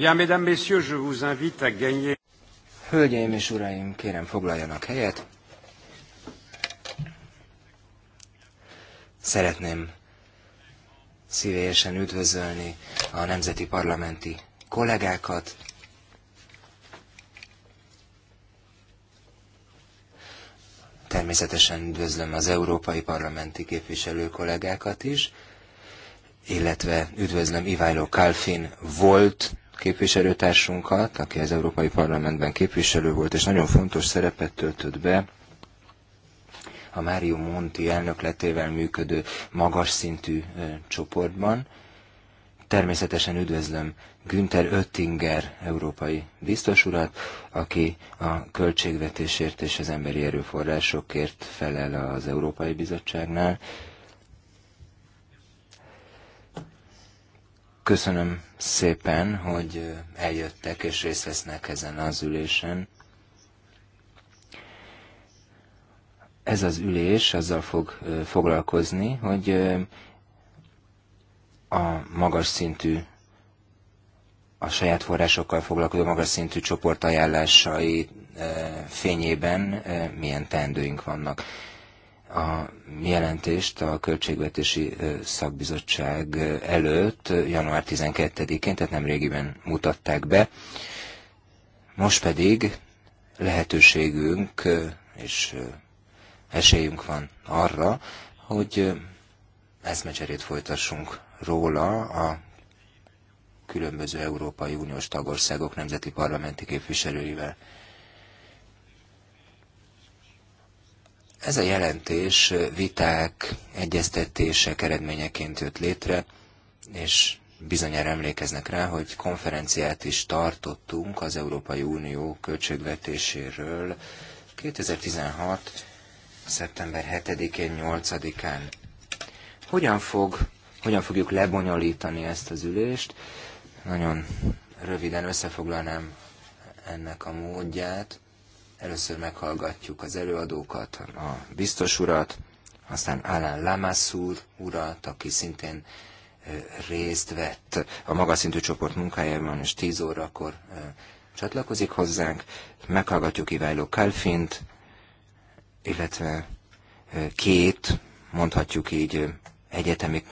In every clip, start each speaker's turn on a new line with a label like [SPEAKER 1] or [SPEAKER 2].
[SPEAKER 1] Bien, mesdames, messieurs, je vous invite à gagner. Hölgyeim és uraim, kérem foglaljanak helyet. Szeretném szívesen üdvözölni a nemzeti parlamenti kollégákat. Természetesen üdvözlöm az európai parlamenti képviselő kollégákat is, illetve üdvözlöm Iványló Kalfin volt képviselőtársunkat, aki az Európai Parlamentben képviselő volt, és nagyon fontos szerepet töltött be a Mário Monti elnökletével működő magas szintű csoportban. Természetesen üdvözlöm Günther Oettinger európai biztos urat, aki a költségvetésért és az emberi erőforrásokért felel az Európai Bizottságnál. Köszönöm szépen, hogy eh, eljöttek és részt vesznek ezen az ülésen. Ez az ülés azzal fog eh, foglalkozni, hogy eh, a magas szintű a saját forrásokkal foglalkozó magas szintű csoport ajánlásai fényében milyen teendőink vannak a jelentést a Költségvetési Szakbizottság előtt, január 12-én, tehát nem régiben mutatták be. Most pedig lehetőségünk és esélyünk van arra, hogy eszmecserét folytassunk róla a különböző Európai Uniós tagországok nemzeti parlamenti képviselőivel. Ez a jelentés viták, egyeztetések eredményeként jött létre, és bizonyára emlékeznek rá, hogy konferenciát is tartottunk az Európai Unió költségvetéséről 2016. szeptember 7-én, 8-án. Hogyan, fog, hogyan fogjuk lebonyolítani ezt az ülést? Nagyon röviden összefoglalnám ennek a módját. Először meghallgatjuk az előadókat, a biztos urat, aztán Alan Lamassur urat, aki szintén részt vett a magaszintű csoport munkájában, és 10 órakor csatlakozik hozzánk. Meghallgatjuk Iváló Kalfint, illetve két, mondhatjuk így, egyetemi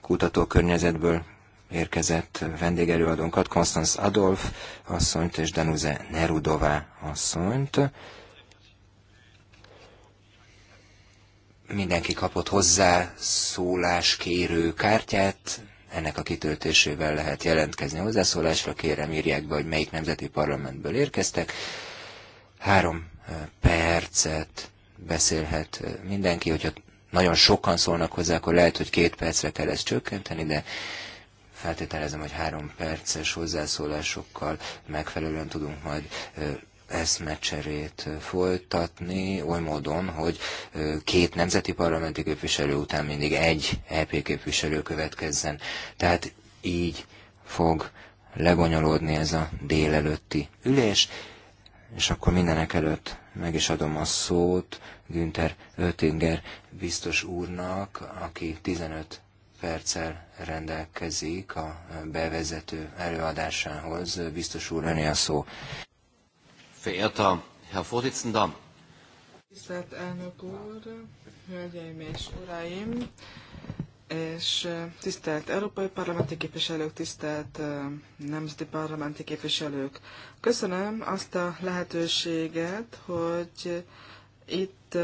[SPEAKER 1] kutatókörnyezetből érkezett vendégerőadónkat, Konstanz Adolf asszonyt és Danuze Nerudová asszonyt. Mindenki kapott hozzá szóláskérő kártyát, ennek a kitöltésével lehet jelentkezni hozzászólásra. Kérem, írják be, hogy melyik nemzeti parlamentből érkeztek. Három eh, percet beszélhet eh, mindenki, hogyha nagyon sokan szólnak hozzá, akkor lehet, hogy két percre kell ezt csökkenteni, de Feltételezem, hogy három perces hozzászólásokkal megfelelően tudunk majd eszmecserét folytatni, oly módon, hogy két nemzeti parlamenti képviselő után mindig egy EP képviselő következzen. Tehát így fog lebonyolódni ez a délelőtti ülés, és akkor mindenek előtt meg is adom a szót Günther Oettinger biztos úrnak, aki 15 perccel rendelkezik a bevezető előadásához. Biztos úr, öné a szó. Verehrter Herr Vorsitzender!
[SPEAKER 2] Tisztelt elnök úr, hölgyeim és uraim, és tisztelt európai parlamenti képviselők, tisztelt nemzeti parlamenti képviselők. Köszönöm azt a lehetőséget, hogy itt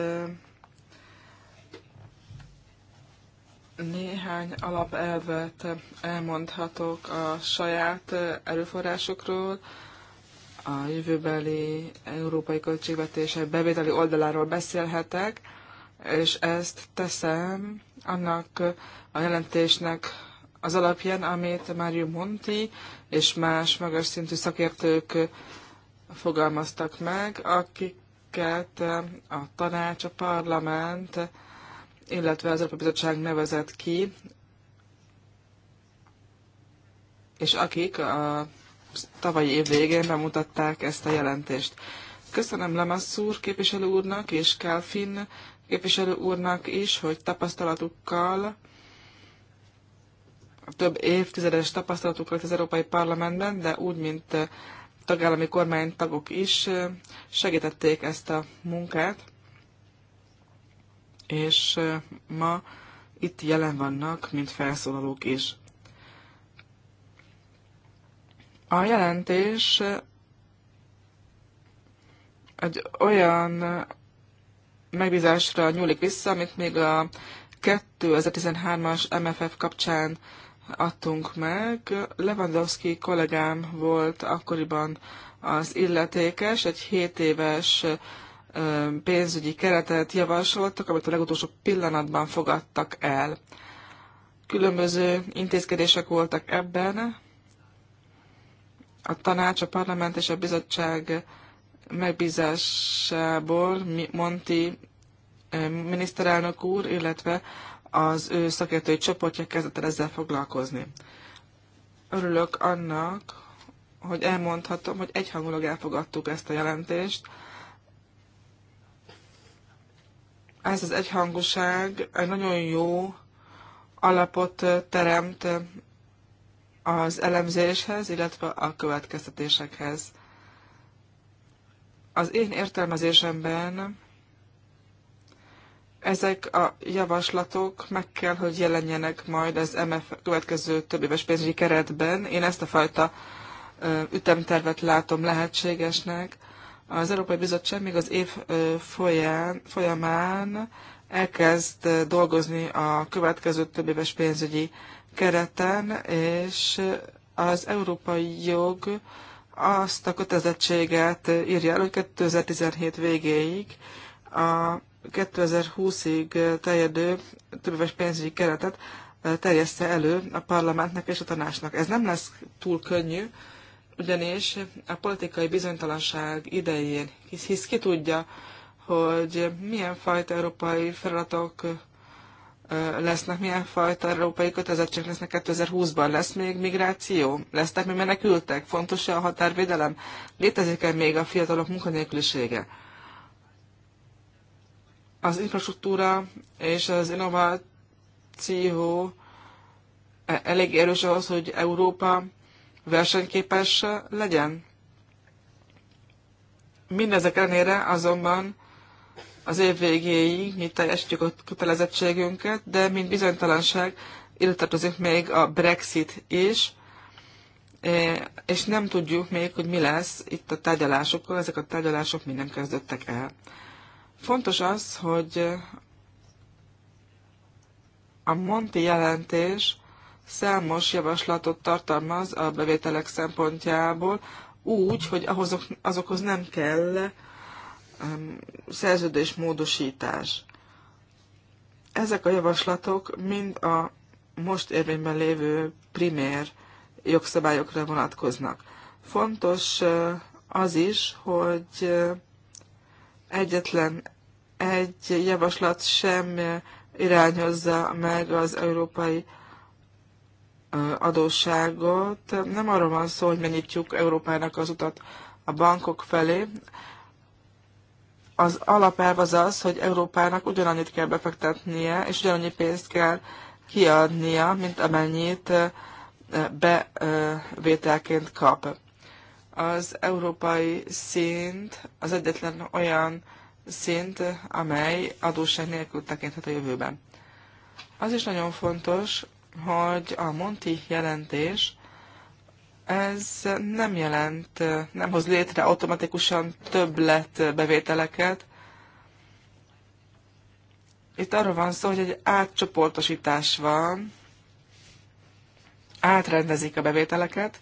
[SPEAKER 2] Néhány alapelvet elmondhatok a saját erőforrásokról, a jövőbeli európai költségvetések bevételi oldaláról beszélhetek, és ezt teszem annak a jelentésnek az alapján, amit Mário Monti és más magas szintű szakértők fogalmaztak meg, akiket a tanács, a parlament, illetve az Európai Bizottság nevezett ki, és akik a tavalyi év végén bemutatták ezt a jelentést. Köszönöm Lemasszúr képviselő úrnak és Kelfin képviselő úrnak is, hogy tapasztalatukkal, több évtizedes tapasztalatukkal az Európai Parlamentben, de úgy, mint tagállami kormánytagok is segítették ezt a munkát és ma itt jelen vannak, mint felszólalók is. A jelentés egy olyan megbízásra nyúlik vissza, amit még a 2013-as MFF kapcsán adtunk meg. Lewandowski kollégám volt akkoriban az illetékes, egy 7 éves pénzügyi keretet javasoltak, amit a legutolsó pillanatban fogadtak el. Különböző intézkedések voltak ebben. A tanács, a parlament és a bizottság megbízásából Monti miniszterelnök úr, illetve az ő szakértői csoportja kezdett el ezzel foglalkozni. Örülök annak, hogy elmondhatom, hogy egyhangulag elfogadtuk ezt a jelentést, ez az egyhangúság egy nagyon jó alapot teremt az elemzéshez, illetve a következtetésekhez. Az én értelmezésemben ezek a javaslatok meg kell, hogy jelenjenek majd az MF következő több éves pénzügyi keretben. Én ezt a fajta ütemtervet látom lehetségesnek, az Európai Bizottság még az év folyán, folyamán elkezd dolgozni a következő több éves pénzügyi kereten, és az európai jog azt a kötelezettséget írja el, hogy 2017 végéig a 2020-ig terjedő többéves pénzügyi keretet terjeszte elő a parlamentnek és a tanácsnak. Ez nem lesz túl könnyű, ugyanis a politikai bizonytalanság idején, hisz, hisz ki tudja, hogy milyen fajta európai feladatok lesznek, milyen fajta európai kötelezettség lesznek 2020-ban. Lesz még migráció? Lesznek még menekültek? Fontos-e a határvédelem? Létezik-e még a fiatalok munkanélkülisége? Az infrastruktúra és az innováció e, elég erős ahhoz, hogy Európa versenyképes legyen. Mindezek ellenére azonban az év végéig mi teljesítjük a kötelezettségünket, de mint bizonytalanság ide tartozik még a Brexit is, e, és nem tudjuk még, hogy mi lesz itt a tárgyalásokkal, ezek a tárgyalások még nem kezdődtek el. Fontos az, hogy a Monti jelentés számos javaslatot tartalmaz a bevételek szempontjából, úgy, hogy ahhoz, azokhoz nem kell um, szerződésmódosítás. Ezek a javaslatok mind a most érvényben lévő primér jogszabályokra vonatkoznak. Fontos az is, hogy egyetlen egy javaslat sem irányozza meg az európai adósságot. Nem arról van szó, hogy megnyitjuk Európának az utat a bankok felé. Az alapelv az az, hogy Európának ugyanannyit kell befektetnie, és ugyanannyi pénzt kell kiadnia, mint amennyit bevételként kap. Az európai szint az egyetlen olyan szint, amely adósság nélkül tekinthet a jövőben. Az is nagyon fontos, hogy a Monti jelentés ez nem jelent, nem hoz létre automatikusan többlet bevételeket. Itt arról van szó, hogy egy átcsoportosítás van, átrendezik a bevételeket,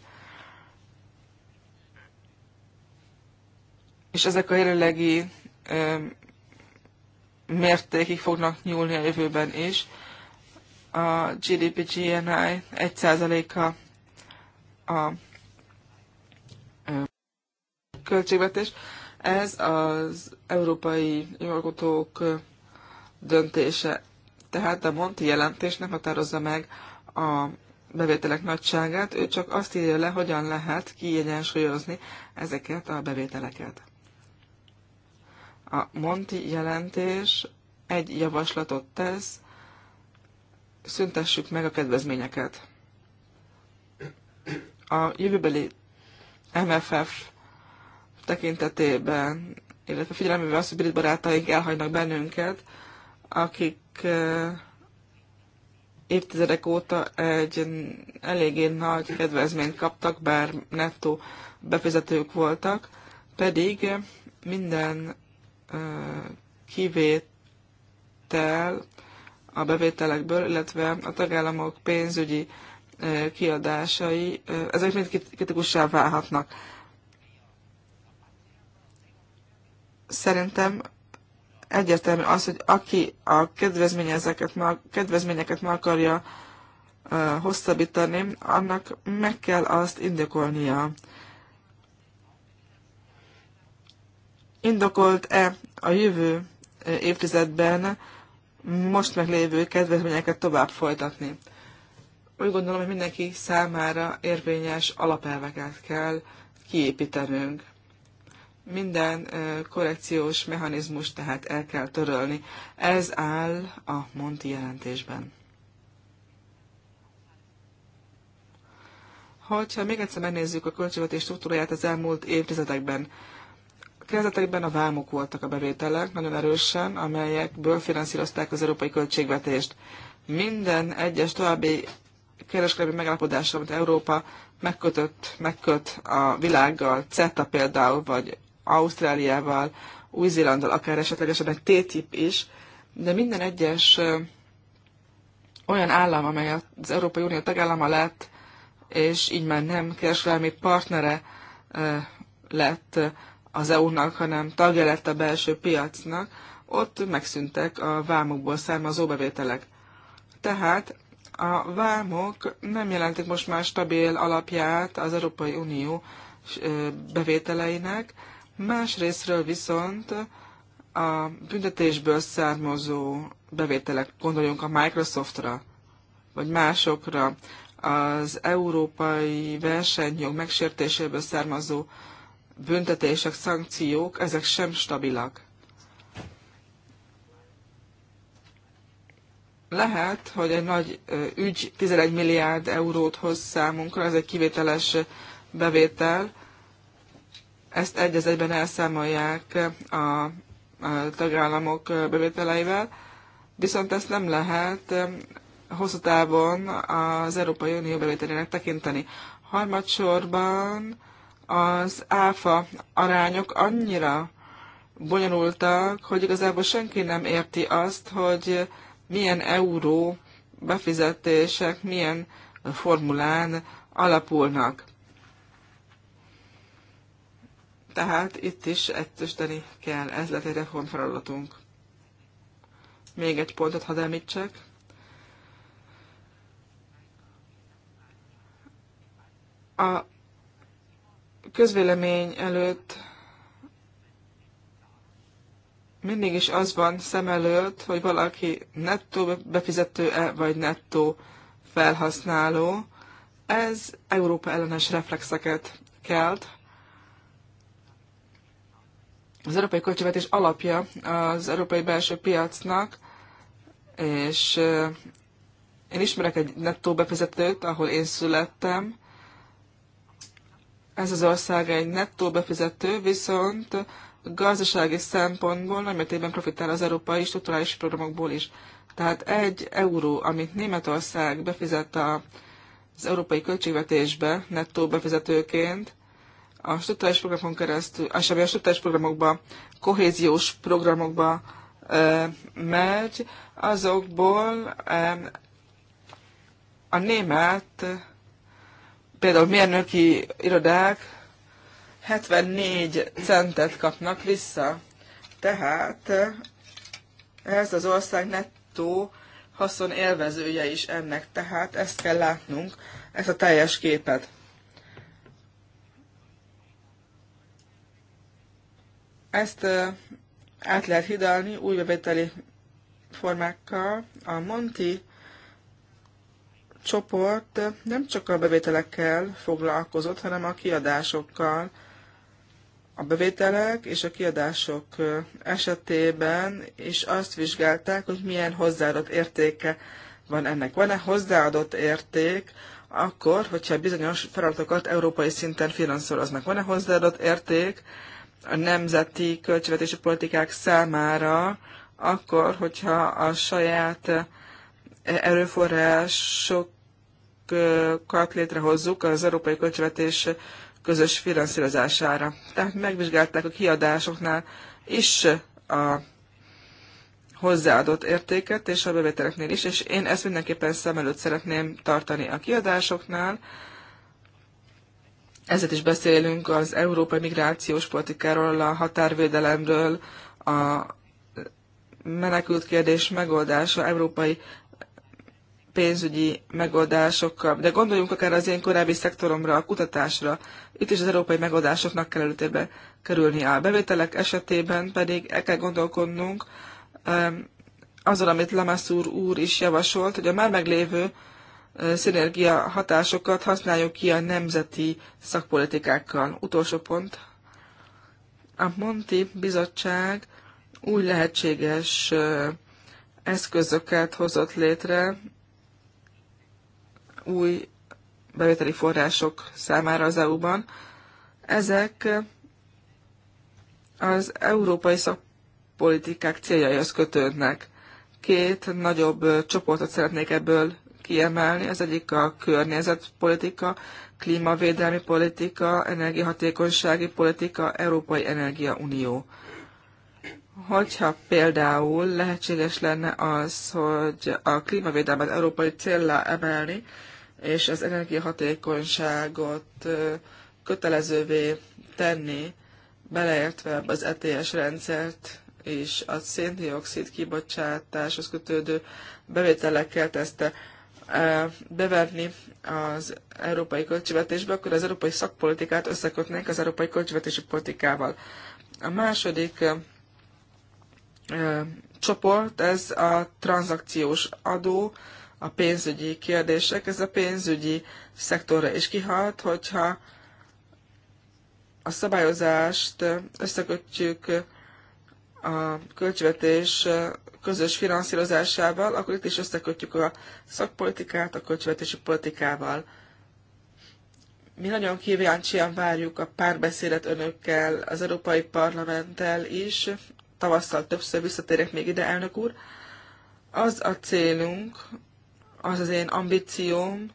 [SPEAKER 2] és ezek a jelenlegi mértékig fognak nyúlni a jövőben is a GDP GNI 1%-a a költségvetés. Ez az európai jogalkotók döntése. Tehát a Monti jelentés nem határozza meg a bevételek nagyságát, ő csak azt írja le, hogyan lehet kiegyensúlyozni ezeket a bevételeket. A Monti jelentés egy javaslatot tesz, szüntessük meg a kedvezményeket. A jövőbeli MFF tekintetében, illetve figyelembe az, hogy brit barátaink elhagynak bennünket, akik eh, évtizedek óta egy eléggé nagy kedvezményt kaptak, bár nettó befizetők voltak, pedig minden eh, kivétel a bevételekből, illetve a tagállamok pénzügyi kiadásai, ezek mind kritikussá válhatnak. Szerintem egyértelmű az, hogy aki a kedvezményeket meg, kedvezményeket meg akarja hosszabbítani, annak meg kell azt indokolnia. Indokolt-e a jövő évtizedben most meglévő kedvezményeket tovább folytatni. Úgy gondolom, hogy mindenki számára érvényes alapelveket kell kiépítenünk. Minden korrekciós mechanizmus tehát el kell törölni. Ez áll a Monti jelentésben. Hogyha még egyszer megnézzük a költségvetés struktúráját az elmúlt évtizedekben, kezdetekben a vámok voltak a bevételek, nagyon erősen, amelyekből finanszírozták az európai költségvetést. Minden egyes további kereskedelmi megállapodásra, amit Európa megkötött, megköt a világgal, CETA például, vagy Ausztráliával, Új-Zélandal, akár esetlegesen egy TTIP is, de minden egyes olyan állam, amely az Európai Unió tagállama lett, és így már nem kereskedelmi partnere lett az EU-nak, hanem tagja lett a belső piacnak, ott megszűntek a vámokból származó bevételek. Tehát a vámok nem jelentik most már stabil alapját az Európai Unió bevételeinek, másrésztről viszont a büntetésből származó bevételek, gondoljunk a Microsoftra, vagy másokra, az európai versenyjog megsértéséből származó büntetések, szankciók, ezek sem stabilak. Lehet, hogy egy nagy ügy 11 milliárd eurót hoz számunkra, ez egy kivételes bevétel. Ezt egy az egyben elszámolják a, tagállamok bevételeivel, viszont ezt nem lehet hosszú távon az Európai Unió bevételének tekinteni. Harmadsorban az áfa arányok annyira bonyolultak, hogy igazából senki nem érti azt, hogy milyen euró befizetések, milyen formulán alapulnak. Tehát itt is ettősteni kell, ez lett egy reformfeladatunk. Még egy pontot hadd említsek. A közvélemény előtt mindig is az van szem előtt, hogy valaki nettó befizető-e, vagy nettó felhasználó. Ez Európa ellenes reflexeket kelt. Az európai költségvetés alapja az európai belső piacnak, és eh, én ismerek egy nettó befizetőt, ahol én születtem, ez az ország egy nettó befizető, viszont gazdasági szempontból mértékben profitál az európai strukturális programokból is. Tehát egy euró, amit Németország befizet a, az európai költségvetésbe nettó befizetőként, a struktúrális programokon keresztül, és ami a struktúrális programokba, kohéziós programokba e, megy, azokból e, a német például mérnöki irodák 74 centet kapnak vissza. Tehát ez az ország nettó haszon élvezője is ennek, tehát ezt kell látnunk, ezt a teljes képet. Ezt át lehet hidalni új bevételi formákkal. A Monti csoport nem csak a bevételekkel foglalkozott, hanem a kiadásokkal. A bevételek és a kiadások esetében is azt vizsgálták, hogy milyen hozzáadott értéke van ennek. Van-e hozzáadott érték, akkor, hogyha bizonyos feladatokat európai szinten finanszíroznak. Van-e hozzáadott érték a nemzeti költségvetési politikák számára, akkor, hogyha a saját erőforrásokat létrehozzuk az európai költségvetés közös finanszírozására. Tehát megvizsgálták a kiadásoknál is a hozzáadott értéket, és a bevételeknél is, és én ezt mindenképpen szem előtt szeretném tartani a kiadásoknál. Ezért is beszélünk az európai migrációs politikáról, a határvédelemről, a menekült kérdés megoldása európai pénzügyi megoldásokkal. De gondoljunk akár az én korábbi szektoromra, a kutatásra. Itt is az európai megoldásoknak kell előtérbe kerülni. A bevételek esetében pedig el kell gondolkodnunk azzal, amit Lamassur úr is javasolt, hogy a már meglévő szinergia hatásokat használjuk ki a nemzeti szakpolitikákkal. Utolsó pont. A Monti Bizottság új lehetséges eszközöket hozott létre új bevételi források számára az EU-ban. Ezek az európai szakpolitikák céljaihoz kötődnek. Két nagyobb csoportot szeretnék ebből kiemelni. Az egyik a környezetpolitika, klímavédelmi politika, energiahatékonysági politika, Európai Energia Unió. Hogyha például lehetséges lenne az, hogy a klímavédelmet európai célra emelni, és az energiahatékonyságot kötelezővé tenni, beleértve az ETS rendszert és a széndiokszid kibocsátáshoz kötődő bevételekkel ezt beverni az európai költségvetésbe, akkor az európai szakpolitikát összekötnénk az európai költségvetési politikával. A második csoport, ez a tranzakciós adó, a pénzügyi kérdések, ez a pénzügyi szektorra is kihat, hogyha a szabályozást összekötjük a költségvetés közös finanszírozásával, akkor itt is összekötjük a szakpolitikát a költségvetési politikával. Mi nagyon kíváncsian várjuk a párbeszédet önökkel, az Európai Parlamenttel is. Tavasszal többször visszatérek még ide, elnök úr. Az a célunk, az az én ambícióm,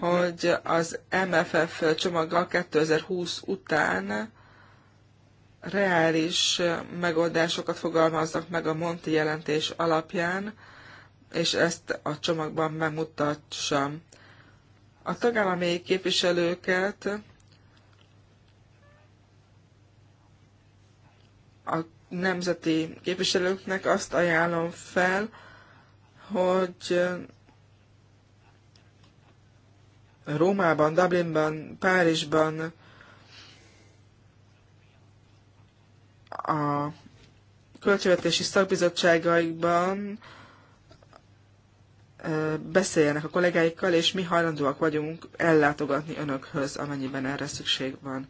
[SPEAKER 2] hogy az MFF csomaggal 2020 után reális megoldásokat fogalmaznak meg a Monti jelentés alapján, és ezt a csomagban bemutassam. A tagállami képviselőket a nemzeti képviselőknek azt ajánlom fel, hogy Rómában, Dublinban, Párizsban a költségvetési szakbizottságaikban beszéljenek a kollégáikkal, és mi hajlandóak vagyunk ellátogatni önökhöz, amennyiben erre szükség van.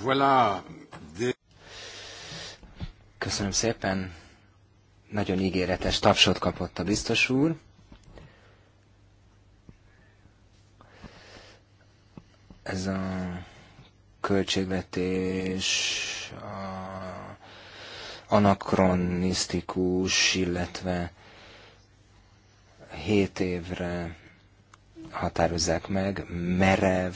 [SPEAKER 3] Voilà. De...
[SPEAKER 1] Köszönöm szépen. Nagyon ígéretes tapsot kapott a biztos úr. Ez a költségvetés a anakronisztikus, illetve 7 évre határozzák meg, merev,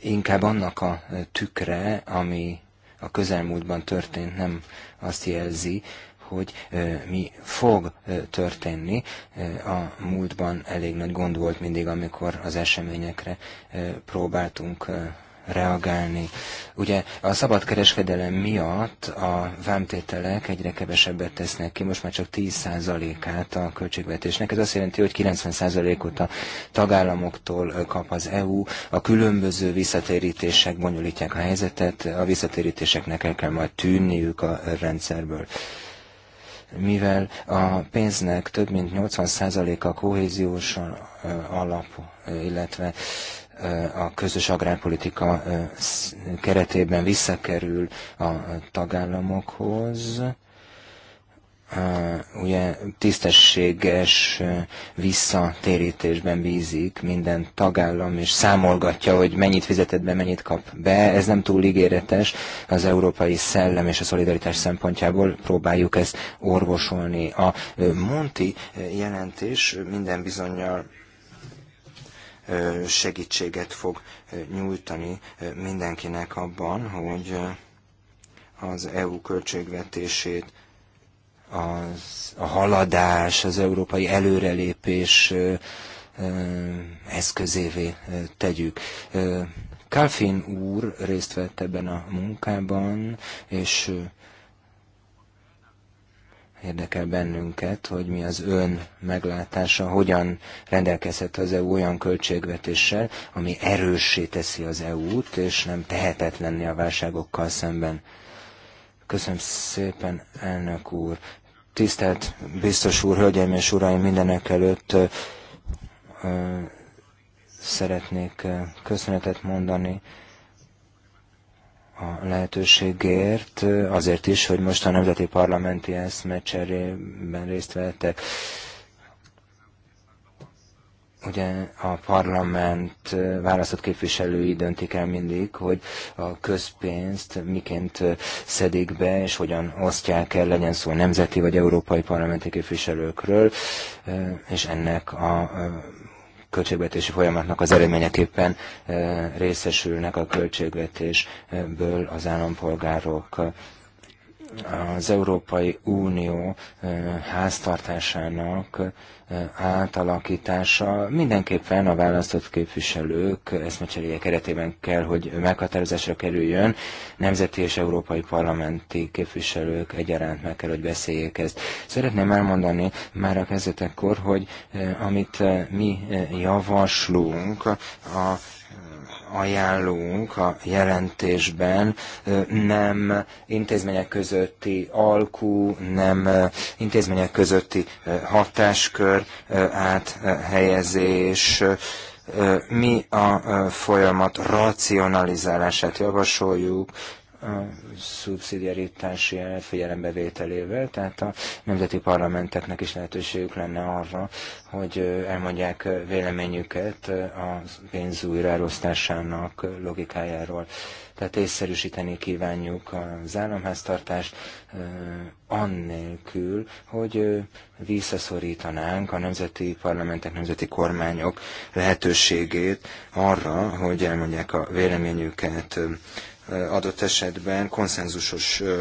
[SPEAKER 1] inkább annak a tükre, ami a közelmúltban történt, nem azt jelzi, hogy mi fog történni. A múltban elég nagy gond volt mindig, amikor az eseményekre próbáltunk reagálni. Ugye a szabadkereskedelem miatt a vámtételek egyre kevesebbet tesznek ki, most már csak 10%-át a költségvetésnek. Ez azt jelenti, hogy 90%-ot a tagállamoktól kap az EU. A különböző visszatérítések bonyolítják a helyzetet, a visszatérítéseknek el kell majd tűnniük a rendszerből mivel a pénznek több mint 80%-a kohéziós alap, illetve a közös agrárpolitika keretében visszakerül a tagállamokhoz, ugye tisztességes visszatérítésben bízik minden tagállam, és számolgatja, hogy mennyit fizetett be, mennyit kap be. Ez nem túl ígéretes az európai szellem és a szolidaritás szempontjából. Próbáljuk ezt orvosolni. A Monti jelentés minden bizonyal segítséget fog nyújtani mindenkinek abban, hogy az EU költségvetését az, a haladás, az európai előrelépés eszközévé tegyük. Kalfin úr részt vett ebben a munkában, és érdekel bennünket, hogy mi az ön meglátása, hogyan rendelkezhet az EU olyan költségvetéssel, ami erőssé teszi az EU-t, és nem tehetetlenni a válságokkal szemben. Köszönöm szépen, elnök úr. Tisztelt biztos úr, hölgyeim és uraim, mindenek előtt ö, ö, szeretnék köszönetet mondani a lehetőségért, azért is, hogy most a Nemzeti Parlamenti Eszmecserében részt vettek. Ö, ugye a parlament választott képviselői döntik el mindig, hogy a közpénzt miként szedik be, és hogyan osztják el, legyen szó nemzeti vagy európai parlamenti képviselőkről, és ennek a költségvetési folyamatnak az eredményeképpen részesülnek a költségvetésből az állampolgárok az Európai Unió eh, háztartásának eh, átalakítása mindenképpen a választott képviselők eszmecseréje keretében kell, hogy meghatározásra kerüljön. Nemzeti és európai parlamenti képviselők egyaránt meg kell, hogy beszéljék ezt. Szeretném elmondani már a kezdetekkor, hogy eh, amit mi javaslunk, a ajánlunk a jelentésben, nem intézmények közötti alkú, nem intézmények közötti hatáskör áthelyezés, mi a folyamat racionalizálását javasoljuk, a szubszidiaritási figyelembevételével, tehát a nemzeti parlamenteknek is lehetőségük lenne arra, hogy elmondják véleményüket a pénz újraelosztásának logikájáról. Tehát észszerűsíteni kívánjuk az államháztartást annélkül, hogy visszaszorítanánk a nemzeti parlamentek, nemzeti kormányok lehetőségét arra, hogy elmondják a véleményüket Eh, adott esetben konszenzusos eh,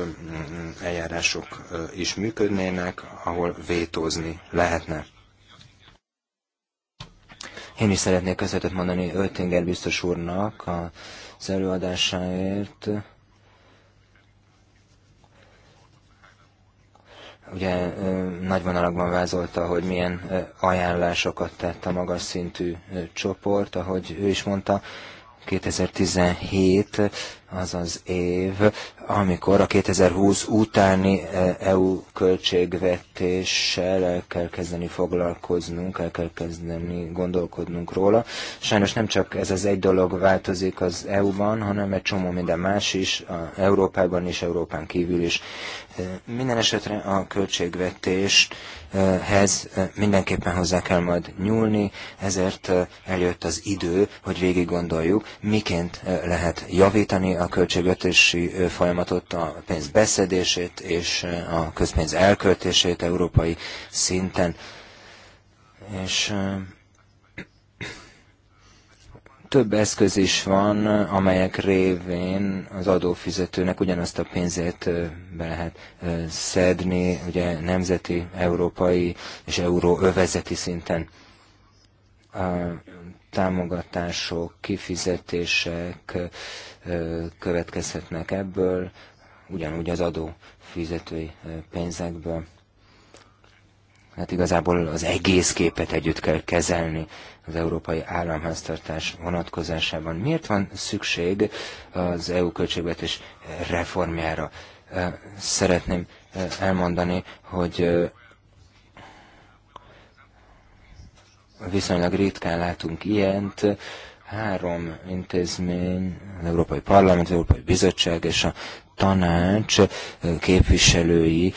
[SPEAKER 1] eljárások eh, is működnének, ahol vétózni lehetne. Én is szeretnék köszönetet mondani Öltinger biztos úrnak az előadásáért. Ugye nagy vonalakban vázolta, hogy milyen ajánlásokat tett a magas szintű csoport, ahogy ő is mondta, 2017 az az év, amikor a 2020 utáni e, EU költségvetéssel el kell kezdeni foglalkoznunk, el kell kezdeni gondolkodnunk róla. Sajnos nem csak ez az egy dolog változik az EU-ban, hanem egy csomó minden más is, a Európában és Európán kívül is. E, minden esetre a költségvetéshez e, mindenképpen hozzá kell majd nyúlni, ezért eljött az idő, hogy végig gondoljuk, miként lehet javítani a költségvetési folyamatot, a pénz beszedését és a közpénz elköltését európai szinten. És több eszköz is van, amelyek révén az adófizetőnek ugyanazt a pénzét be lehet szedni, ugye nemzeti, európai és euróövezeti szinten támogatások, kifizetések következhetnek ebből, ugyanúgy az adó fizetői pénzekből. Hát igazából az egész képet együtt kell kezelni az európai államháztartás vonatkozásában. Miért van szükség az EU költségvetés reformjára? Szeretném elmondani, hogy viszonylag ritkán látunk ilyent. Három intézmény, az Európai Parlament, az Európai Bizottság és a tanács képviselői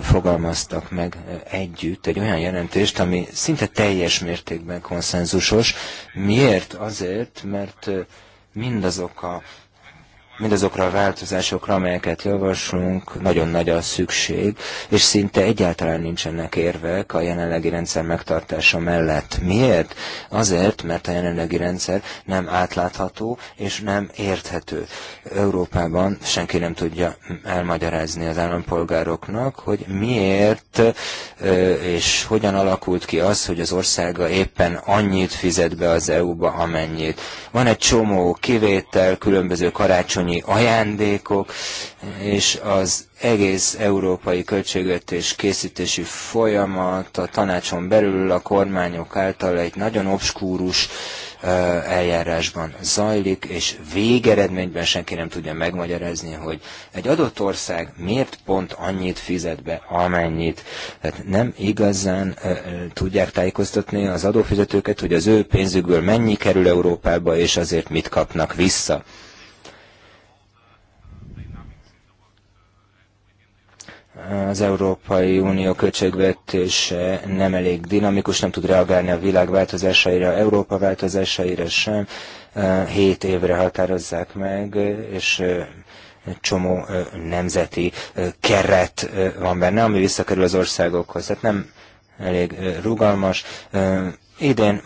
[SPEAKER 1] fogalmaztak meg együtt egy olyan jelentést, ami szinte teljes mértékben konszenzusos. Miért? Azért, mert mindazok a mindazokra a változásokra, amelyeket javaslunk, nagyon nagy a szükség, és szinte egyáltalán nincsenek érvek a jelenlegi rendszer megtartása mellett. Miért? Azért, mert a jelenlegi rendszer nem átlátható és nem érthető. Európában senki nem tudja elmagyarázni az állampolgároknak, hogy miért és hogyan alakult ki az, hogy az országa éppen annyit fizet be az EU-ba, amennyit. Van egy csomó kivétel, különböző karácsony karácsonyi ajándékok, és az egész európai költségvetés készítési folyamat a tanácson belül a kormányok által egy nagyon obskúrus eljárásban zajlik, és végeredményben senki nem tudja megmagyarázni, hogy egy adott ország miért pont annyit fizet be, amennyit. Tehát nem igazán tudják tájékoztatni az adófizetőket, hogy az ő pénzükből mennyi kerül Európába, és azért mit kapnak vissza. az Európai Unió költségvetése nem elég dinamikus, nem tud reagálni a világ változásaira, Európa változásaira sem. Hét évre határozzák meg, és egy csomó nemzeti keret van benne, ami visszakerül az országokhoz. Tehát nem elég rugalmas, Idén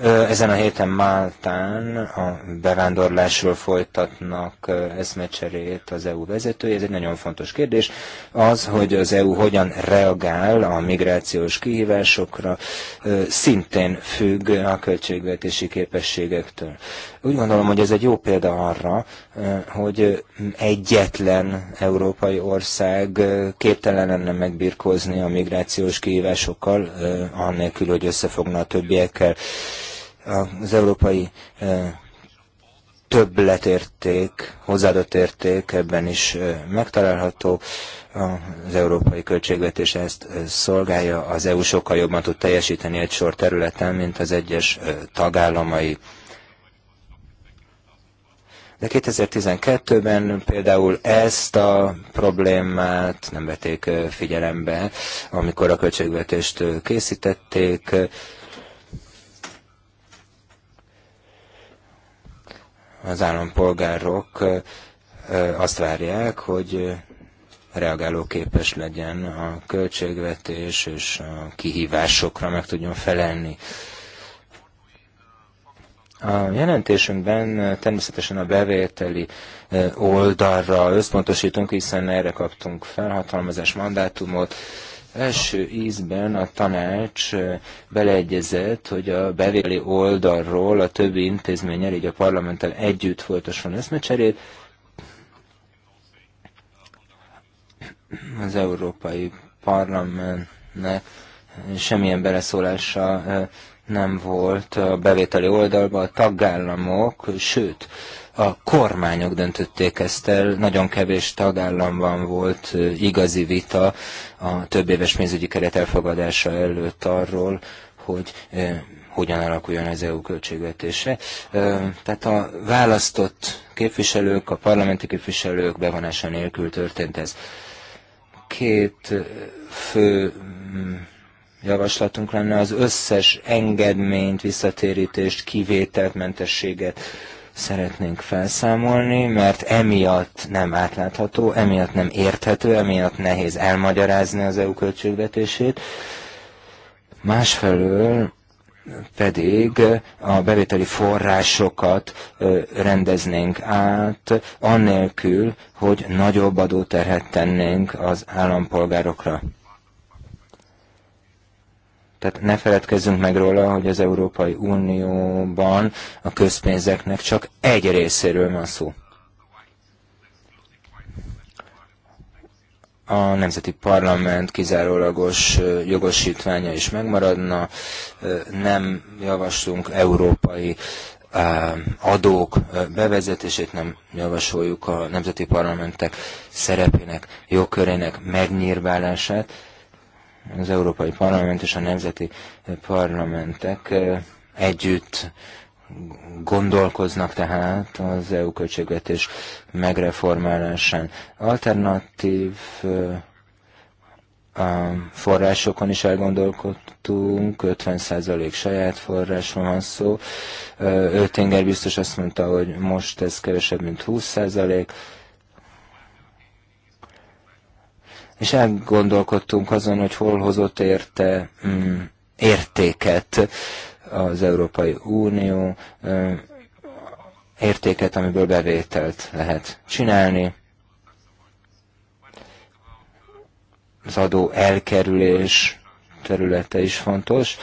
[SPEAKER 1] ö, ezen a héten Máltán a bevándorlásról folytatnak eszmecserét az EU vezetői. Ez egy nagyon fontos kérdés. Az, hogy az EU hogyan reagál a migrációs kihívásokra, szintén függ a költségvetési képességektől. Úgy gondolom, hogy ez egy jó példa arra, hogy egyetlen európai ország képtelen lenne megbirkózni a migrációs kihívásokkal, annélkül, hogy összefogna a többi többiekkel. Az európai eh, többletérték, hozzáadott érték ebben is eh, megtalálható. Az európai költségvetés ezt eh, szolgálja. Az EU sokkal jobban tud teljesíteni egy sor területen, mint az egyes tagállamai. De 2012-ben például ezt a problémát nem vették figyelembe, amikor a költségvetést készítették az állampolgárok azt várják, hogy reagálóképes legyen a költségvetés, és a kihívásokra meg tudjon felelni. A jelentésünkben természetesen a bevételi oldalra összpontosítunk, hiszen erre kaptunk felhatalmazás mandátumot, első ízben a tanács beleegyezett, hogy a bevételi oldalról a többi intézmény elég a parlamenttel együtt folytasson eszmecserét. Az Európai Parlamentnek semmilyen beleszólása nem volt a bevételi oldalba, a tagállamok, sőt, a kormányok döntötték ezt el, nagyon kevés tagállamban volt igazi vita a több éves pénzügyi keret elfogadása előtt arról, hogy hogyan alakuljon az EU költségvetése. Tehát a választott képviselők, a parlamenti képviselők bevonása nélkül történt ez. Két fő mm, javaslatunk lenne az összes engedményt, visszatérítést, kivételt, mentességet szeretnénk felszámolni, mert emiatt nem átlátható, emiatt nem érthető, emiatt nehéz elmagyarázni az EU költségvetését. Másfelől pedig a bevételi forrásokat rendeznénk át, annélkül, hogy nagyobb adóterhet tennénk az állampolgárokra. Tehát ne feledkezzünk meg róla, hogy az Európai Unióban a közpénzeknek csak egy részéről van szó. a Nemzeti Parlament kizárólagos jogosítványa is megmaradna, nem javaslunk európai adók bevezetését, nem javasoljuk a Nemzeti Parlamentek szerepének, jogkörének megnyírválását, az Európai Parlament és a nemzeti parlamentek együtt gondolkoznak tehát az EU költségvetés megreformálásán. Alternatív forrásokon is elgondolkodtunk, 50% saját forrásról van szó. Ötinger biztos azt mondta, hogy most ez kevesebb, mint 20%, és elgondolkodtunk azon, hogy hol hozott érte mm, értéket az Európai Unió, mm, értéket, amiből bevételt lehet csinálni. Az adó elkerülés területe is fontos,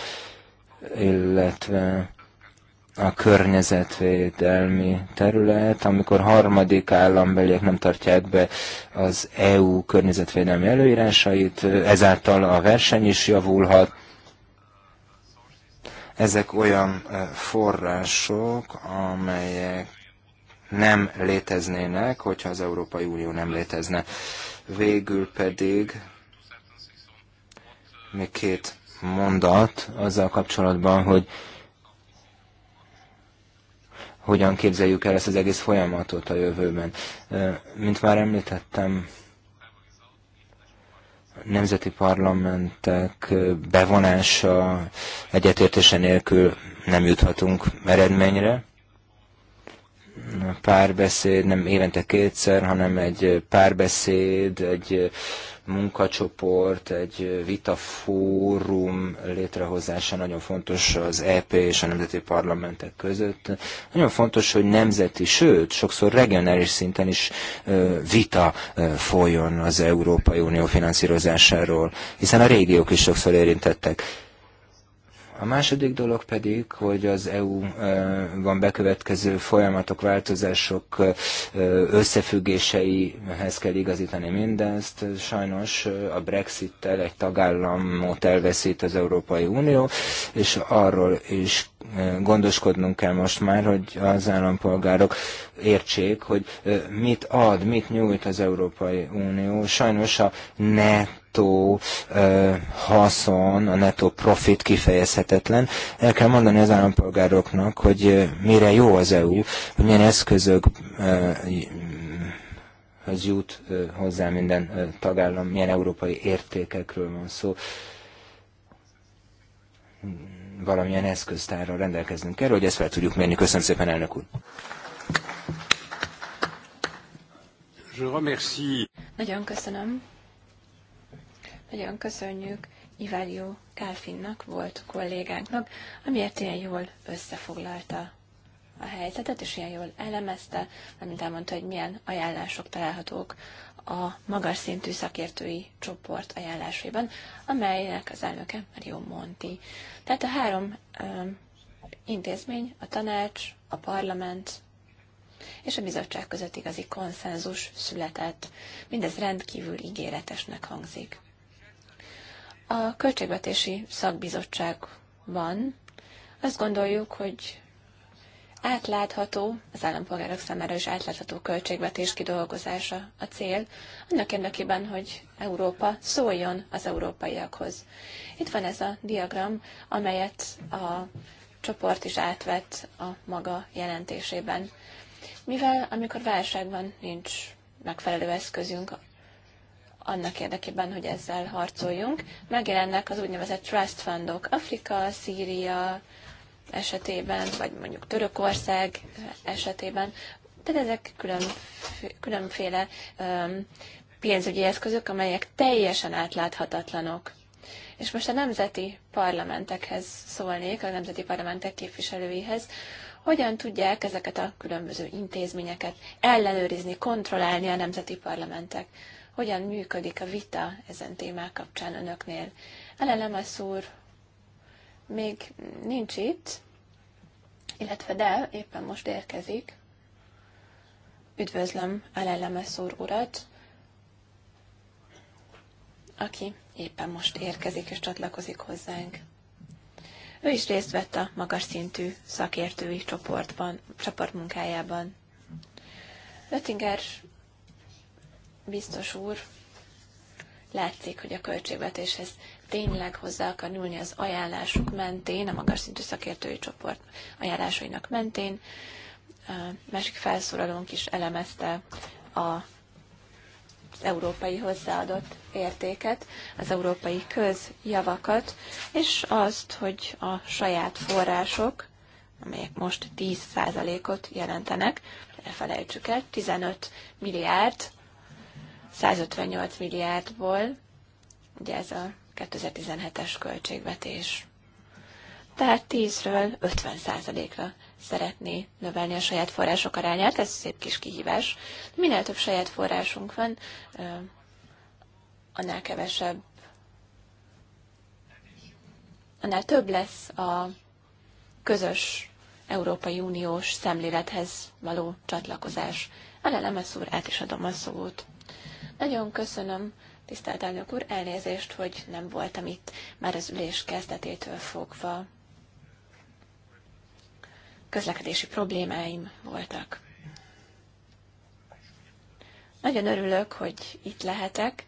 [SPEAKER 1] illetve a környezetvédelmi terület, amikor harmadik állambeliek nem tartják be az EU környezetvédelmi előírásait, ezáltal a verseny is javulhat. Ezek olyan e, források, amelyek nem léteznének, hogyha az Európai Unió nem létezne. Végül pedig még két mondat azzal kapcsolatban, hogy hogyan képzeljük el ezt az egész folyamatot a jövőben. Mint már említettem, nemzeti parlamentek bevonása egyetértése nélkül nem juthatunk eredményre. Párbeszéd nem évente kétszer, hanem egy párbeszéd, egy munkacsoport, egy vitafórum létrehozása nagyon fontos az EP és a nemzeti parlamentek között. Nagyon fontos, hogy nemzeti, sőt, sokszor regionális szinten is vita folyjon az Európai Unió finanszírozásáról, hiszen a régiók is sokszor érintettek a második dolog pedig, hogy az EU-ban eh, bekövetkező folyamatok, változások eh, összefüggéseihez kell igazítani mindezt. Sajnos eh, a Brexit-tel egy tagállamot elveszít az Európai Unió, és arról is gondoskodnunk kell most már, hogy az állampolgárok értsék, hogy mit ad, mit nyújt az Európai Unió. Sajnos a net nettó haszon, a nettó profit kifejezhetetlen. El kell mondani az állampolgároknak, hogy mire jó az EU, hogy milyen eszközök az jut hozzá minden tagállam, milyen európai értékekről van szó valamilyen eszköztárral rendelkeznünk kell, hogy ezt fel tudjuk mérni. Köszönöm szépen, elnök úr!
[SPEAKER 3] Nagyon köszönöm nagyon köszönjük Ivárió Kálfinnak, volt kollégánknak, amiért ilyen jól összefoglalta a helyzetet, és ilyen jól elemezte, mint elmondta, hogy milyen ajánlások találhatók a magas szintű szakértői csoport ajánlásaiban, amelynek az elnöke Mario Monti. Tehát a három um, intézmény, a tanács, a parlament és a bizottság között igazi konszenzus született. Mindez rendkívül ígéretesnek hangzik. A Költségvetési Szakbizottságban azt gondoljuk, hogy átlátható, az állampolgárok számára is átlátható költségvetés kidolgozása a cél, annak érdekében, hogy Európa szóljon az európaiakhoz. Itt van ez a diagram, amelyet a csoport is átvett a maga jelentésében. Mivel amikor válságban nincs megfelelő eszközünk annak érdekében, hogy ezzel harcoljunk. Megjelennek az úgynevezett trust fundok Afrika, Szíria esetében, vagy mondjuk Törökország esetében. Tehát ezek különféle pénzügyi eszközök, amelyek teljesen átláthatatlanok. És most a nemzeti parlamentekhez szólnék, a nemzeti parlamentek képviselőihez, hogyan tudják ezeket a különböző intézményeket ellenőrizni, kontrollálni a nemzeti parlamentek hogyan működik a vita ezen témák kapcsán önöknél. a szúr még nincs itt, illetve de éppen most érkezik. Üdvözlöm a úr urat, aki éppen most érkezik és csatlakozik hozzánk. Ő is részt vett a magas szintű szakértői csoportban, csoportmunkájában. Oettinger biztos úr, látszik, hogy a költségvetéshez tényleg hozzá akar nyúlni az ajánlások mentén, a magas szintű szakértői csoport ajánlásainak mentén. A másik felszólalónk is elemezte a az európai hozzáadott értéket, az európai közjavakat, és azt, hogy a saját források, amelyek most 10%-ot jelentenek, ne felejtsük el, 15 milliárd 158 milliárdból, ugye ez a 2017-es költségvetés. Tehát 10-ről 50%-ra szeretné növelni a saját források arányát, ez szép kis kihívás. Minél több saját forrásunk van, annál kevesebb, annál több lesz a közös Európai Uniós szemlélethez való csatlakozás. Alele Messzúr, át is adom a szót. Nagyon köszönöm, tisztelt elnök úr, elnézést, hogy nem voltam itt már az ülés kezdetétől fogva. Közlekedési problémáim voltak. Nagyon örülök, hogy itt lehetek,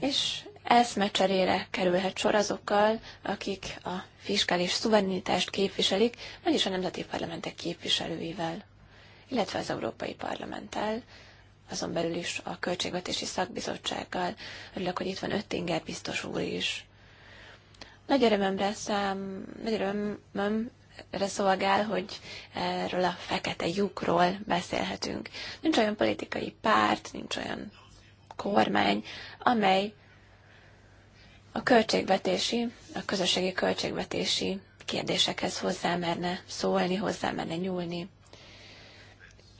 [SPEAKER 3] és eszmecserére kerülhet sor azokkal, akik a fiskális szuverenitást képviselik, vagyis a nemzeti parlamentek képviselőivel, illetve az Európai Parlamenttel, azon belül is a Költségvetési Szakbizottsággal. Örülök, hogy itt van Öttinger biztos úr is. Nagy örömömre, szám, nagy örömöm erre szolgál, hogy erről a fekete lyukról beszélhetünk. Nincs olyan politikai párt, nincs olyan kormány, amely a költségvetési, a közösségi költségvetési kérdésekhez hozzá merne szólni, hozzá merne nyúlni.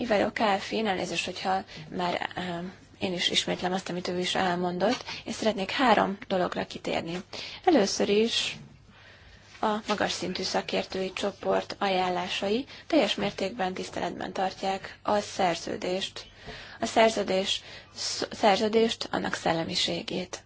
[SPEAKER 3] Ivajo Kálfin, elnézést, hogyha már ehm, én is ismétlem azt, amit ő is elmondott, és szeretnék három dologra kitérni. Először is a magas szintű szakértői csoport ajánlásai teljes mértékben tiszteletben tartják a szerződést, a szerződés, szerződést, annak szellemiségét.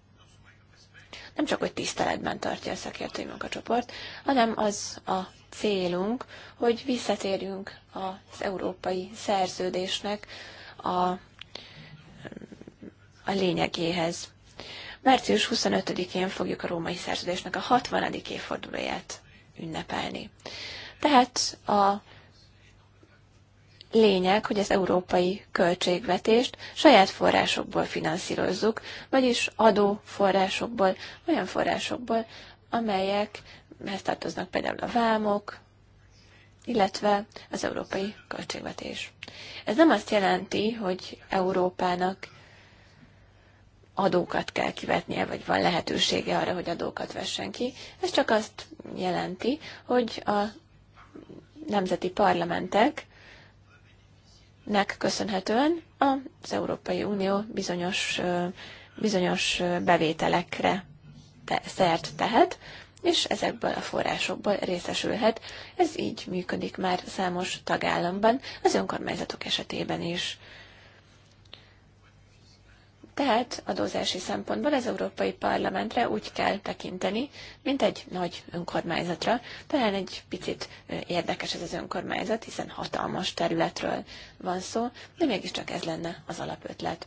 [SPEAKER 3] Nem csak, hogy tiszteletben tartja a szakértői munkacsoport, hanem az a célunk, hogy visszatérjünk az európai szerződésnek a, a lényegéhez. Március 25-én fogjuk a római szerződésnek a 60. évfordulóját ünnepelni. Tehát a lényeg, hogy az európai költségvetést saját forrásokból finanszírozzuk, vagyis adóforrásokból, olyan forrásokból, amelyek mert tartoznak például a vámok, illetve az európai költségvetés. Ez nem azt jelenti, hogy Európának adókat kell kivetnie, vagy van lehetősége arra, hogy adókat vessen ki. Ez csak azt jelenti, hogy a nemzeti parlamentek nek köszönhetően az Európai Unió bizonyos, bizonyos bevételekre te, szert tehet, és ezekből a forrásokból részesülhet. Ez így működik már számos tagállamban, az önkormányzatok esetében is. Tehát adózási szempontból az Európai Parlamentre úgy kell tekinteni, mint egy nagy önkormányzatra. Talán egy picit érdekes ez az önkormányzat, hiszen hatalmas területről van szó, de mégiscsak ez lenne az alapötlet.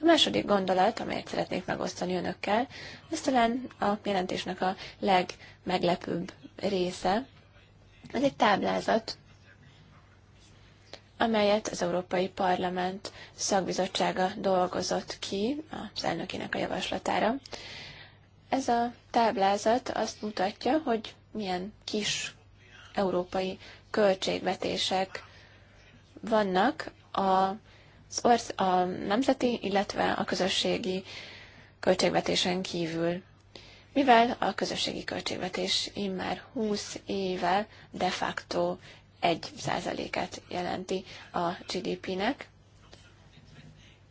[SPEAKER 3] A második gondolat, amelyet szeretnék megosztani önökkel, ez talán a jelentésnek a legmeglepőbb része. Ez egy táblázat, amelyet az Európai Parlament szakbizottsága dolgozott ki az elnökének a javaslatára. Ez a táblázat azt mutatja, hogy milyen kis európai költségvetések vannak a orsz, szóval a nemzeti, illetve a közösségi költségvetésen kívül. Mivel a közösségi költségvetés immár 20 éve de facto 1 et jelenti a GDP-nek,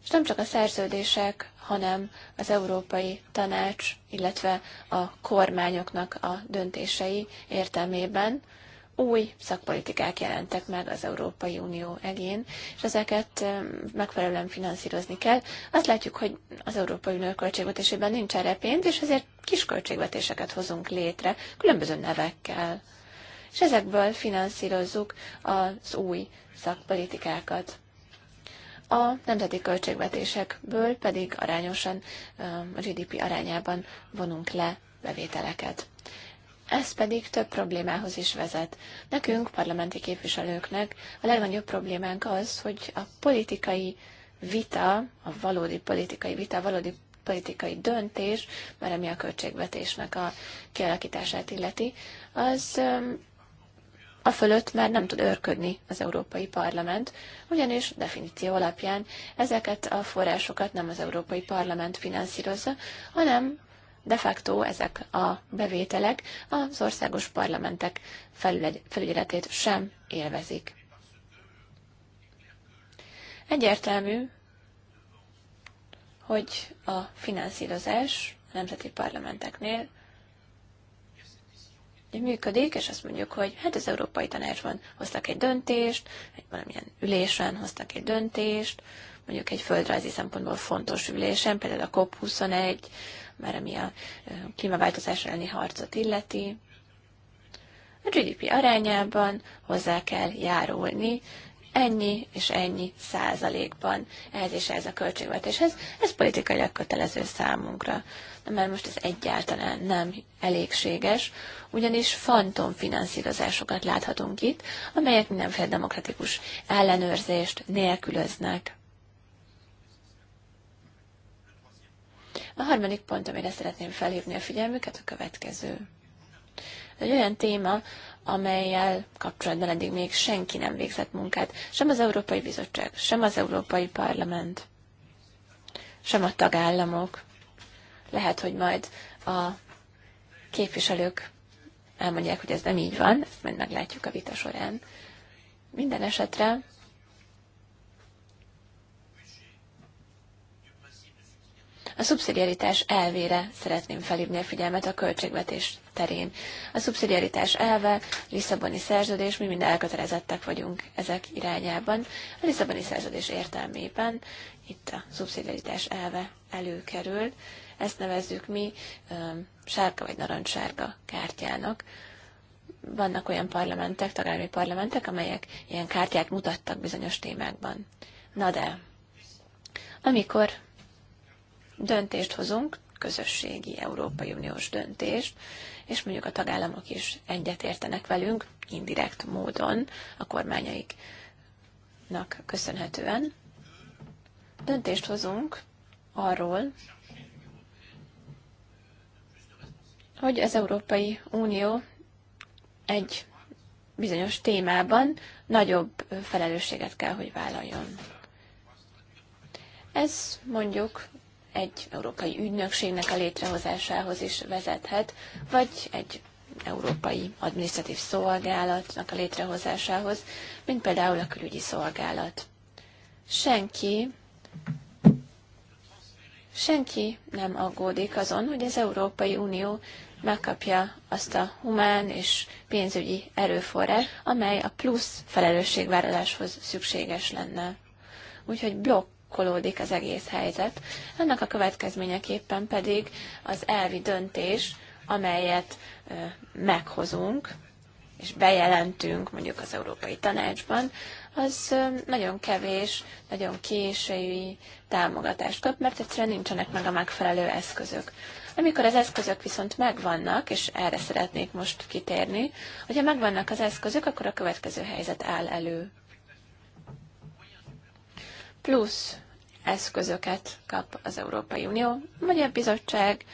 [SPEAKER 3] és nem csak a szerződések, hanem az Európai Tanács, illetve a kormányoknak a döntései értelmében új szakpolitikák jelentek meg az Európai Unió egén, és ezeket megfelelően finanszírozni kell. Azt látjuk, hogy az Európai Unió költségvetésében nincs erre pénz, és ezért kis költségvetéseket hozunk létre, különböző nevekkel. És ezekből finanszírozzuk az új szakpolitikákat. A nemzeti költségvetésekből pedig arányosan a GDP arányában vonunk le bevételeket. Ez pedig több problémához is vezet. Nekünk, parlamenti képviselőknek a legnagyobb problémánk az, hogy a politikai vita, a valódi politikai vita, a valódi politikai döntés, mert ami a költségvetésnek a kialakítását illeti, az a fölött már nem tud örködni az Európai Parlament, ugyanis definíció alapján ezeket a forrásokat nem az Európai Parlament finanszírozza, hanem de facto ezek a bevételek az országos parlamentek felügyeletét sem élvezik. Egyértelmű, hogy a finanszírozás a nemzeti parlamenteknél működik, és azt mondjuk, hogy hát az Európai Tanácsban hoztak egy döntést, egy valamilyen ülésen hoztak egy döntést, mondjuk egy földrajzi szempontból fontos ülésen, például a COP21, már ami a klímaváltozás elleni harcot illeti. A GDP arányában hozzá kell járulni ennyi és ennyi százalékban ehhez és ehhez a költségvetéshez. Ez politikailag kötelező számunkra. De mert most ez egyáltalán nem elégséges, ugyanis fantomfinanszírozásokat láthatunk itt, amelyek mindenféle demokratikus ellenőrzést nélkülöznek. A harmadik pont, amire szeretném felhívni a figyelmüket, a következő. Ez egy olyan téma, amelyel kapcsolatban eddig még senki nem végzett munkát, sem az Európai Bizottság, sem az Európai Parlament, sem a tagállamok. Lehet, hogy majd a képviselők elmondják, hogy ez nem így van, ezt majd meglátjuk a vita során. Minden esetre A szubszidiaritás elvére szeretném felhívni a figyelmet a költségvetés terén. A szubszidiaritás elve, Lisszaboni szerződés, mi mind elkötelezettek vagyunk ezek irányában. A Lisszaboni szerződés értelmében itt a szubszidiaritás elve előkerül. Ezt nevezzük mi sárga vagy narancssárga kártyának vannak olyan parlamentek, tagállami parlamentek, amelyek ilyen kártyát mutattak bizonyos témákban. Na de, amikor döntést hozunk, közösségi Európai Uniós döntést, és mondjuk a tagállamok is egyetértenek velünk indirekt módon a kormányaiknak köszönhetően. Döntést hozunk arról, hogy az Európai Unió egy bizonyos témában nagyobb felelősséget kell, hogy vállaljon. Ez mondjuk egy európai ügynökségnek a létrehozásához is vezethet, vagy egy európai adminisztratív szolgálatnak a létrehozásához, mint például a külügyi szolgálat. Senki, senki nem aggódik azon, hogy az Európai Unió megkapja azt a humán és pénzügyi erőforrás, amely a plusz felelősségvállaláshoz szükséges lenne. Úgyhogy blokk blokkolódik az egész helyzet. Ennek a következményeképpen pedig az elvi döntés, amelyet meghozunk, és bejelentünk mondjuk az Európai Tanácsban, az nagyon kevés, nagyon késői támogatást kap, mert egyszerűen nincsenek meg a megfelelő eszközök. Amikor az eszközök viszont megvannak, és erre szeretnék most kitérni, hogyha megvannak az eszközök, akkor a következő helyzet áll elő. Plusz eszközöket kap az Európai Unió, vagy a bizottság,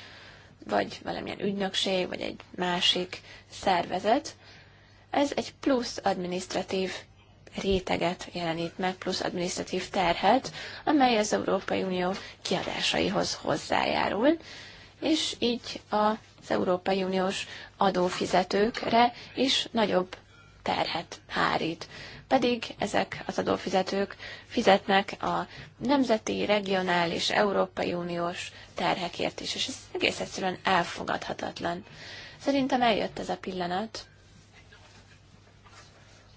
[SPEAKER 3] vagy valamilyen ügynökség, vagy egy másik szervezet. Ez egy plusz administratív réteget jelenít meg, plusz administratív terhet, amely az Európai Unió kiadásaihoz hozzájárul, és így az Európai Uniós adófizetőkre is nagyobb terhet hárít pedig ezek az adófizetők fizetnek a nemzeti, regionális, Európai Uniós terhekért is, és ez egész egyszerűen elfogadhatatlan. Szerintem eljött ez a pillanat,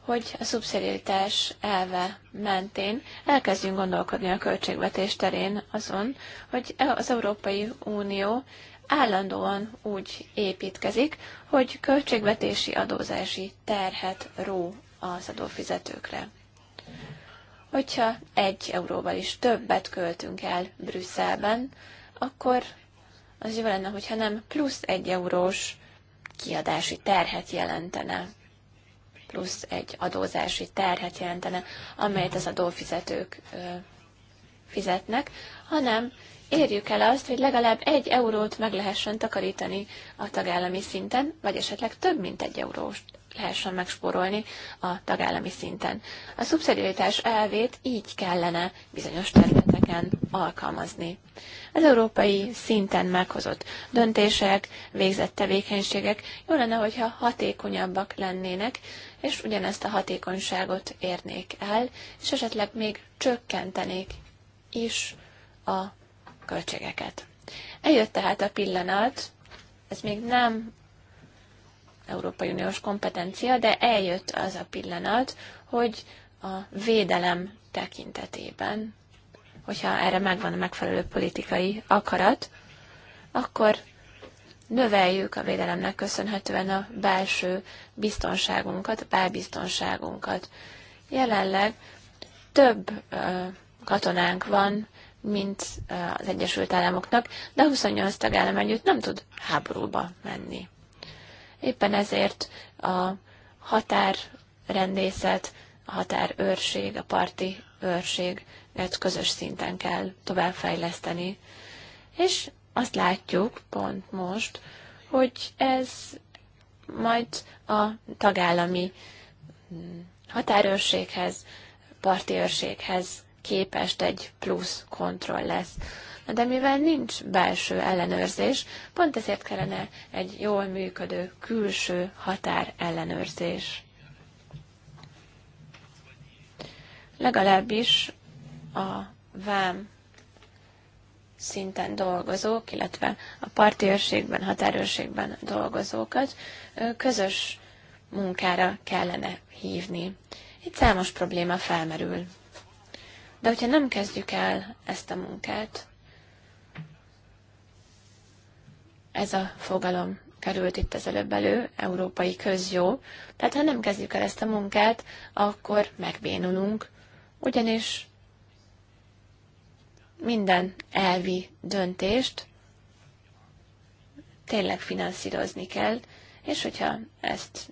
[SPEAKER 3] hogy a szubszidiaritás elve mentén elkezdjünk gondolkodni a költségvetés terén azon, hogy az Európai Unió állandóan úgy építkezik, hogy költségvetési adózási terhet ró az adófizetőkre. Hogyha egy euróval is többet költünk el Brüsszelben, akkor az jó lenne, hogyha nem plusz egy eurós kiadási terhet jelentene, plusz egy adózási terhet jelentene, amelyet az adófizetők fizetnek, hanem érjük el azt, hogy legalább egy eurót meg lehessen takarítani a tagállami szinten, vagy esetleg több mint egy euróst lehessen megspórolni a tagállami szinten. A szubszidiaritás elvét így kellene bizonyos területeken alkalmazni. Az európai szinten meghozott döntések, végzett tevékenységek jó lenne, hogyha hatékonyabbak lennének, és ugyanezt a hatékonyságot érnék el, és esetleg még csökkentenék is a költségeket. Eljött tehát a pillanat, ez még nem Európai Uniós kompetencia, de eljött az a pillanat, hogy a védelem tekintetében, hogyha erre megvan a megfelelő politikai akarat, akkor növeljük a védelemnek köszönhetően a belső biztonságunkat, a belbiztonságunkat. Jelenleg több katonánk van, mint az Egyesült Államoknak, de 28 tagállam együtt nem tud háborúba menni. Éppen ezért a határrendészet, a határőrség, a parti őrség közös szinten kell továbbfejleszteni. És azt látjuk pont most, hogy ez majd a tagállami mm, határőrséghez, parti őrséghez képest egy plusz kontroll lesz. Na de mivel nincs belső ellenőrzés, pont ezért kellene egy jól működő külső határ ellenőrzés. Legalábbis a vám szinten dolgozók, illetve a parti őrségben, határőrségben dolgozókat közös munkára kellene hívni. Itt számos probléma felmerül. De hogyha nem kezdjük el ezt a munkát, ez a fogalom került itt az előbb elő, európai közjó. Tehát ha nem kezdjük el ezt a munkát, akkor megbénulunk, ugyanis minden elvi döntést tényleg finanszírozni kell, és hogyha ezt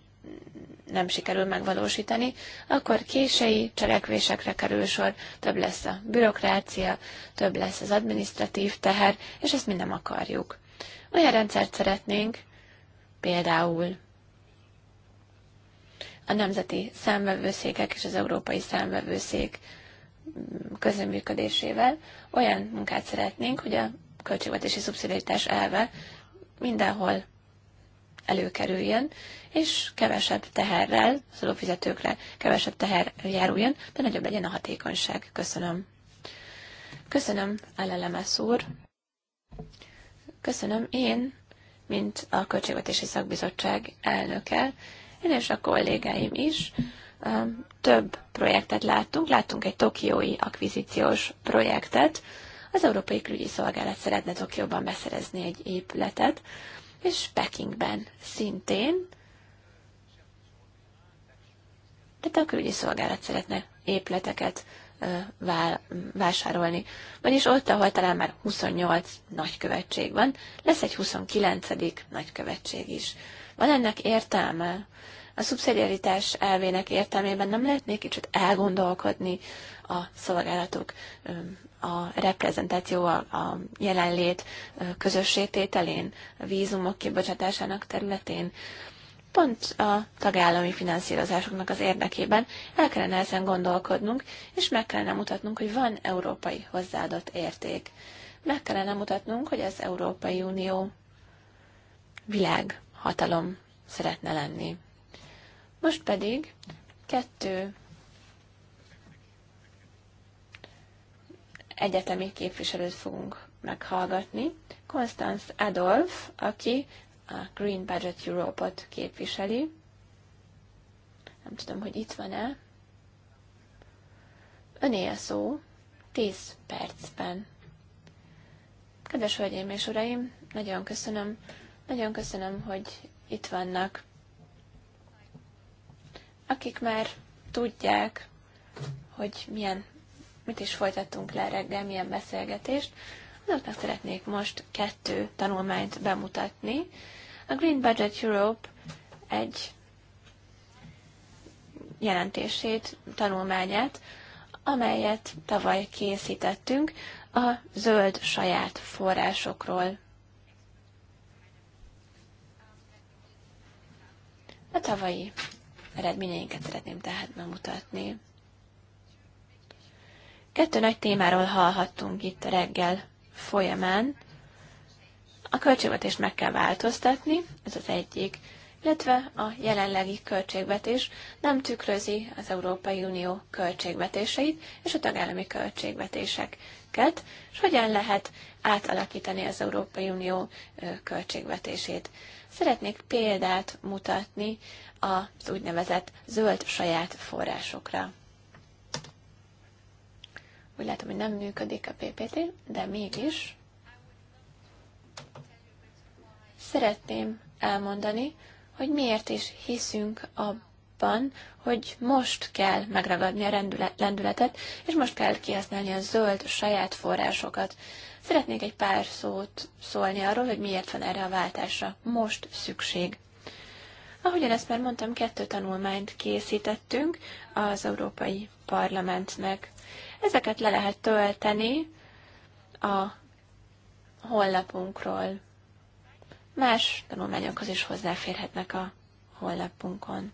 [SPEAKER 3] nem sikerül megvalósítani, akkor késői cselekvésekre kerül sor, több lesz a bürokrácia, több lesz az administratív teher, és ezt mi nem akarjuk. Olyan rendszert szeretnénk, például a nemzeti számvevőszékek és az európai számvevőszék mm, közreműködésével olyan munkát szeretnénk, hogy a költségvetési szubszidiaritás elve mindenhol előkerüljön, és kevesebb teherrel, az adófizetőkre kevesebb teher járuljon, de nagyobb legyen a hatékonyság. Köszönöm. Köszönöm, Elelemes úr. Köszönöm én, mint a Költségvetési Szakbizottság elnöke, én és a kollégáim is több projektet láttunk. Láttunk egy tokiói akvizíciós projektet. Az Európai Külügyi Szolgálat szeretne Tokióban beszerezni egy épületet, és Pekingben szintén. Tehát a külügyi szolgálat szeretne épületeket vásárolni. Vagyis ott, ahol talán már 28 nagykövetség van, lesz egy 29. nagykövetség is. Van ennek értelme? A szubszidiaritás elvének értelmében nem lehetnék kicsit elgondolkodni a szolgálatok a reprezentáció, a, a jelenlét közössétételén, a vízumok kibocsátásának területén pont a tagállami finanszírozásoknak az érdekében el kellene ezen gondolkodnunk, és meg kellene mutatnunk, hogy van európai hozzáadott érték. Meg kellene mutatnunk, hogy az Európai Unió világhatalom szeretne lenni. Most pedig kettő egyetemi képviselőt fogunk meghallgatni. Konstanz Adolf, aki a Green Budget Europe-ot képviseli. Nem tudom, hogy itt van-e. Öné a szó 10 percben. Kedves hölgyeim és uraim, nagyon köszönöm, nagyon köszönöm, hogy itt vannak. Akik már tudják, hogy milyen, mit is folytattunk le reggel, milyen beszélgetést, azoknak szeretnék most kettő tanulmányt bemutatni, a Green Budget Europe egy jelentését, tanulmányát, amelyet tavaly készítettünk a zöld saját forrásokról. A tavalyi eredményeinket szeretném tehát bemutatni. Kettő nagy témáról hallhattunk itt a reggel folyamán. A költségvetést meg kell változtatni, ez az egyik, illetve a jelenlegi költségvetés nem tükrözi az Európai Unió költségvetéseit és a tagállami költségvetéseket, és hogyan lehet átalakítani az Európai Unió költségvetését. Szeretnék példát mutatni az úgynevezett zöld saját forrásokra. Úgy látom, hogy nem működik a PPT, de mégis Szeretném elmondani, hogy miért is hiszünk abban, hogy most kell megragadni a lendületet, és most kell kihasználni a zöld saját forrásokat. Szeretnék egy pár szót szólni arról, hogy miért van erre a váltásra most szükség. Ahogyan ezt már mondtam, kettő tanulmányt készítettünk az Európai Parlamentnek. Ezeket le lehet tölteni a honlapunkról. Más tanulmányokhoz is hozzáférhetnek a honlapunkon.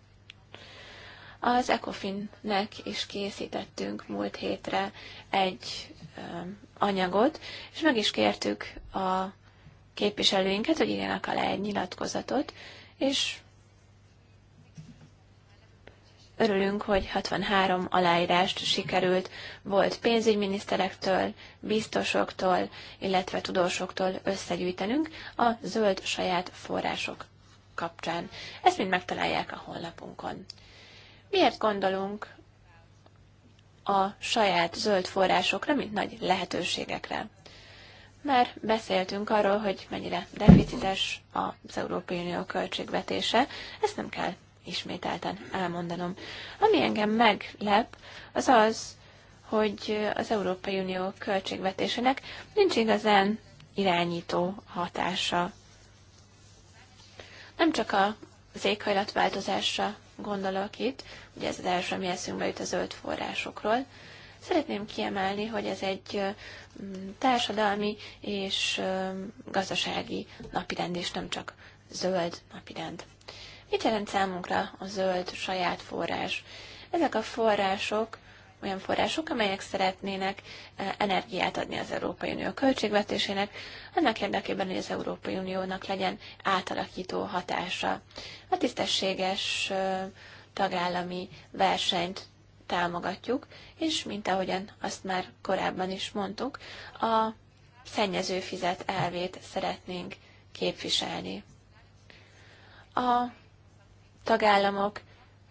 [SPEAKER 3] Az Ecofinnek is készítettünk múlt hétre egy anyagot, és meg is kértük a képviselőinket, hogy írjanak alá egy nyilatkozatot, és Örülünk, hogy 63 aláírást sikerült volt pénzügyminiszterektől, biztosoktól, illetve tudósoktól összegyűjtenünk a zöld saját források kapcsán. Ezt mind megtalálják a honlapunkon. Miért gondolunk a saját zöld forrásokra, mint nagy lehetőségekre? Már beszéltünk arról, hogy mennyire deficites az Európai Unió költségvetése, ezt nem kell ismételten elmondanom. Ami engem meglep, az az, hogy az Európai Unió költségvetésének nincs igazán irányító hatása. Nem csak az éghajlatváltozásra gondolok itt, ugye ez az első, ami eszünkbe jut a zöld forrásokról. Szeretném kiemelni, hogy ez egy mm, társadalmi és mm, gazdasági napirend, és nem csak zöld napirend. Mit jelent számunkra a zöld saját forrás? Ezek a források olyan források, amelyek szeretnének e, energiát adni az Európai Unió költségvetésének, annak érdekében, hogy az Európai Uniónak legyen átalakító hatása. A tisztességes e, tagállami versenyt támogatjuk, és mint ahogyan azt már korábban is mondtuk, a szennyező fizet elvét szeretnénk képviselni. A tagállamok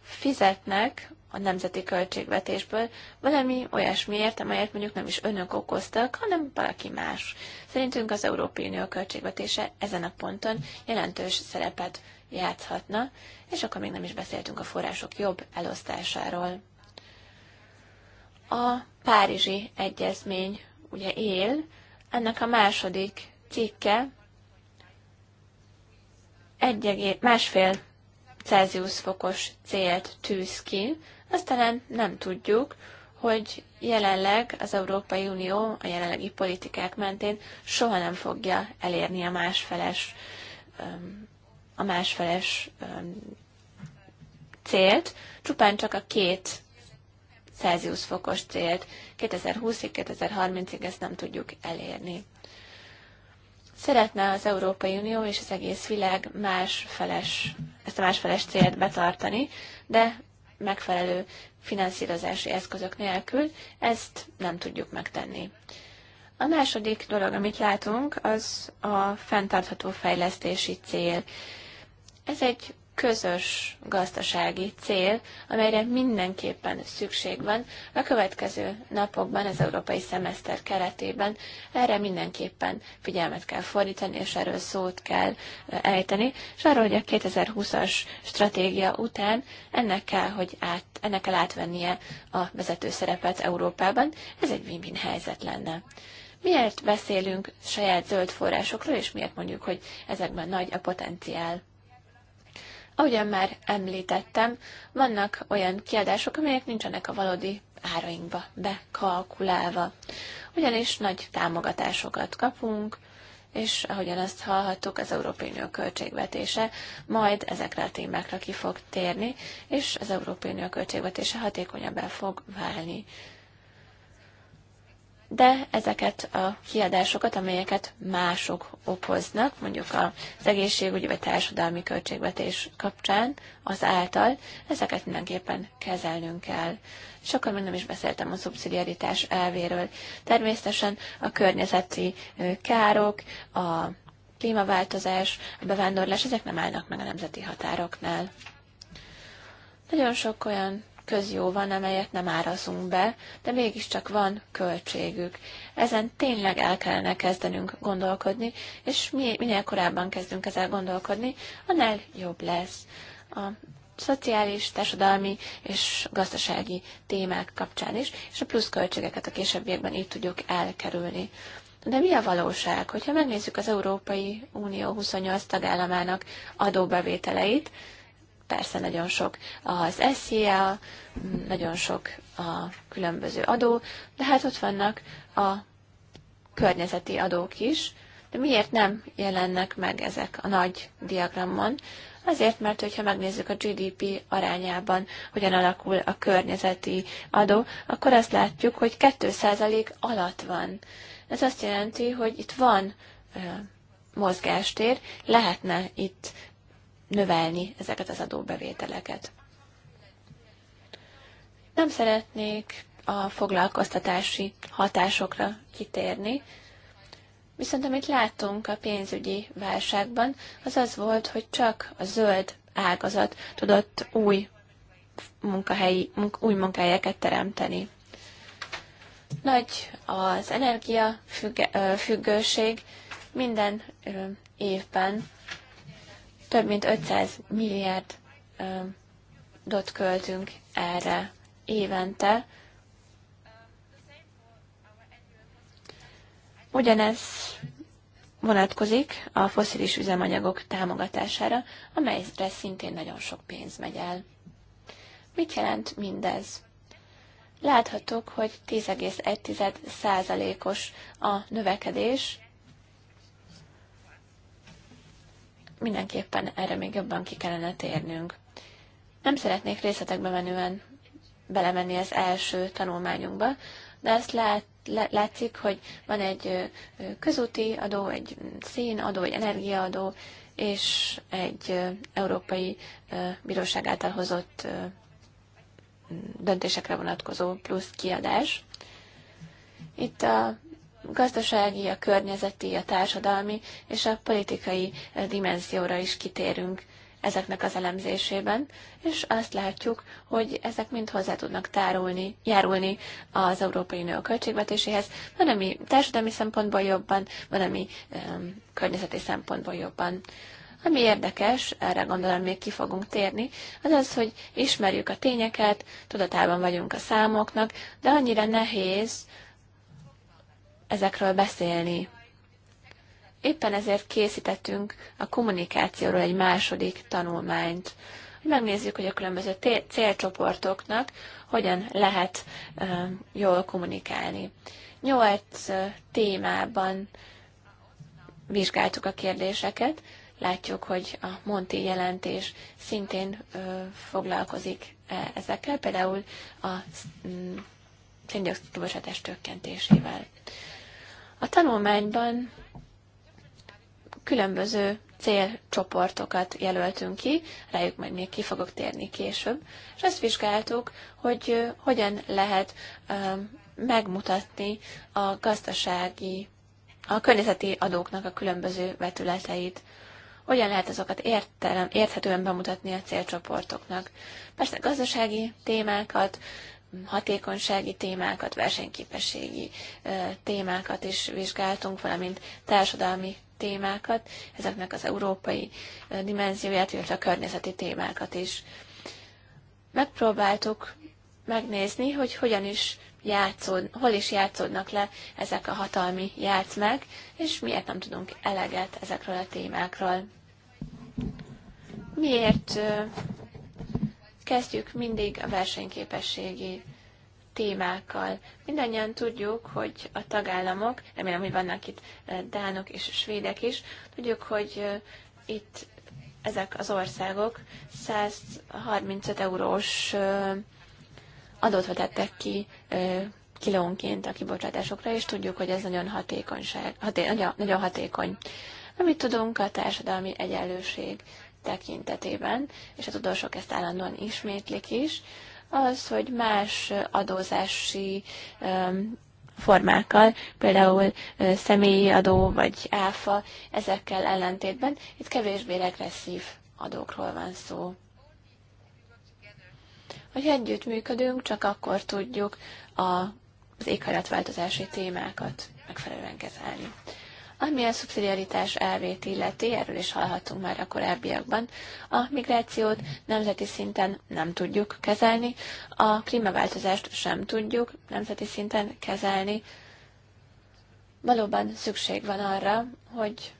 [SPEAKER 3] fizetnek a nemzeti költségvetésből valami olyasmiért, amelyet mondjuk nem is önök okoztak, hanem valaki más. Szerintünk az Európai Unió költségvetése ezen a ponton jelentős szerepet játszhatna, és akkor még nem is beszéltünk a források jobb elosztásáról. A Párizsi Egyezmény ugye él, ennek a második cikke egy másfél Celsius fokos célt tűz ki, azt talán nem tudjuk, hogy jelenleg az Európai Unió a jelenlegi politikák mentén soha nem fogja elérni a másfeles, a másfeles célt, csupán csak a két Celsius fokos célt. 2020-ig, 2030-ig ezt nem tudjuk elérni. Szeretne az Európai Unió és az egész világ másfeles, ezt a másfeles célt betartani, de megfelelő finanszírozási eszközök nélkül ezt nem tudjuk megtenni. A második dolog, amit látunk, az a fenntartható fejlesztési cél. Ez egy közös gazdasági cél, amelyre mindenképpen szükség van a következő napokban az európai szemeszter keretében. Erre mindenképpen figyelmet kell fordítani, és erről szót kell ejteni, és arról, hogy a 2020-as stratégia után ennek kell, hogy át, ennek kell átvennie a vezető szerepet Európában. Ez egy win-win helyzet lenne miért beszélünk saját zöld forrásokról, és miért mondjuk, hogy ezekben nagy a potenciál. Ahogyan már említettem, vannak olyan kiadások, amelyek nincsenek a valódi árainkba bekalkulálva. Ugyanis nagy támogatásokat kapunk, és ahogyan azt hallhattuk, az Európai Unió költségvetése majd ezekre a témákra ki fog térni, és az Európai Unió költségvetése hatékonyabbá fog válni de ezeket a kiadásokat, amelyeket mások okoznak, mondjuk az egészségügyi vagy társadalmi költségvetés kapcsán, az által, ezeket mindenképpen kezelnünk kell. akkor még nem is beszéltem a szubszidiaritás elvéről. Természetesen a környezeti károk, a klímaváltozás, a bevándorlás, ezek nem állnak meg a nemzeti határoknál. Nagyon sok olyan közjó van, amelyet nem árazunk be, de mégiscsak van költségük. Ezen tényleg el kellene kezdenünk gondolkodni, és mi, minél korábban kezdünk ezzel gondolkodni, annál jobb lesz. A szociális, társadalmi és gazdasági témák kapcsán is, és a plusz költségeket a későbbiekben így tudjuk elkerülni. De mi a valóság? Hogyha megnézzük az Európai Unió 28 tagállamának adóbevételeit, persze nagyon sok az SZIA, nagyon sok a különböző adó, de hát ott vannak a környezeti adók is, de miért nem jelennek meg ezek a nagy diagramon? Azért, mert hogyha megnézzük a GDP arányában, hogyan alakul a környezeti adó, akkor azt látjuk, hogy 2% alatt van. Ez azt jelenti, hogy itt van mozgástér, lehetne itt növelni ezeket az adóbevételeket. Nem szeretnék a foglalkoztatási hatásokra kitérni, viszont amit láttunk a pénzügyi válságban, az az volt, hogy csak a zöld ágazat tudott új munkahelyi, új munkahelyeket teremteni. Nagy az energia függőség, minden évben több mint 500 milliárd dot költünk erre évente. Ugyanez vonatkozik a foszilis üzemanyagok támogatására, amelyre szintén nagyon sok pénz megy el. Mit jelent mindez? Láthatók, hogy 10,1%-os a növekedés mindenképpen erre még jobban ki kellene térnünk. Nem szeretnék részletekbe menően belemenni az első tanulmányunkba, de ezt lát, látszik, hogy van egy közúti adó, egy színadó, egy energiaadó, és egy európai bíróság által hozott döntésekre vonatkozó plusz kiadás. Itt a gazdasági, a környezeti, a társadalmi és a politikai eh, dimenzióra is kitérünk ezeknek az elemzésében, és azt látjuk, hogy ezek mind hozzá tudnak tárulni, járulni az Európai Unió költségvetéséhez, van, ami társadalmi szempontból jobban, van, ami um, környezeti szempontból jobban. Ami érdekes, erre gondolom még ki fogunk térni, az az, hogy ismerjük a tényeket, tudatában vagyunk a számoknak, de annyira nehéz ezekről beszélni. Éppen ezért készítettünk a kommunikációról egy második tanulmányt, hogy megnézzük, hogy a különböző célcsoportoknak hogyan lehet uh, jól kommunikálni. Nyolc uh, témában vizsgáltuk a kérdéseket, látjuk, hogy a Monti jelentés szintén ö, foglalkozik ezekkel, például a mm, széndiokszidbocsátás csökkentésével. A tanulmányban különböző célcsoportokat jelöltünk ki, rájuk majd még ki fogok térni később, és azt vizsgáltuk, hogy hogyan lehet megmutatni a gazdasági, a környezeti adóknak a különböző vetületeit hogyan lehet azokat értelem, érthetően bemutatni a célcsoportoknak. Persze gazdasági témákat, hatékonysági témákat, versenyképességi témákat is vizsgáltunk, valamint társadalmi témákat, ezeknek az európai dimenzióját, illetve a környezeti témákat is. Megpróbáltuk megnézni, hogy hogyan is játszód, hol is játszódnak le ezek a hatalmi játszmák, és miért nem tudunk eleget ezekről a témákról. Miért Kezdjük mindig a versenyképességi témákkal. Mindannyian tudjuk, hogy a tagállamok, remélem, hogy vannak itt eh, dánok és svédek is, tudjuk, hogy eh, itt ezek az országok 135 eurós eh, adót vetettek ki kilónként a kibocsátásokra, és tudjuk, hogy ez nagyon, hatékonyság, haté, nagyon hatékony. Amit tudunk, a társadalmi egyenlőség tekintetében, és a tudósok ezt állandóan ismétlik is, az, hogy más adózási formákkal, például személyi adó vagy áfa, ezekkel ellentétben itt kevésbé regresszív adókról van szó. Hogy együtt működünk, csak akkor tudjuk az éghajlatváltozási témákat megfelelően kezelni. Ami a szubszidiaritás elvét illeti, erről is hallhatunk már a korábbiakban, a migrációt nemzeti szinten nem tudjuk kezelni, a klímaváltozást sem tudjuk nemzeti szinten kezelni. Valóban szükség van arra, hogy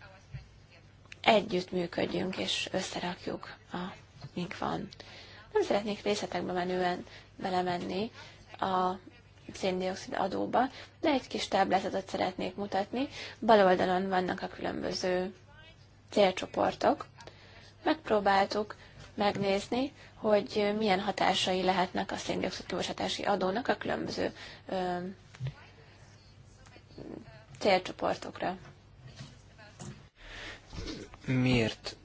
[SPEAKER 3] együtt működjünk és összerakjuk, amink van. Nem szeretnék részletekbe menően belemenni a széndiokszid adóba, de egy kis táblázatot szeretnék mutatni. Bal oldalon vannak a különböző célcsoportok. Megpróbáltuk megnézni, hogy milyen hatásai lehetnek a széndiokszid kibocsátási adónak a különböző ö, célcsoportokra.
[SPEAKER 1] Miért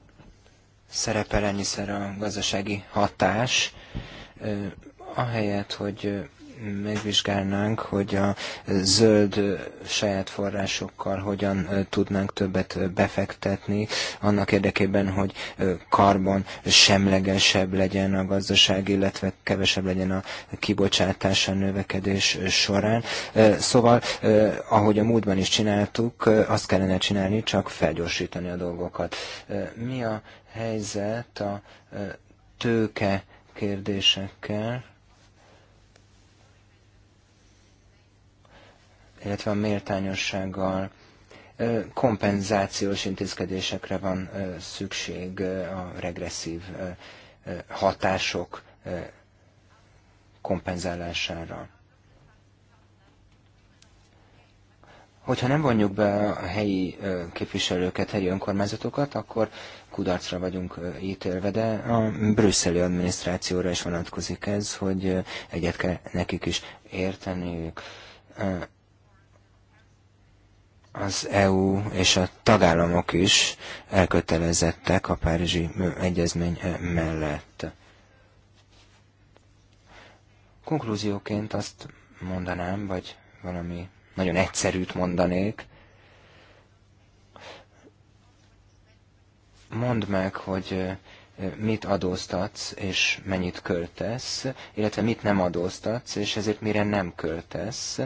[SPEAKER 1] szerepel ennyiszer a gazdasági hatás, ahelyett, hogy megvizsgálnánk, hogy a zöld saját forrásokkal hogyan tudnánk többet befektetni, annak érdekében, hogy karbon semlegesebb legyen a gazdaság, illetve kevesebb legyen a kibocsátása növekedés során. Szóval, ahogy a múltban is csináltuk, azt kellene csinálni, csak felgyorsítani a dolgokat. Mi a helyzet a tőke kérdésekkel? illetve a méltányossággal kompenzációs intézkedésekre van szükség a regresszív hatások kompenzálására. Hogyha nem vonjuk be a helyi képviselőket, helyi önkormányzatokat, akkor kudarcra vagyunk ítélve, de a brüsszeli adminisztrációra is vonatkozik ez, hogy egyet kell nekik is érteniük az EU és a tagállamok is elkötelezettek a Párizsi Egyezmény mellett. Konklúzióként azt mondanám, vagy valami nagyon egyszerűt mondanék. Mondd meg, hogy mit adóztatsz, és mennyit költesz, illetve mit nem adóztatsz, és ezért mire nem költesz,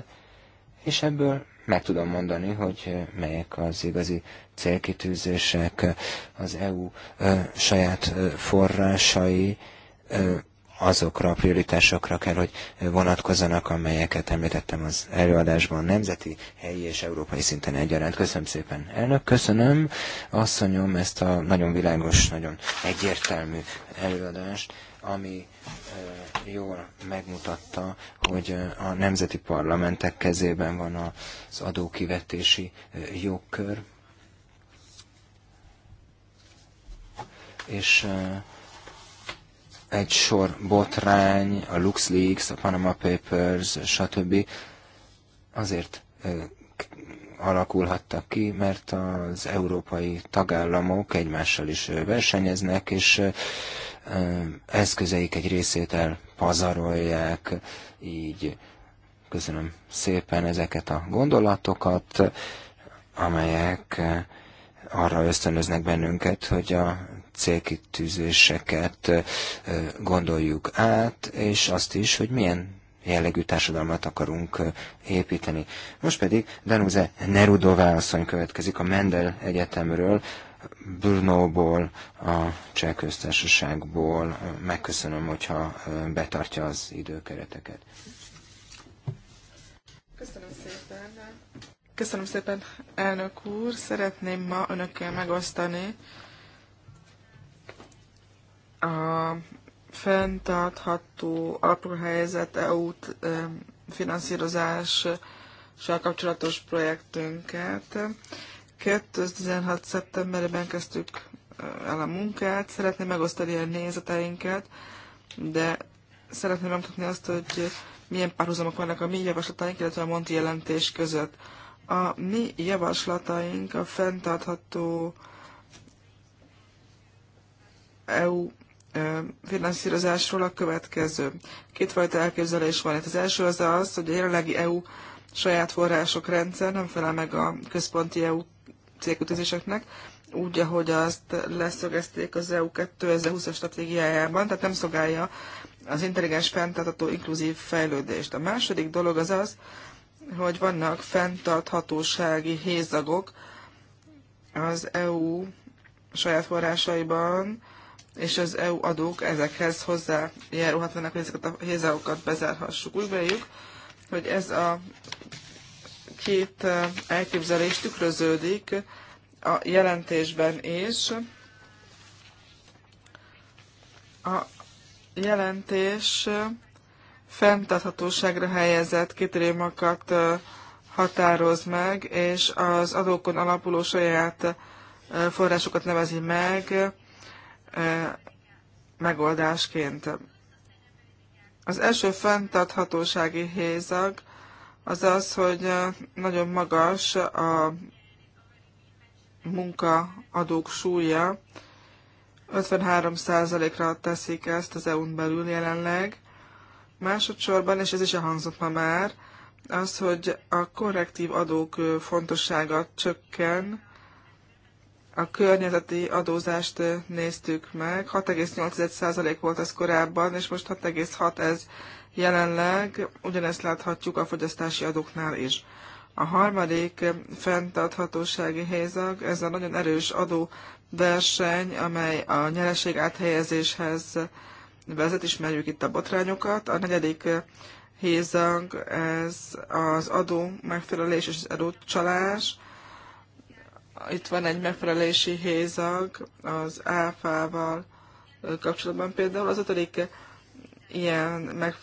[SPEAKER 1] és ebből meg tudom mondani, hogy eh, melyek az igazi célkitűzések, eh, az EU eh, saját forrásai azokra a prioritásokra kell, hogy vonatkozzanak, amelyeket említettem az előadásban, nemzeti, helyi és európai szinten egyaránt. Köszönöm szépen, elnök, köszönöm, asszonyom, ezt a nagyon világos, nagyon egyértelmű előadást ami eh, jól megmutatta, hogy eh, a nemzeti parlamentek kezében van az adókivetési eh, jogkör, és egy sor botrány, a LuxLeaks, a Panama Papers, stb. azért alakulhattak ki, mert az európai tagállamok egymással is versenyeznek, és eszközeik egy részét elpazarolják, így köszönöm szépen ezeket a gondolatokat, amelyek arra ösztönöznek bennünket, hogy a célkitűzéseket gondoljuk át, és azt is, hogy milyen jellegű társadalmat akarunk építeni. Most pedig Danuze Nerudová asszony következik a Mendel Egyetemről, Brunóból, a Cseh köztársaságból. Megköszönöm, hogyha betartja az időkereteket.
[SPEAKER 2] Köszönöm szépen. Köszönöm szépen, elnök úr. Szeretném ma önökkel megosztani a fenntartható alapról helyzet EU finanszírozással kapcsolatos projektünket. 2016. szeptemberében kezdtük el a munkát, szeretném megosztani a nézeteinket, de szeretném megmutatni azt, hogy milyen párhuzamok vannak a mi javaslataink, illetve a Monti jelentés között. A mi javaslataink a fenntartható EU finanszírozásról a következő. Kétfajta elképzelés van itt. Az első az az, hogy a jelenlegi EU saját források rendszer nem felel meg a központi EU célkötözéseknek, úgy, ahogy azt leszögezték az EU 2020-as stratégiájában, tehát nem szolgálja az intelligens, fenntartható, inkluzív fejlődést. A második dolog az az, hogy vannak fenntarthatósági hézagok az EU saját forrásaiban, és az EU adók ezekhez hozzájárulhatnak, hogy ezeket a hézagokat bezárhassuk. Úgy véljük, hogy ez a két elképzelés tükröződik a jelentésben is. A jelentés fenntarthatóságra helyezett kritériumokat határoz meg, és az adókon alapuló saját forrásokat nevezi meg megoldásként. Az első fenntarthatósági hézag az az, hogy nagyon magas a munkaadók súlya. 53%-ra teszik ezt az EU-n belül jelenleg. Másodszorban, és ez is elhangzott ma már, az, hogy a korrektív adók fontossága csökken, a környezeti adózást néztük meg, 6,8% volt az korábban, és most 6,6 ez Jelenleg ugyanezt láthatjuk a fogyasztási adóknál is. A harmadik fenntarthatósági helyzag, ez a nagyon erős adóverseny, amely a nyereség áthelyezéshez vezet, ismerjük itt a botrányokat. A negyedik hézag, ez az adó megfelelés és az adócsalás. Itt van egy megfelelési hézag az áfával kapcsolatban például. Az ötödik ilyen meg,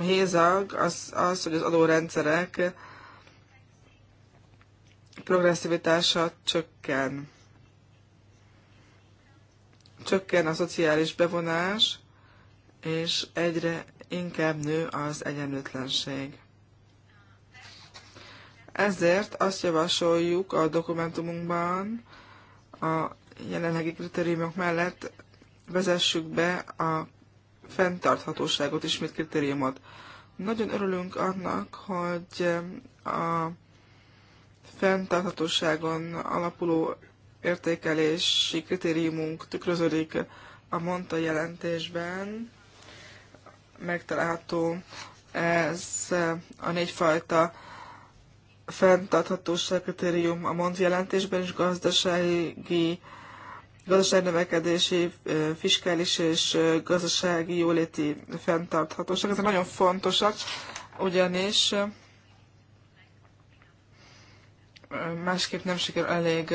[SPEAKER 2] hézag az, az, hogy az adórendszerek progresszivitása csökken. Csökken a szociális bevonás, és egyre inkább nő az egyenlőtlenség. Ezért azt javasoljuk a dokumentumunkban a jelenlegi kritériumok mellett vezessük be a fenntarthatóságot is, mint kritériumot. Nagyon örülünk annak, hogy a fenntarthatóságon alapuló értékelési kritériumunk tükröződik a Monta jelentésben. Megtalálható ez a négyfajta fenntarthatóság kritérium a Monta jelentésben is gazdasági, gazdaságnövekedési, fiskális és gazdasági jóléti fenntarthatóság. Ezek nagyon fontosak, ugyanis másképp nem sikerül elég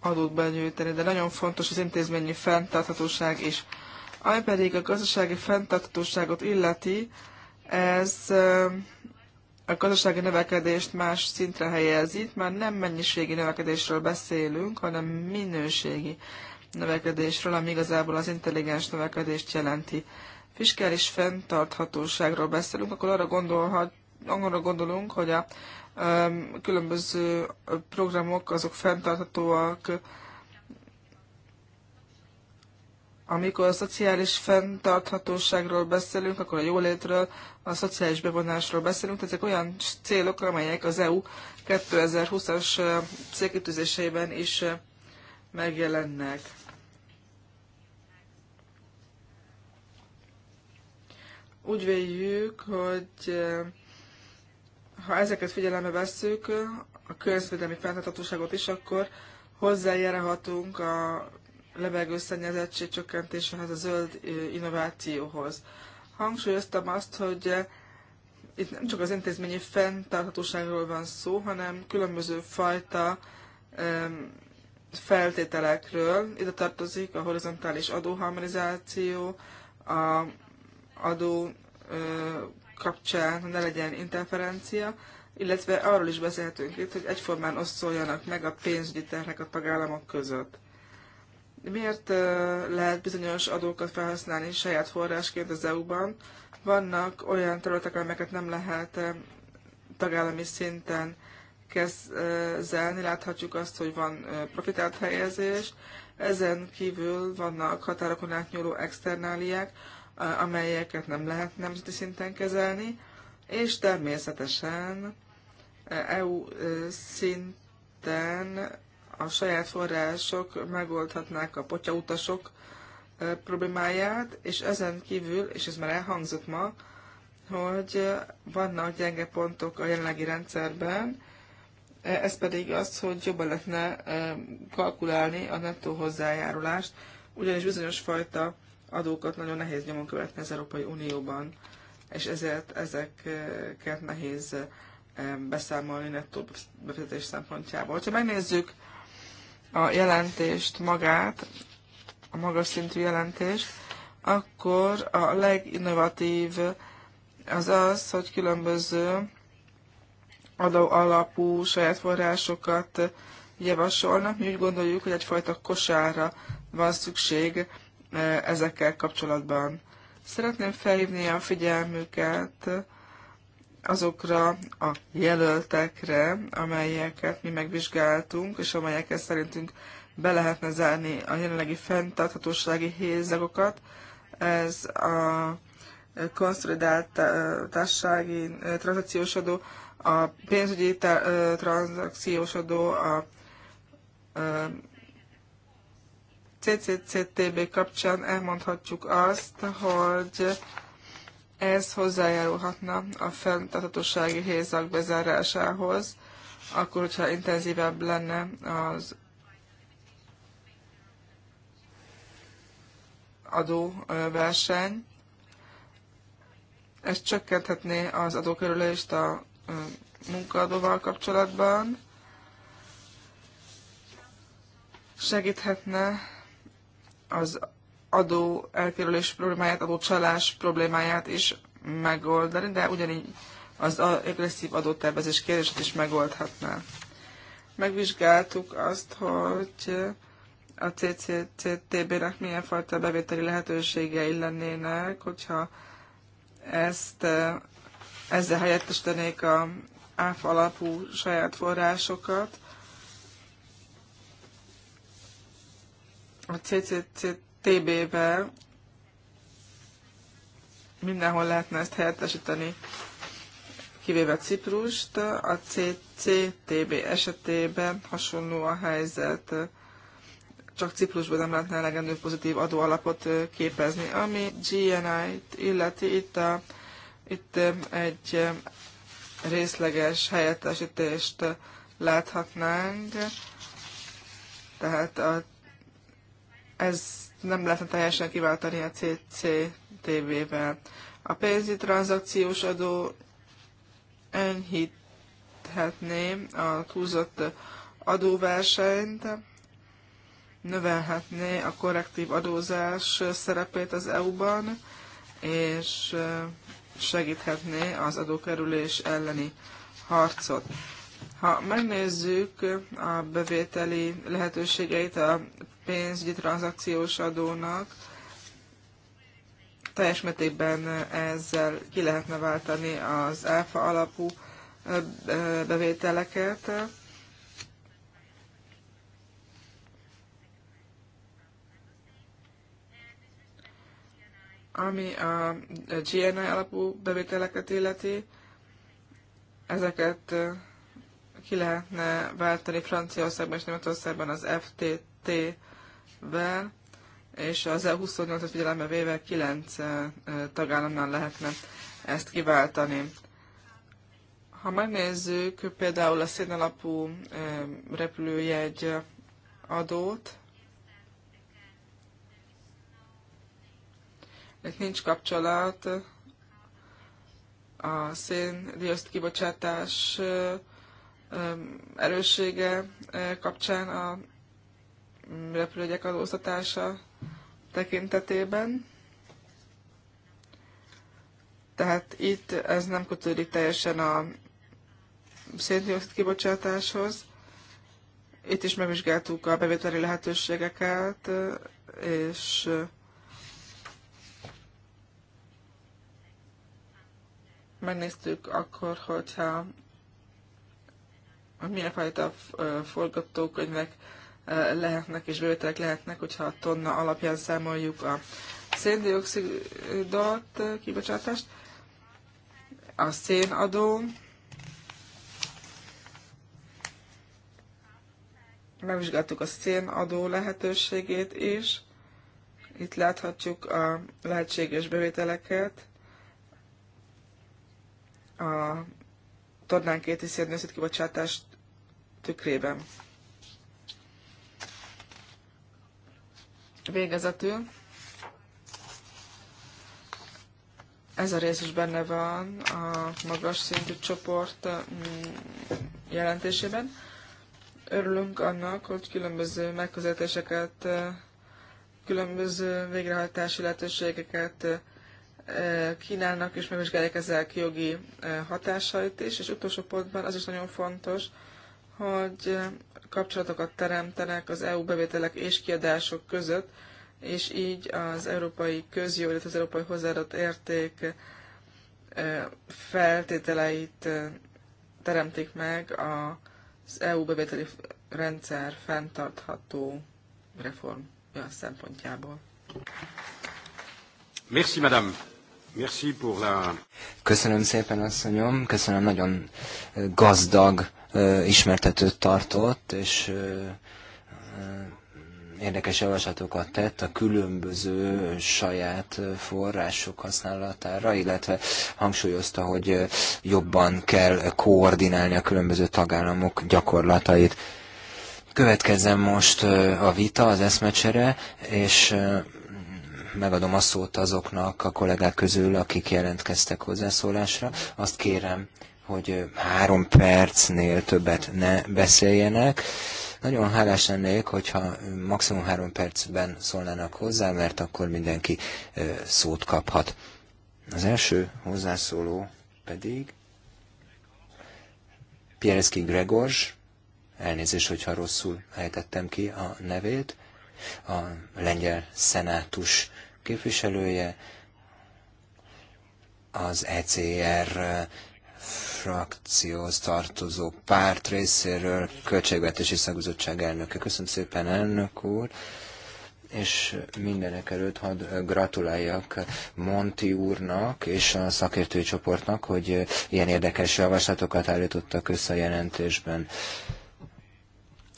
[SPEAKER 2] adót benyújtani, de nagyon fontos az intézményi fenntarthatóság is. Ami pedig a gazdasági fenntarthatóságot illeti, ez a gazdasági növekedést más szintre helyezi, már nem mennyiségi növekedésről beszélünk, hanem minőségi növekedésről, ami igazából az intelligens növekedést jelenti. Fiskális fenntarthatóságról beszélünk, akkor arra, gondolhat, arra gondolunk, hogy a különböző programok azok fenntarthatóak, amikor a szociális fenntarthatóságról beszélünk, akkor a jólétről, a szociális bevonásról beszélünk, tehát ezek olyan célok, amelyek az EU 2020-as célkitűzéseiben is megjelennek. Úgy véljük, hogy ha ezeket figyelembe vesszük, a környezetvédelmi fenntarthatóságot is, akkor hozzájárhatunk a levegőszennyezettség csökkentéséhez, a zöld innovációhoz. Hangsúlyoztam azt, hogy itt nem csak az intézményi fenntarthatóságról van szó, hanem különböző fajta feltételekről. Ide tartozik a horizontális adóharmonizáció, a adó kapcsán ne legyen interferencia, illetve arról is beszélhetünk itt, hogy egyformán osszoljanak meg a pénzügyi terhek a tagállamok között. Miért lehet bizonyos adókat felhasználni saját forrásként az EU-ban? Vannak olyan területek, amelyeket nem lehet tagállami szinten kezelni. Láthatjuk azt, hogy van profitált helyezés. Ezen kívül vannak határokon átnyúló externáliák, amelyeket nem lehet nemzeti szinten kezelni, és természetesen EU szinten a saját források megoldhatnák a potyautasok problémáját, és ezen kívül, és ez már elhangzott ma, hogy vannak gyenge pontok a jelenlegi rendszerben, ez pedig az, hogy jobban lehetne kalkulálni a nettó hozzájárulást, ugyanis bizonyos fajta adókat nagyon nehéz nyomon követni az Európai Unióban, és ezért ezeket nehéz beszámolni nettó befizetés szempontjából. Ha megnézzük a jelentést magát, a magas szintű jelentést, akkor a leginnovatív az az, hogy különböző adó alapú saját forrásokat javasolnak. Mi úgy gondoljuk, hogy egyfajta kosára van szükség eh, ezekkel kapcsolatban. Szeretném felhívni a figyelmüket azokra a jelöltekre, amelyeket mi megvizsgáltunk, és amelyeket szerintünk be lehetne zárni a jelenlegi fenntarthatósági hézagokat. Ez a konszolidált társasági tranzakciós adó, a pénzügyi tranzakciós adó, a CCCTB kapcsán elmondhatjuk azt, hogy ez hozzájárulhatna a fenntarthatósági hézak bezárásához, akkor, hogyha intenzívebb lenne az adóverseny. Ez csökkenthetné az adókerülést a munkaadóval kapcsolatban, segíthetne az adó elkerülés problémáját, adócsalás problémáját is megoldani, de ugyanígy az agresszív adótervezés kérdését is megoldhatná. Megvizsgáltuk azt, hogy a CCCTB-nek milyen fajta bevételi lehetőségei lennének, hogyha ezt eh, ezzel helyettesítenék a áf alapú saját forrásokat. A CCCT TB-vel mindenhol lehetne ezt helyettesíteni, kivéve Ciprust. A CCTB esetében hasonló a helyzet, csak Ciprusban nem lehetne elegendő pozitív adóalapot képezni. Ami GNI-t illeti, itt, a, itt egy részleges helyettesítést láthatnánk, tehát a, ez nem lehetne teljesen kiváltani a CCTV-vel. A pénzügyi tranzakciós adó enyhíthetné a túlzott adóversenyt, növelhetné a korrektív adózás szerepét az EU-ban, és segíthetné az adókerülés elleni harcot. Ha megnézzük a bevételi lehetőségeit a pénzügyi tranzakciós adónak, teljes mértékben ezzel ki lehetne váltani az áfa alapú bevételeket. Ami a GNI alapú bevételeket illeti, ezeket ki lehetne váltani Franciaországban és Németországban az ftt vel és az e 28 at figyelembe véve 9 tagállamnál lehetne ezt kiváltani. Ha megnézzük például a szénalapú repülőjegy adót, itt nincs kapcsolat a széndioszid kibocsátás erőssége kapcsán a repülőgyek adóztatása tekintetében. Tehát itt ez nem kötődik teljesen a széndiokszid kibocsátáshoz. Itt is megvizsgáltuk a bevételi lehetőségeket, és megnéztük akkor, hogyha milyen fajta forgatókönyvek lehetnek és bevételek lehetnek, hogyha a tonna alapján számoljuk a széndiokszidot, kibocsátást, a szénadó, megvizsgáltuk a szénadó lehetőségét is, itt láthatjuk a lehetséges bevételeket, a tornánkéti széndiokszid kibocsátást tükrében. Végezetül ez a rész is benne van a magas szintű csoport mm, jelentésében. Örülünk annak, hogy különböző megközelítéseket, különböző végrehajtási lehetőségeket e, kínálnak, és megvizsgálják ezek jogi e, hatásait is, és utolsó pontban az is nagyon fontos, hogy kapcsolatokat teremtenek az EU bevételek és kiadások között, és így az európai közjó, illetve az európai hozzáadott érték feltételeit teremtik meg az EU bevételi rendszer fenntartható reformja szempontjából.
[SPEAKER 3] Merci, madame. Merci pour la...
[SPEAKER 1] Köszönöm szépen, asszonyom. Köszönöm, nagyon gazdag ismertetőt tartott, és érdekes javaslatokat tett a különböző saját források használatára, illetve hangsúlyozta, hogy jobban kell koordinálni a különböző tagállamok gyakorlatait. Következzen most a vita, az eszmecsere, és megadom a szót azoknak a kollégák közül, akik jelentkeztek hozzászólásra. Azt kérem, hogy három percnél többet ne beszéljenek. Nagyon hálás lennék, hogyha maximum három percben szólnának hozzá, mert akkor mindenki szót kaphat. Az első hozzászóló pedig Pierski Gregors, elnézést, hogyha rosszul ejtettem ki a nevét, a lengyel szenátus képviselője, az ECR frakcióhoz tartozó párt részéről költségvetési szakbizottság elnöke. Köszönöm szépen, elnök úr! és mindenek előtt hadd gratuláljak Monti úrnak és a szakértői csoportnak, hogy ilyen érdekes javaslatokat állítottak össze a jelentésben.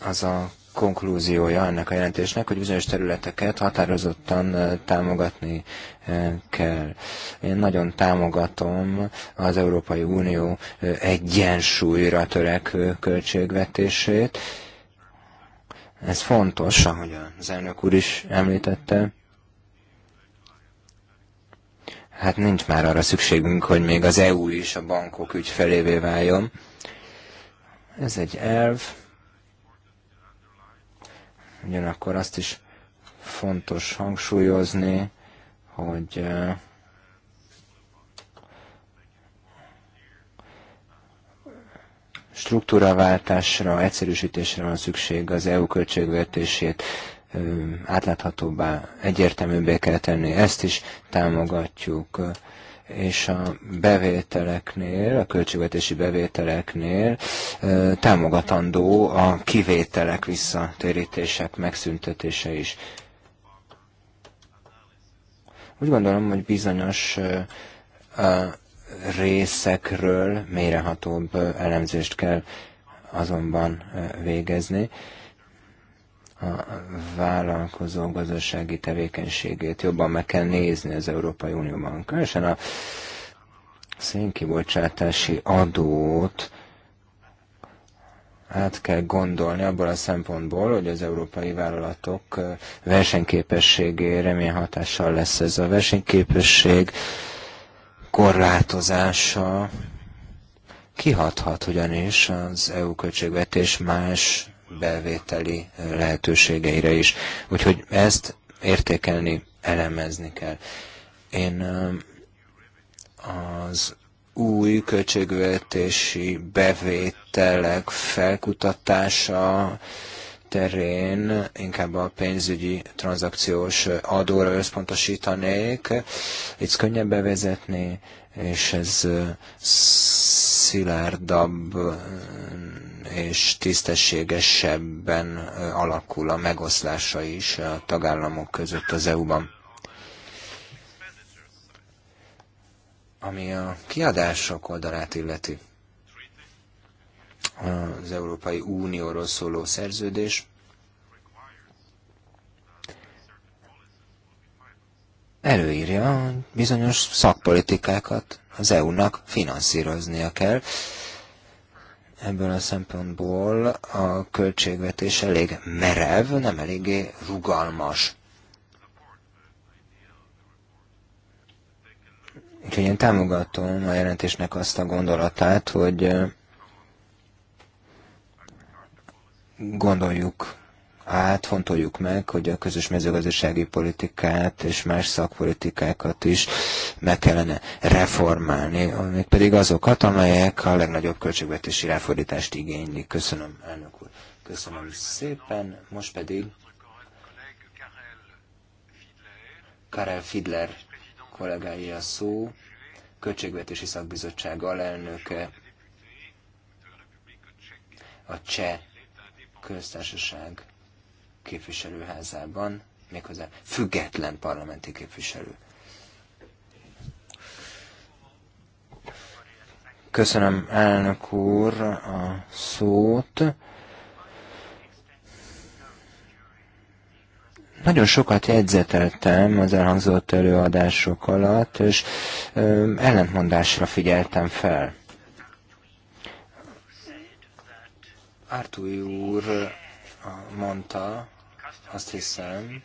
[SPEAKER 1] Az a konklúziója ennek a jelentésnek, hogy bizonyos területeket határozottan támogatni kell. Én nagyon támogatom az Európai Unió egyensúlyra törekvő költségvetését. Ez fontos, ahogy az elnök úr is említette. Hát nincs már arra szükségünk, hogy még az EU is a bankok ügyfelévé váljon. Ez egy elv, Ugyanakkor azt is fontos hangsúlyozni, hogy struktúraváltásra, egyszerűsítésre van szükség az EU költségvetését, átláthatóbbá, egyértelműbbé kell tenni. Ezt is támogatjuk és a bevételeknél, a költségvetési bevételeknél támogatandó a kivételek visszatérítések megszüntetése is. Úgy gondolom, hogy bizonyos részekről mélyrehatóbb elemzést kell azonban végezni a vállalkozó gazdasági tevékenységét jobban meg kell nézni az Európai Unióban. Különösen a szénkibocsátási adót át kell gondolni abból a szempontból, hogy az európai vállalatok versenyképességére milyen hatással lesz ez a versenyképesség korlátozása, kihathat ugyanis az EU költségvetés más bevételi lehetőségeire is. Úgyhogy ezt értékelni, elemezni kell. Én az új költségvetési bevételek felkutatása, terén inkább a pénzügyi tranzakciós adóra összpontosítanék. Itt könnyebb bevezetni, és ez szilárdabb és tisztességesebben alakul a megoszlása is a tagállamok között az EU-ban. Ami a kiadások oldalát illeti az Európai Unióról szóló szerződés. Előírja, hogy bizonyos szakpolitikákat az EU-nak finanszíroznia kell. Ebből a szempontból a költségvetés elég merev, nem eléggé rugalmas. Úgyhogy én támogatom a jelentésnek azt a gondolatát, hogy gondoljuk át, fontoljuk meg, hogy a közös mezőgazdasági politikát és más szakpolitikákat is meg kellene reformálni, amik pedig azokat, amelyek a legnagyobb költségvetési ráfordítást igénylik. Köszönöm, elnök úr. Köszönöm szépen. Most pedig Karel Fidler kollégái a szó, költségvetési szakbizottság alelnöke, a cseh köztársaság képviselőházában, méghozzá független parlamenti képviselő. Köszönöm elnök úr a szót. Nagyon sokat jegyzeteltem az elhangzott előadások alatt, és ellentmondásra figyeltem fel. Ártúj úr eh, mondta, azt hiszem,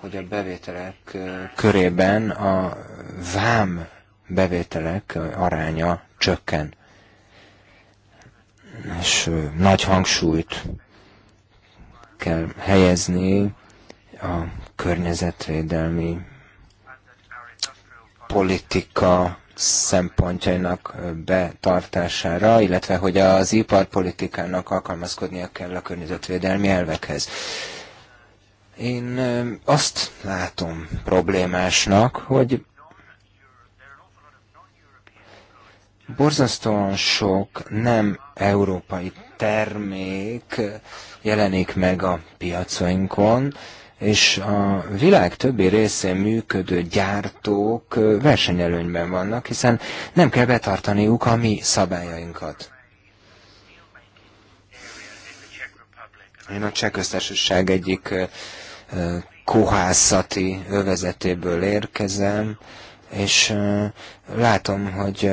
[SPEAKER 1] hogy a bevételek eh, körében a vám bevételek aránya csökken. És eh, nagy hangsúlyt kell helyezni a környezetvédelmi politika szempontjainak betartására, illetve hogy az iparpolitikának alkalmazkodnia kell a környezetvédelmi elvekhez. Én azt látom problémásnak, hogy borzasztóan sok nem európai termék jelenik meg a piacainkon, és a világ többi részén működő gyártók versenyelőnyben vannak, hiszen nem kell betartaniuk a mi szabályainkat. Én a Csehköztársaság egyik kohászati övezetéből érkezem, és látom, hogy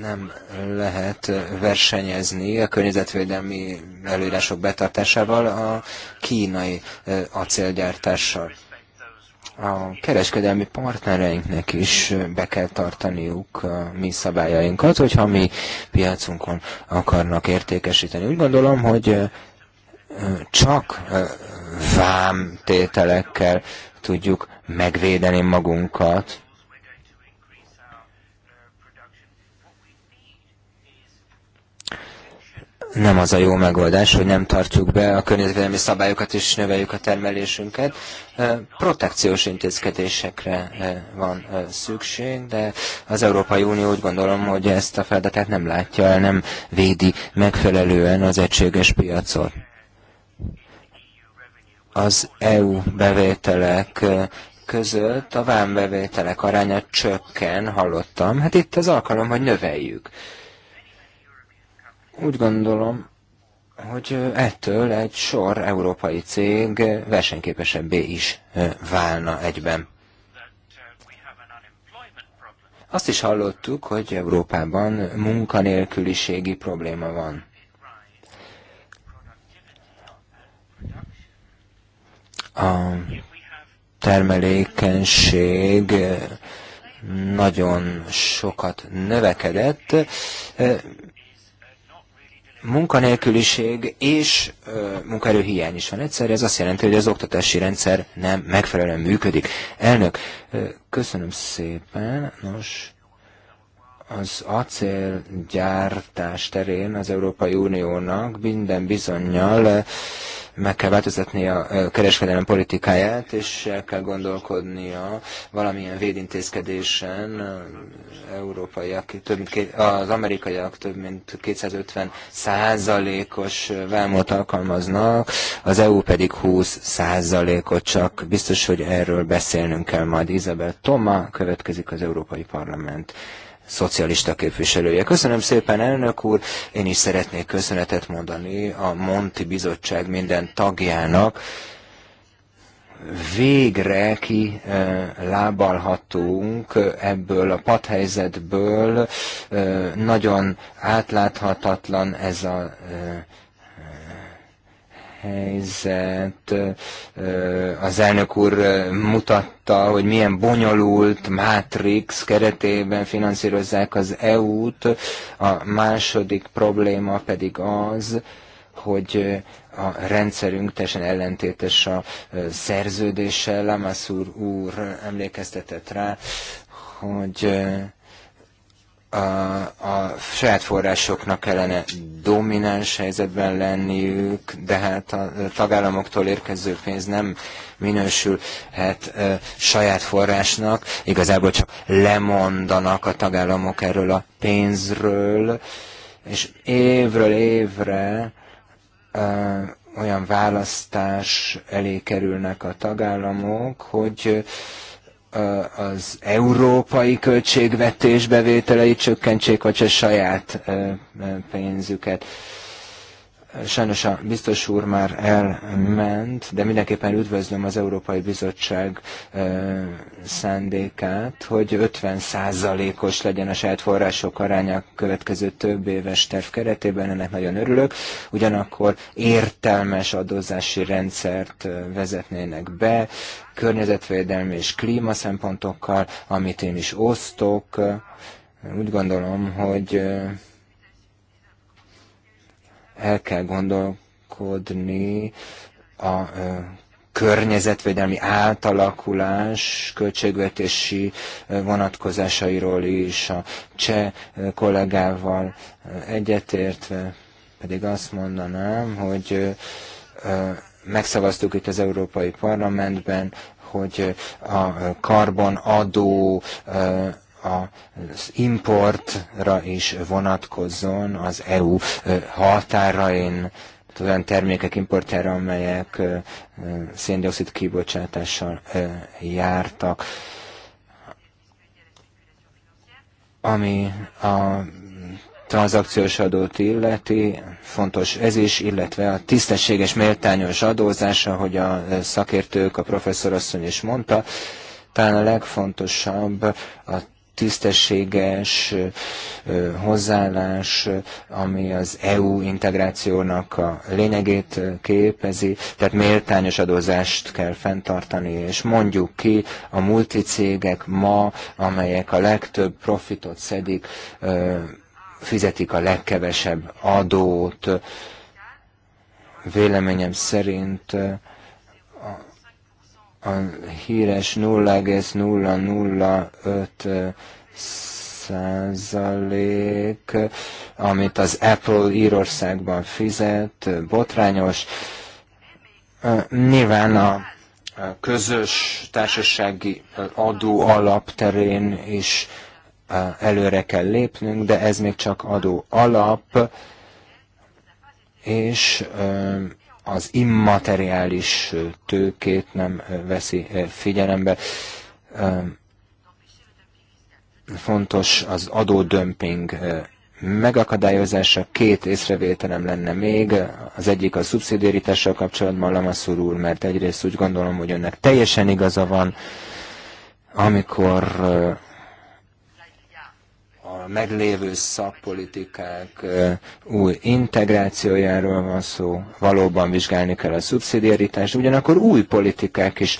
[SPEAKER 1] nem lehet versenyezni a környezetvédelmi előírások betartásával a kínai acélgyártással. A kereskedelmi partnereinknek is be kell tartaniuk a mi szabályainkat, hogyha mi piacunkon akarnak értékesíteni. Úgy gondolom, hogy csak vámtételekkel tudjuk megvédeni magunkat nem az a jó megoldás, hogy nem tartjuk be a környezetvédelmi szabályokat és növeljük a termelésünket. Protekciós intézkedésekre van szükség, de az Európai Unió úgy gondolom, hogy ezt a feladatát nem látja el, nem védi megfelelően az egységes piacot. Az EU bevételek között a vámbevételek aránya csökken, hallottam. Hát itt az alkalom, hogy növeljük úgy gondolom, hogy ettől egy sor európai cég versenyképesebbé is válna egyben. Azt is hallottuk, hogy Európában munkanélküliségi probléma van. A termelékenység nagyon sokat növekedett, munkanélküliség és munkaerőhiány is van egyszerre, ez azt jelenti, hogy az oktatási rendszer nem megfelelően működik. Elnök, köszönöm szépen. Nos, az acélgyártás terén az Európai Uniónak minden bizonyal meg kell változtatni a kereskedelem politikáját, és el kell gondolkodnia valamilyen védintézkedésen európaiak, több mint, az amerikaiak több mint 250 százalékos vámot alkalmaznak, az EU pedig 20 százalékot csak. Biztos, hogy erről beszélnünk kell majd. Izabel Toma következik az Európai Parlament szocialista képviselője. Köszönöm szépen, elnök úr! Én is szeretnék köszönetet mondani a Monti Bizottság minden tagjának. Végre ki eh, lábalhatunk ebből a padhelyzetből. Eh, nagyon átláthatatlan ez a eh, helyzet. Az elnök úr mutatta, hogy milyen bonyolult Matrix keretében finanszírozzák az EU-t. A második probléma pedig az, hogy a rendszerünk teljesen ellentétes a szerződéssel. Lamassur úr emlékeztetett rá, hogy a, a saját forrásoknak kellene domináns helyzetben lenniük, de hát a tagállamoktól érkező pénz nem minősülhet e, saját forrásnak. Igazából csak lemondanak a tagállamok erről a pénzről, és évről évre e, olyan választás elé kerülnek a tagállamok, hogy e, az európai költségvetés bevételeit csökkentsék, vagy a saját pénzüket. Sajnos a biztos úr már elment, de mindenképpen üdvözlöm az Európai Bizottság szándékát, hogy 50%-os legyen a saját források aránya a következő több éves terv keretében, ennek nagyon örülök. Ugyanakkor értelmes adózási rendszert vezetnének be, környezetvédelmi és klíma szempontokkal, amit én is osztok. Úgy gondolom, hogy el kell gondolkodni a környezetvédelmi átalakulás költségvetési vonatkozásairól is a cseh kollégával egyetértve, pedig azt mondanám, hogy megszavaztuk itt az Európai Parlamentben, hogy a karbonadó az importra is vonatkozzon az EU határain, olyan termékek importjára, amelyek széndiokszid kibocsátással jártak. Ami a tranzakciós adót illeti, fontos ez is, illetve a tisztességes, méltányos adózása, hogy a szakértők, a professzorasszony is mondta, talán a legfontosabb a tisztességes hozzáállás, ami az EU integrációnak a lényegét képezi, tehát méltányos adózást kell fenntartani, és mondjuk ki a multicégek ma, amelyek a legtöbb profitot szedik, fizetik a legkevesebb adót. Véleményem szerint a híres 0,005 százalék, amit az Apple Írországban fizet, botrányos. Nyilván a közös társasági adó alapterén is előre kell lépnünk, de ez még csak adó alap, és az immateriális tőkét nem veszi figyelembe. Fontos az adódömping megakadályozása. Két észrevételem lenne még. Az egyik a szubszidiaritással kapcsolatban Lamaszur úr, mert egyrészt úgy gondolom, hogy önnek teljesen igaza van, amikor a meglévő szakpolitikák új integrációjáról van szó, valóban vizsgálni kell a szubszidiaritást, ugyanakkor új politikák is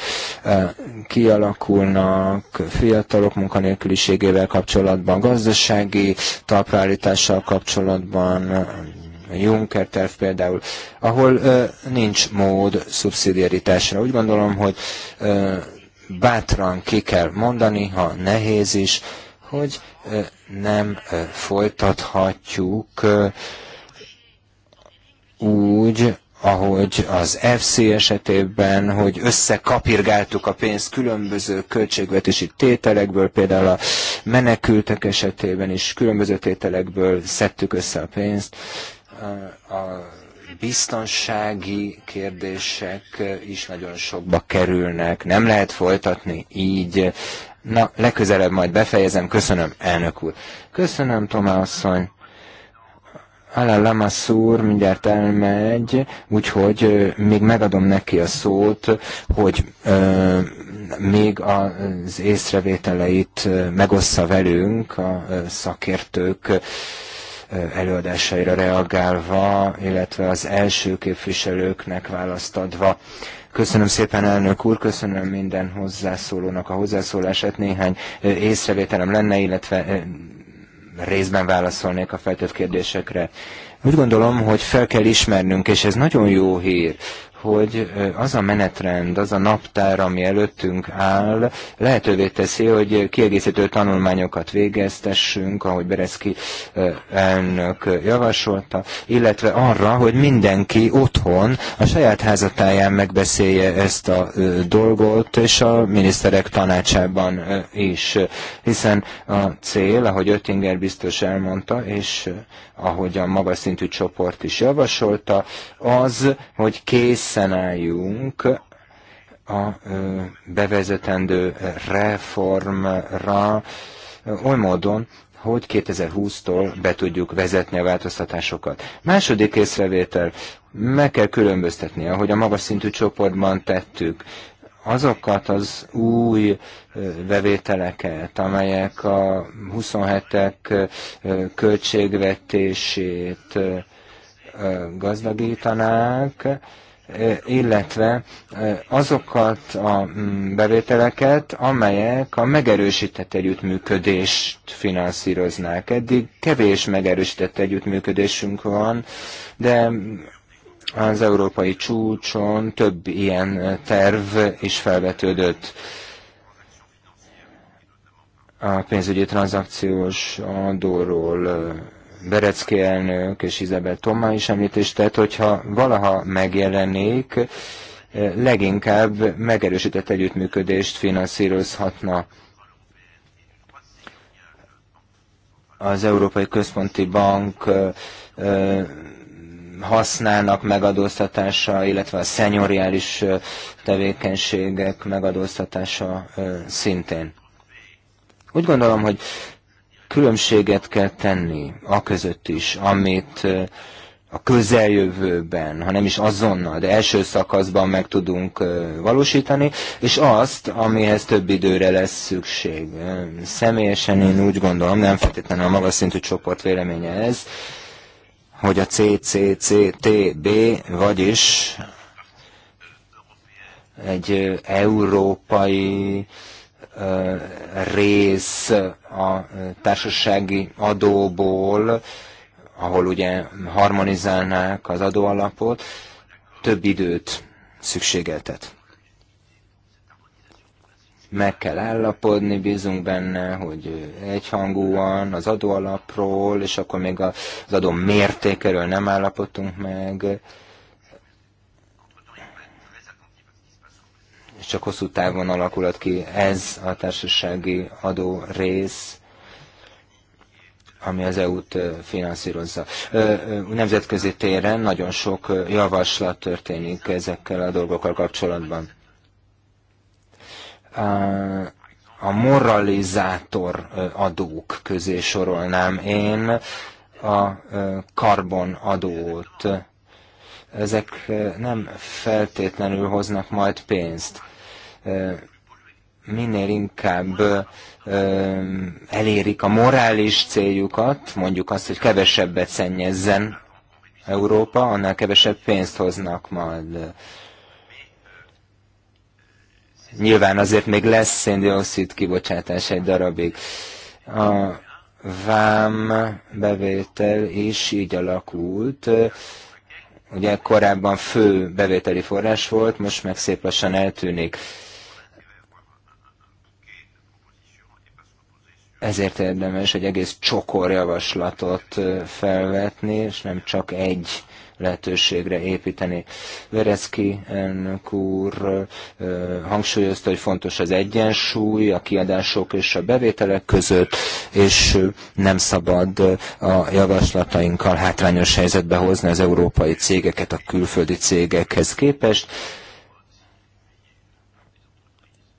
[SPEAKER 1] kialakulnak fiatalok munkanélküliségével kapcsolatban, gazdasági talpraállítással kapcsolatban, Juncker terv például, ahol ö, nincs mód szubszidiaritásra. Úgy gondolom, hogy ö, bátran ki kell mondani, ha nehéz is, hogy ö, nem folytathatjuk úgy, ahogy az FC esetében, hogy összekapirgáltuk a pénzt különböző költségvetési tételekből, például a menekültek esetében is különböző tételekből szedtük össze a pénzt. A biztonsági kérdések is nagyon sokba kerülnek. Nem lehet folytatni így Na, legközelebb majd befejezem. Köszönöm, elnök úr. Köszönöm, Tomá asszony. Alá Lamassur mindjárt elmegy, úgyhogy még megadom neki a szót, hogy ö, még az észrevételeit megossza velünk a szakértők előadásaira reagálva, illetve az első képviselőknek választadva. Köszönöm szépen, elnök úr, köszönöm minden hozzászólónak a hozzászólását. Néhány észrevételem lenne, illetve részben válaszolnék a feltett kérdésekre. Úgy gondolom, hogy fel kell ismernünk, és ez nagyon jó hír, hogy az a menetrend, az a naptár, ami előttünk áll, lehetővé teszi, hogy kiegészítő tanulmányokat végeztessünk, ahogy Bereszki elnök javasolta, illetve arra, hogy mindenki otthon a saját házatáján megbeszélje ezt a dolgot, és a miniszterek tanácsában is. Hiszen a cél, ahogy Öttinger biztos elmondta, és ahogy a magas szintű csoport is javasolta, az, hogy készen álljunk a bevezetendő reformra oly módon, hogy 2020-tól be tudjuk vezetni a változtatásokat. Második észrevétel, meg kell különböztetni, ahogy a magas szintű csoportban tettük, azokat az új bevételeket, amelyek a 27-ek költségvetését gazdagítanák, illetve azokat a mm, bevételeket, amelyek a megerősített együttműködést finanszíroznák. Eddig kevés megerősített együttműködésünk van, de az európai csúcson több ilyen terv is felvetődött a pénzügyi tranzakciós adóról Berecki elnök és Izabel Tomá is említést tett, hogyha valaha megjelenik, leginkább megerősített együttműködést finanszírozhatna. Az Európai Központi Bank használnak megadóztatása, illetve a szenyoriális tevékenységek megadóztatása szintén. Úgy gondolom, hogy különbséget kell tenni a között is, amit a közeljövőben, ha nem is azonnal, de első szakaszban meg tudunk valósítani, és azt, amihez több időre lesz szükség. Személyesen én úgy gondolom, nem feltétlenül a magas szintű csoport véleménye ez, hogy a CCCTB, vagyis egy európai rész a társasági adóból, ahol ugye harmonizálnák az adóalapot, több időt szükségeltet meg kell állapodni, bízunk benne, hogy egyhangúan az adóalapról, és akkor még az adó mértékeről nem állapodtunk meg, és csak hosszú távon alakulhat ki ez a társasági adó rész, ami az EU-t finanszírozza. Nemzetközi téren nagyon sok javaslat történik ezekkel a dolgokkal kapcsolatban a moralizátor adók közé sorolnám én a karbonadót. Ezek nem feltétlenül hoznak majd pénzt. Minél inkább elérik a morális céljukat, mondjuk azt, hogy kevesebbet szennyezzen Európa, annál kevesebb pénzt hoznak majd Nyilván azért még lesz széndiokszid kibocsátás egy darabig. A vám bevétel is így alakult. Ugye korábban fő bevételi forrás volt, most meg szép lassan eltűnik. ezért érdemes egy egész csokor javaslatot felvetni, és nem csak egy lehetőségre építeni. Vereszki elnök úr hangsúlyozta, hogy fontos az egyensúly a kiadások és a bevételek között, és nem szabad a javaslatainkkal hátrányos helyzetbe hozni az európai cégeket a külföldi cégekhez képest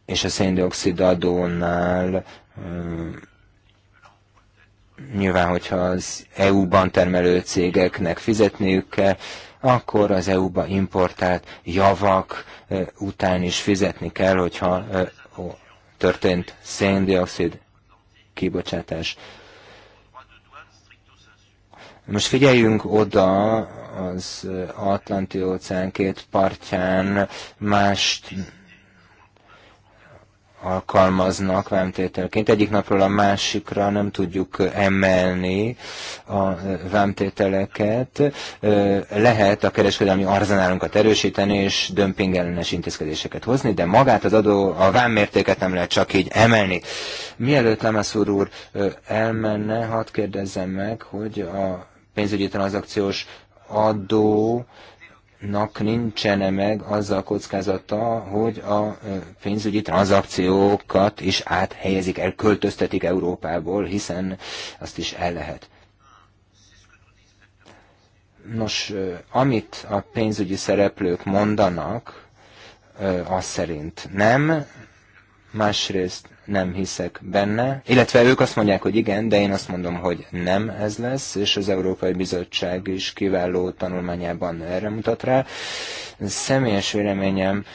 [SPEAKER 1] és a széndiokszid adónál Nyilván, hogyha az EU-ban termelő cégeknek fizetniük kell, akkor az EU-ba importált javak után is fizetni kell, hogyha történt széndiokszid kibocsátás. Most figyeljünk oda az Atlanti óceán két partján mást alkalmaznak vámtételként. Egyik napról a másikra nem tudjuk emelni a e, vámtételeket. E, lehet a kereskedelmi arzenálunkat erősíteni és dömpingellenes intézkedéseket hozni, de magát az adó, a vámmértéket nem lehet csak így emelni. Mielőtt Lemeszúr úr e, elmenne, hadd kérdezzem meg, hogy a pénzügyi tranzakciós adó nak nincsene meg az a kockázata, hogy a pénzügyi tranzakciókat is áthelyezik, elköltöztetik Európából, hiszen azt is el lehet. Nos, amit a pénzügyi szereplők mondanak, az szerint nem, másrészt nem hiszek benne, illetve ők azt mondják, hogy igen, de én azt mondom, hogy nem ez lesz, és az Európai Bizottság is kiváló tanulmányában erre mutat rá. Személyes véleményem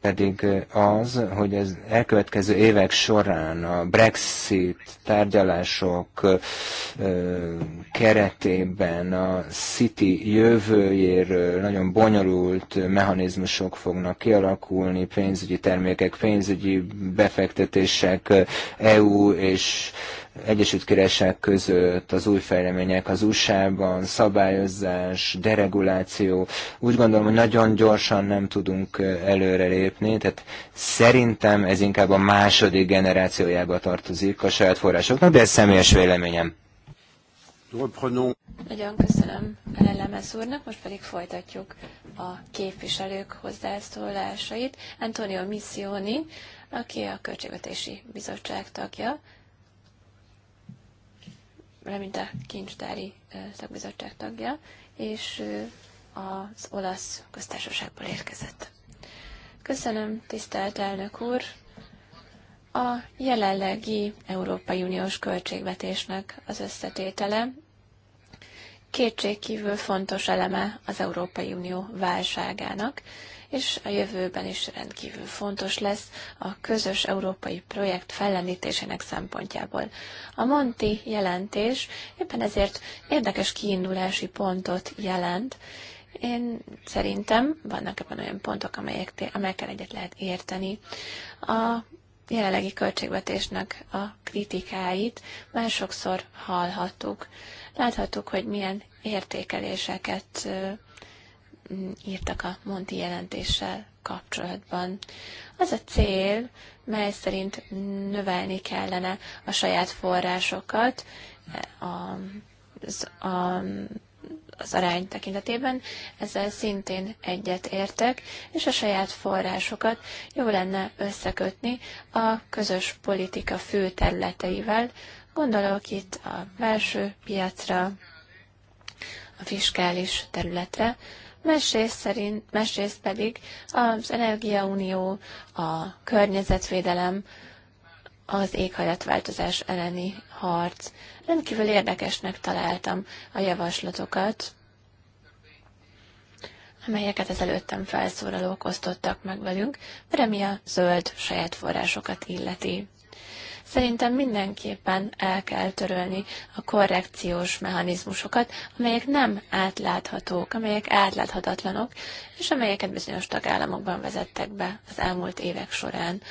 [SPEAKER 1] pedig az, hogy az elkövetkező évek során a Brexit tárgyalások keretében a City jövőjéről nagyon bonyolult mechanizmusok fognak kialakulni, pénzügyi termékek, pénzügyi befektetések, EU és Egyesült Királyság között, az új fejlemények az USA-ban, szabályozás, dereguláció. Úgy gondolom, hogy nagyon gyorsan nem tudunk előrelépni, tehát szerintem ez inkább a második generációjába tartozik a saját forrásoknak, de ez személyes véleményem.
[SPEAKER 3] Nagyon köszönöm Elemez úrnak, most pedig folytatjuk a képviselők hozzászólásait. Antonio Missioni, aki a Költségvetési Bizottság tagja, valamint a kincstári szakbizottság tagja, és az olasz köztársaságból érkezett. Köszönöm, tisztelt elnök úr! A jelenlegi Európai Uniós költségvetésnek az összetétele kétségkívül fontos eleme az Európai Unió válságának, és a jövőben is rendkívül fontos lesz a közös európai projekt fellendítésének szempontjából. A Monti jelentés éppen ezért érdekes kiindulási pontot jelent, én szerintem vannak ebben olyan pontok, amelyek, amelyekkel egyet lehet érteni. A jelenlegi költségvetésnek a kritikáit már sokszor hallhattuk. Láthattuk, hogy milyen értékeléseket írtak a Monti jelentéssel kapcsolatban. Az a cél, mely szerint növelni kellene a saját forrásokat eh, az, a, az arány tekintetében, ezzel szintén egyet értek, és a saját forrásokat jó lenne összekötni a közös politika fő területeivel, gondolok itt a belső piacra, a fiskális területre, másrészt, szerint, másrészt pedig az energiaunió, a környezetvédelem, az éghajlatváltozás elleni harc. Rendkívül érdekesnek találtam a javaslatokat, amelyeket az előttem felszólalók osztottak meg velünk, mert ami a zöld saját forrásokat illeti. Szerintem mindenképpen el kell törölni a korrekciós mechanizmusokat, amelyek nem átláthatók, amelyek átláthatatlanok, és amelyeket bizonyos tagállamokban vezettek be az elmúlt évek során.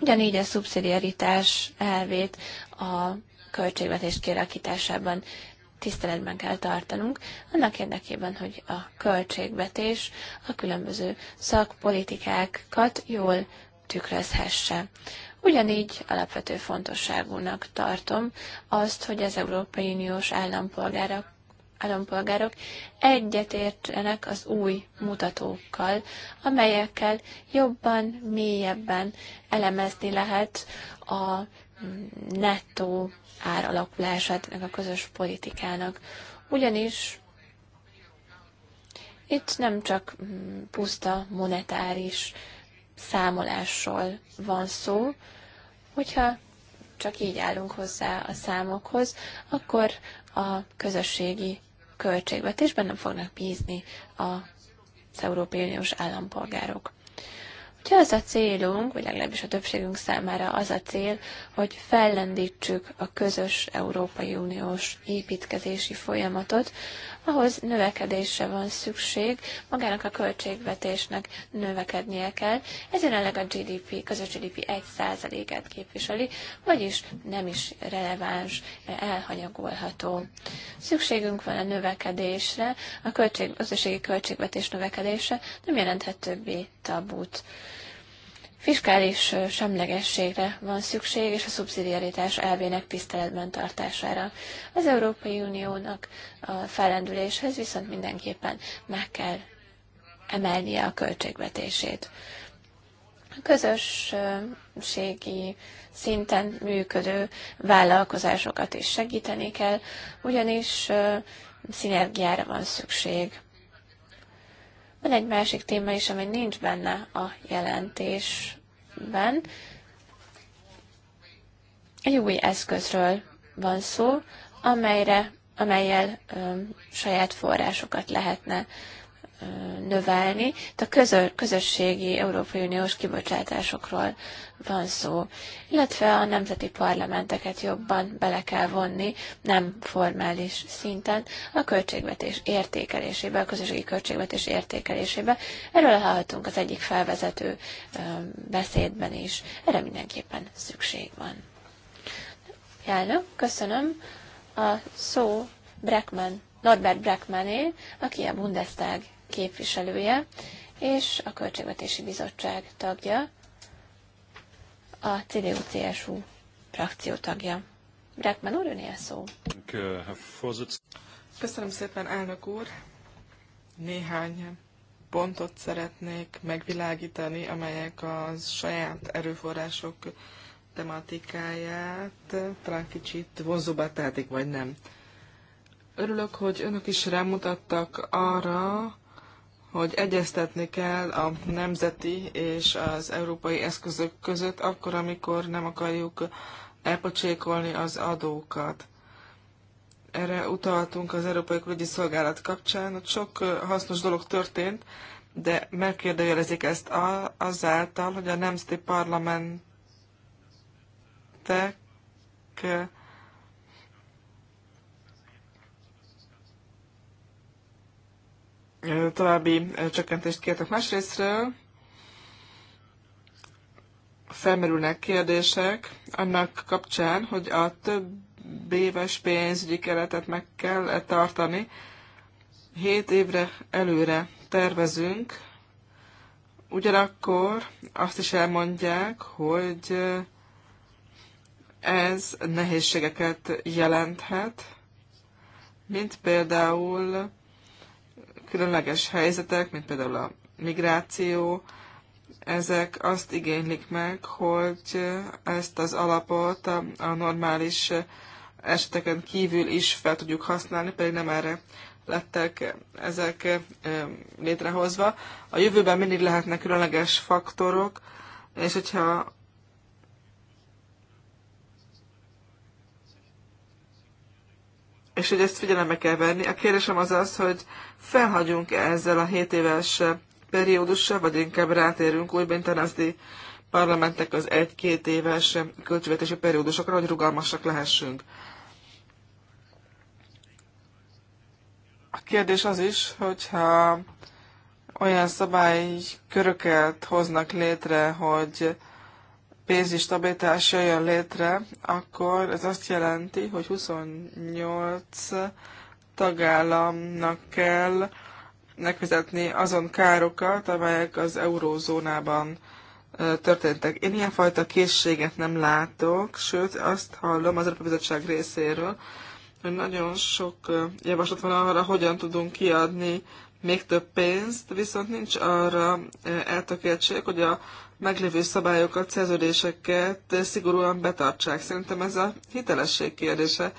[SPEAKER 3] Ugyanígy a szubszidiaritás elvét a költségvetés kialakításában tiszteletben kell tartanunk, annak érdekében, hogy a költségvetés a különböző szakpolitikákat jól tükrözhesse. Ugyanígy alapvető fontosságúnak tartom azt, hogy az Európai Uniós állampolgárok állampolgárok egyetértenek az új mutatókkal, amelyekkel jobban, mélyebben elemezni lehet a nettó áralakulását a közös politikának. Ugyanis itt nem csak puszta monetáris számolásról van szó, hogyha csak így állunk hozzá a számokhoz, akkor a közösségi költségvetésben nem fognak bízni az Európai Uniós állampolgárok. Hogyha az a célunk, vagy legalábbis a többségünk számára az a cél, hogy fellendítsük a közös Európai Uniós építkezési folyamatot, ahhoz növekedésre van szükség, magának a költségvetésnek növekednie kell, ez jelenleg a GDP, közös GDP 1%-át képviseli, vagyis nem is releváns, elhanyagolható. Szükségünk van a növekedésre, a költség, közösségi költségvetés növekedése nem jelenthet többé tabut. Fiskális semlegességre van szükség, és a szubszidiaritás elvének tiszteletben tartására. Az Európai Uniónak a felrendüléshez viszont mindenképpen meg kell emelnie a költségvetését. A közösségi szinten működő vállalkozásokat is segíteni kell, ugyanis szinergiára van szükség. Van egy másik téma is, ami nincs benne a jelentésben. Egy új eszközről van szó, amelyre, amelyel ö, saját forrásokat lehetne növelni. Itt a közö, közösségi Európai Uniós kibocsátásokról van szó, illetve a nemzeti parlamenteket jobban bele kell vonni, nem formális szinten, a költségvetés értékelésébe, a közösségi költségvetés értékelésébe. Erről hallhatunk az egyik felvezető beszédben is. Erre mindenképpen szükség van. Jelnök, köszönöm. A szó Breckman Norbert Breckmané, aki a Bundestag képviselője, és a Költségvetési Bizottság tagja, a CDU-CSU frakció tagja. Brekman úr, önél szó.
[SPEAKER 2] Köszönöm szépen, elnök úr. Néhány pontot szeretnék megvilágítani, amelyek a saját erőforrások tematikáját talán kicsit vonzóbbá tehetik, vagy nem. Örülök, hogy önök is rámutattak arra, hogy egyeztetni kell a nemzeti és az európai eszközök között, akkor, amikor nem akarjuk elpocsékolni az adókat. Erre utaltunk az Európai Külügyi Szolgálat kapcsán, hogy sok hasznos dolog történt, de megkérdőjelezik ezt azáltal, hogy a nemzeti parlamentek további csökkentést kértek másrésztről. Felmerülnek kérdések annak kapcsán, hogy a több éves pénzügyi keretet meg kell -e tartani. Hét évre előre tervezünk, ugyanakkor azt is elmondják, hogy ez nehézségeket jelenthet, mint például különleges helyzetek, mint például a migráció, ezek azt igénylik meg, hogy ezt az alapot a, a normális eseteken kívül is fel tudjuk használni, pedig nem erre lettek ezek létrehozva. A jövőben mindig lehetnek különleges faktorok, és hogyha és hogy ezt figyelembe kell venni. A kérdésem az az, hogy felhagyunk -e ezzel a 7 éves periódussal, vagy inkább rátérünk új bentenezdi parlamentek az egy-két éves költségvetési periódusokra, hogy rugalmasak lehessünk. A kérdés az is, hogyha olyan szabályköröket hoznak létre, hogy pénzügyi stabilitás jön létre, akkor ez azt jelenti, hogy 28 tagállamnak kell megfizetni azon károkat, amelyek az eurózónában történtek. Én ilyenfajta készséget nem látok, sőt azt hallom az Európai Bizottság részéről, hogy nagyon sok javaslat van arra, hogyan tudunk kiadni még több pénzt, viszont nincs arra eltökéltség, hogy a meglévő szabályokat, szerződéseket szigorúan betartsák. Szerintem ez a hitelesség kérdése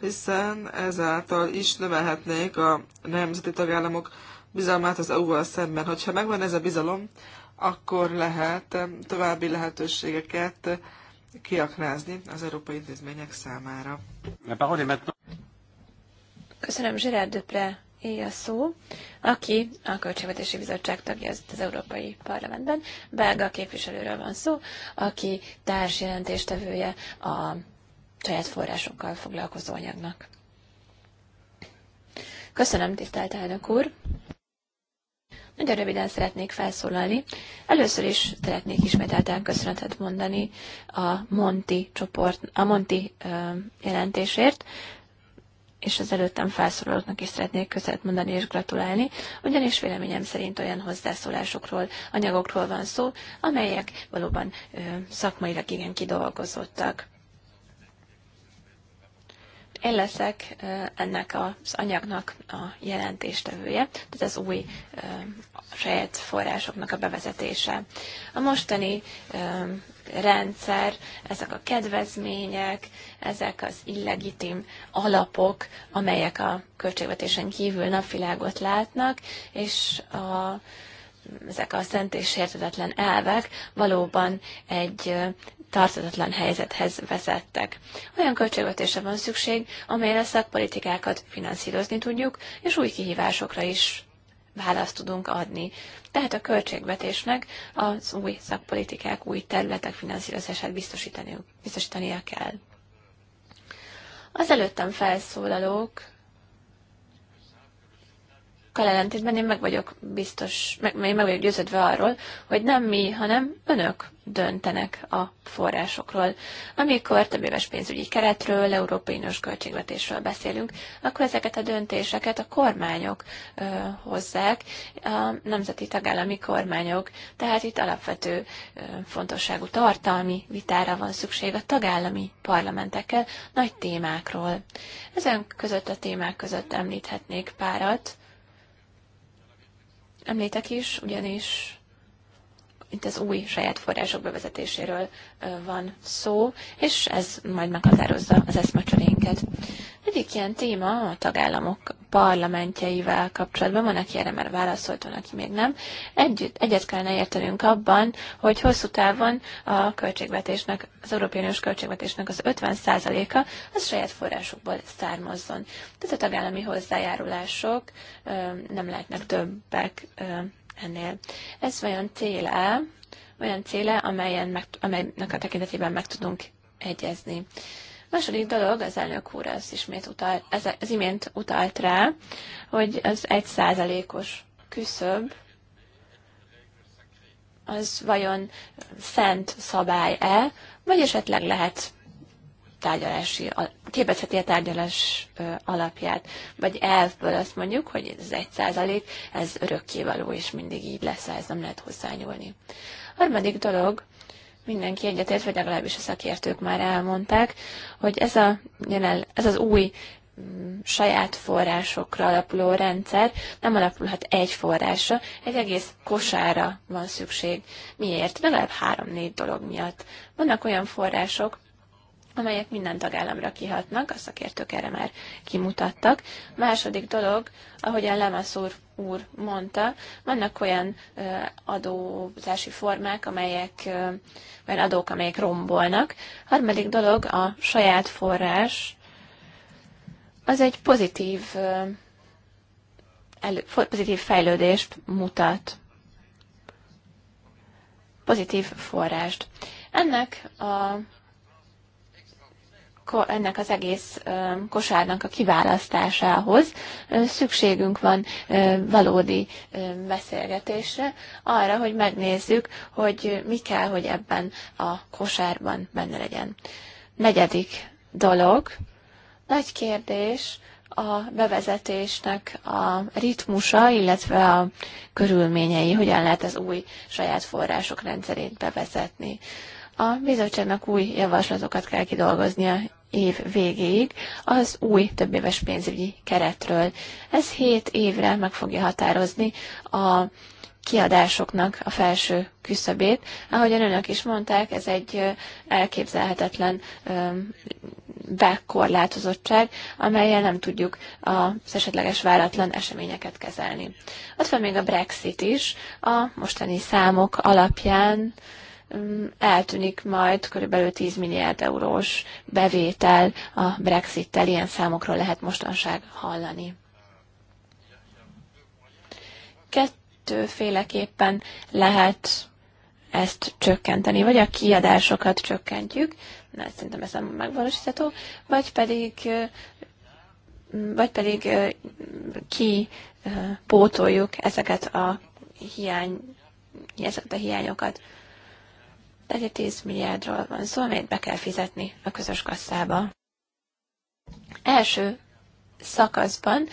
[SPEAKER 2] hiszen ezáltal is növelhetnék a nemzeti tagállamok bizalmát az EU-val szemben. Hogyha megvan ez a bizalom, akkor lehet további lehetőségeket kiaknázni az európai intézmények számára.
[SPEAKER 3] Köszönöm Gerard Döpre a szó, aki a Költségvetési Bizottság tagja az Európai Parlamentben. Belga képviselőről van szó, aki társjelentéstevője a saját forrásokkal foglalkozó anyagnak. Köszönöm, tisztelt elnök úr! Nagyon röviden szeretnék felszólalni. Először is szeretnék ismételten köszönetet mondani a Monti csoport, a Monti jelentésért, és az előttem felszólalóknak is szeretnék köszönet mondani és gratulálni, ugyanis véleményem szerint olyan hozzászólásokról, anyagokról van szó, amelyek valóban ö, szakmailag igen kidolgozottak. Én leszek ennek az anyagnak a jelentéstevője, tehát az új saját forrásoknak a bevezetése. A mostani rendszer, ezek a kedvezmények, ezek az illegitim alapok, amelyek a költségvetésen kívül napvilágot látnak, és a ezek a szent és sértetetlen elvek valóban egy tartatatlan helyzethez vezettek. Olyan költségvetésre van szükség, amelyre a szakpolitikákat finanszírozni tudjuk, és új kihívásokra is választ tudunk adni. Tehát a költségvetésnek az új szakpolitikák, új területek finanszírozását biztosítania kell. Az előttem felszólalók ellentétben én meg vagyok biztos, meg, én meg vagyok győződve arról, hogy nem mi, hanem önök döntenek a forrásokról. Amikor több éves pénzügyi keretről, európai nős költségvetésről beszélünk, akkor ezeket a döntéseket a kormányok ö, hozzák, a nemzeti tagállami kormányok. Tehát itt alapvető ö, fontosságú tartalmi vitára van szükség a tagállami parlamentekkel nagy témákról. Ezen között a témák között említhetnék párat Említek is, ugyanis itt az új saját források bevezetéséről van szó, és ez majd meghatározza az eszmecserénket. Egyik ilyen téma a tagállamok parlamentjeivel kapcsolatban, van, aki erre már válaszolt, van, aki még nem. Együtt, egyet kellene értenünk abban, hogy hosszú távon a költségvetésnek, az Európai Uniós költségvetésnek az 50%-a az saját forrásokból származzon. Tehát a tagállami hozzájárulások nem lehetnek többek, ennél. Ez olyan céle, olyan céle, amelyen meg, amelynek a tekintetében meg tudunk egyezni. A második dolog, az elnök úr az ismét utal, ez, az imént utalt rá, hogy az egy százalékos küszöb, az vajon szent szabály-e, vagy esetleg lehet tárgyalási, képezheti a tárgyalás alapját. Vagy elfből azt mondjuk, hogy ez egy százalék, ez örökkévaló, és mindig így lesz, ez nem lehet hozzányúlni. Harmadik dolog, mindenki egyetért, vagy legalábbis a szakértők már elmondták, hogy ez, a, ez az új mm, saját forrásokra alapuló rendszer nem alapulhat egy forrásra, egy egész kosára van szükség. Miért? Legalább három-négy dolog miatt. Vannak olyan források, amelyek minden tagállamra kihatnak, a szakértők erre már kimutattak. Második dolog, ahogyan Lemaszúr úr mondta, vannak olyan adózási formák, amelyek, vagy adók, amelyek rombolnak. Harmadik dolog, a saját forrás, az egy pozitív, elő, pozitív fejlődést mutat. Pozitív forrást. Ennek a ennek az egész kosárnak a kiválasztásához szükségünk van valódi beszélgetésre, arra, hogy megnézzük, hogy mi kell, hogy ebben a kosárban benne legyen. Negyedik dolog, nagy kérdés, a bevezetésnek a ritmusa, illetve a körülményei, hogyan lehet az új saját források rendszerét bevezetni. A bizottságnak új javaslatokat kell kidolgoznia év végéig az új többéves pénzügyi keretről. Ez hét évre meg fogja határozni a kiadásoknak a felső küszöbét. Ahogyan önök is mondták, ez egy elképzelhetetlen bekorlátozottság, amelyel nem tudjuk az esetleges váratlan eseményeket kezelni. Ott van még a Brexit is, a mostani számok alapján eltűnik majd körülbelül 10 milliárd eurós bevétel a Brexit-tel, ilyen számokról lehet mostanság hallani. Kettőféleképpen lehet ezt csökkenteni, vagy a kiadásokat csökkentjük, na, szerintem ez nem megvalósítható, vagy pedig vagy pedig kipótoljuk ezeket a hiány, ezeket a hiányokat. Legi 10 milliárdról van szó, amelyet be kell fizetni a közös kasszába. Első szakaszban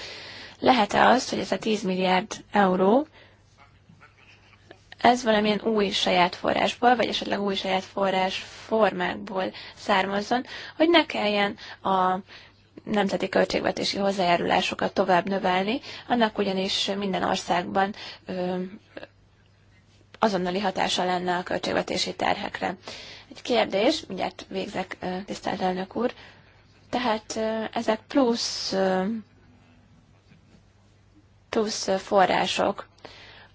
[SPEAKER 3] lehet-e az, hogy ez a 10 milliárd euró, ez valamilyen új saját forrásból, vagy esetleg új saját forrás formákból származzon, hogy ne kelljen a nemzeti költségvetési hozzájárulásokat tovább növelni, annak ugyanis minden országban ö, azonnali hatása lenne a költségvetési terhekre. Egy kérdés, mindjárt végzek, tisztelt elnök úr. Tehát ezek plusz, plusz források.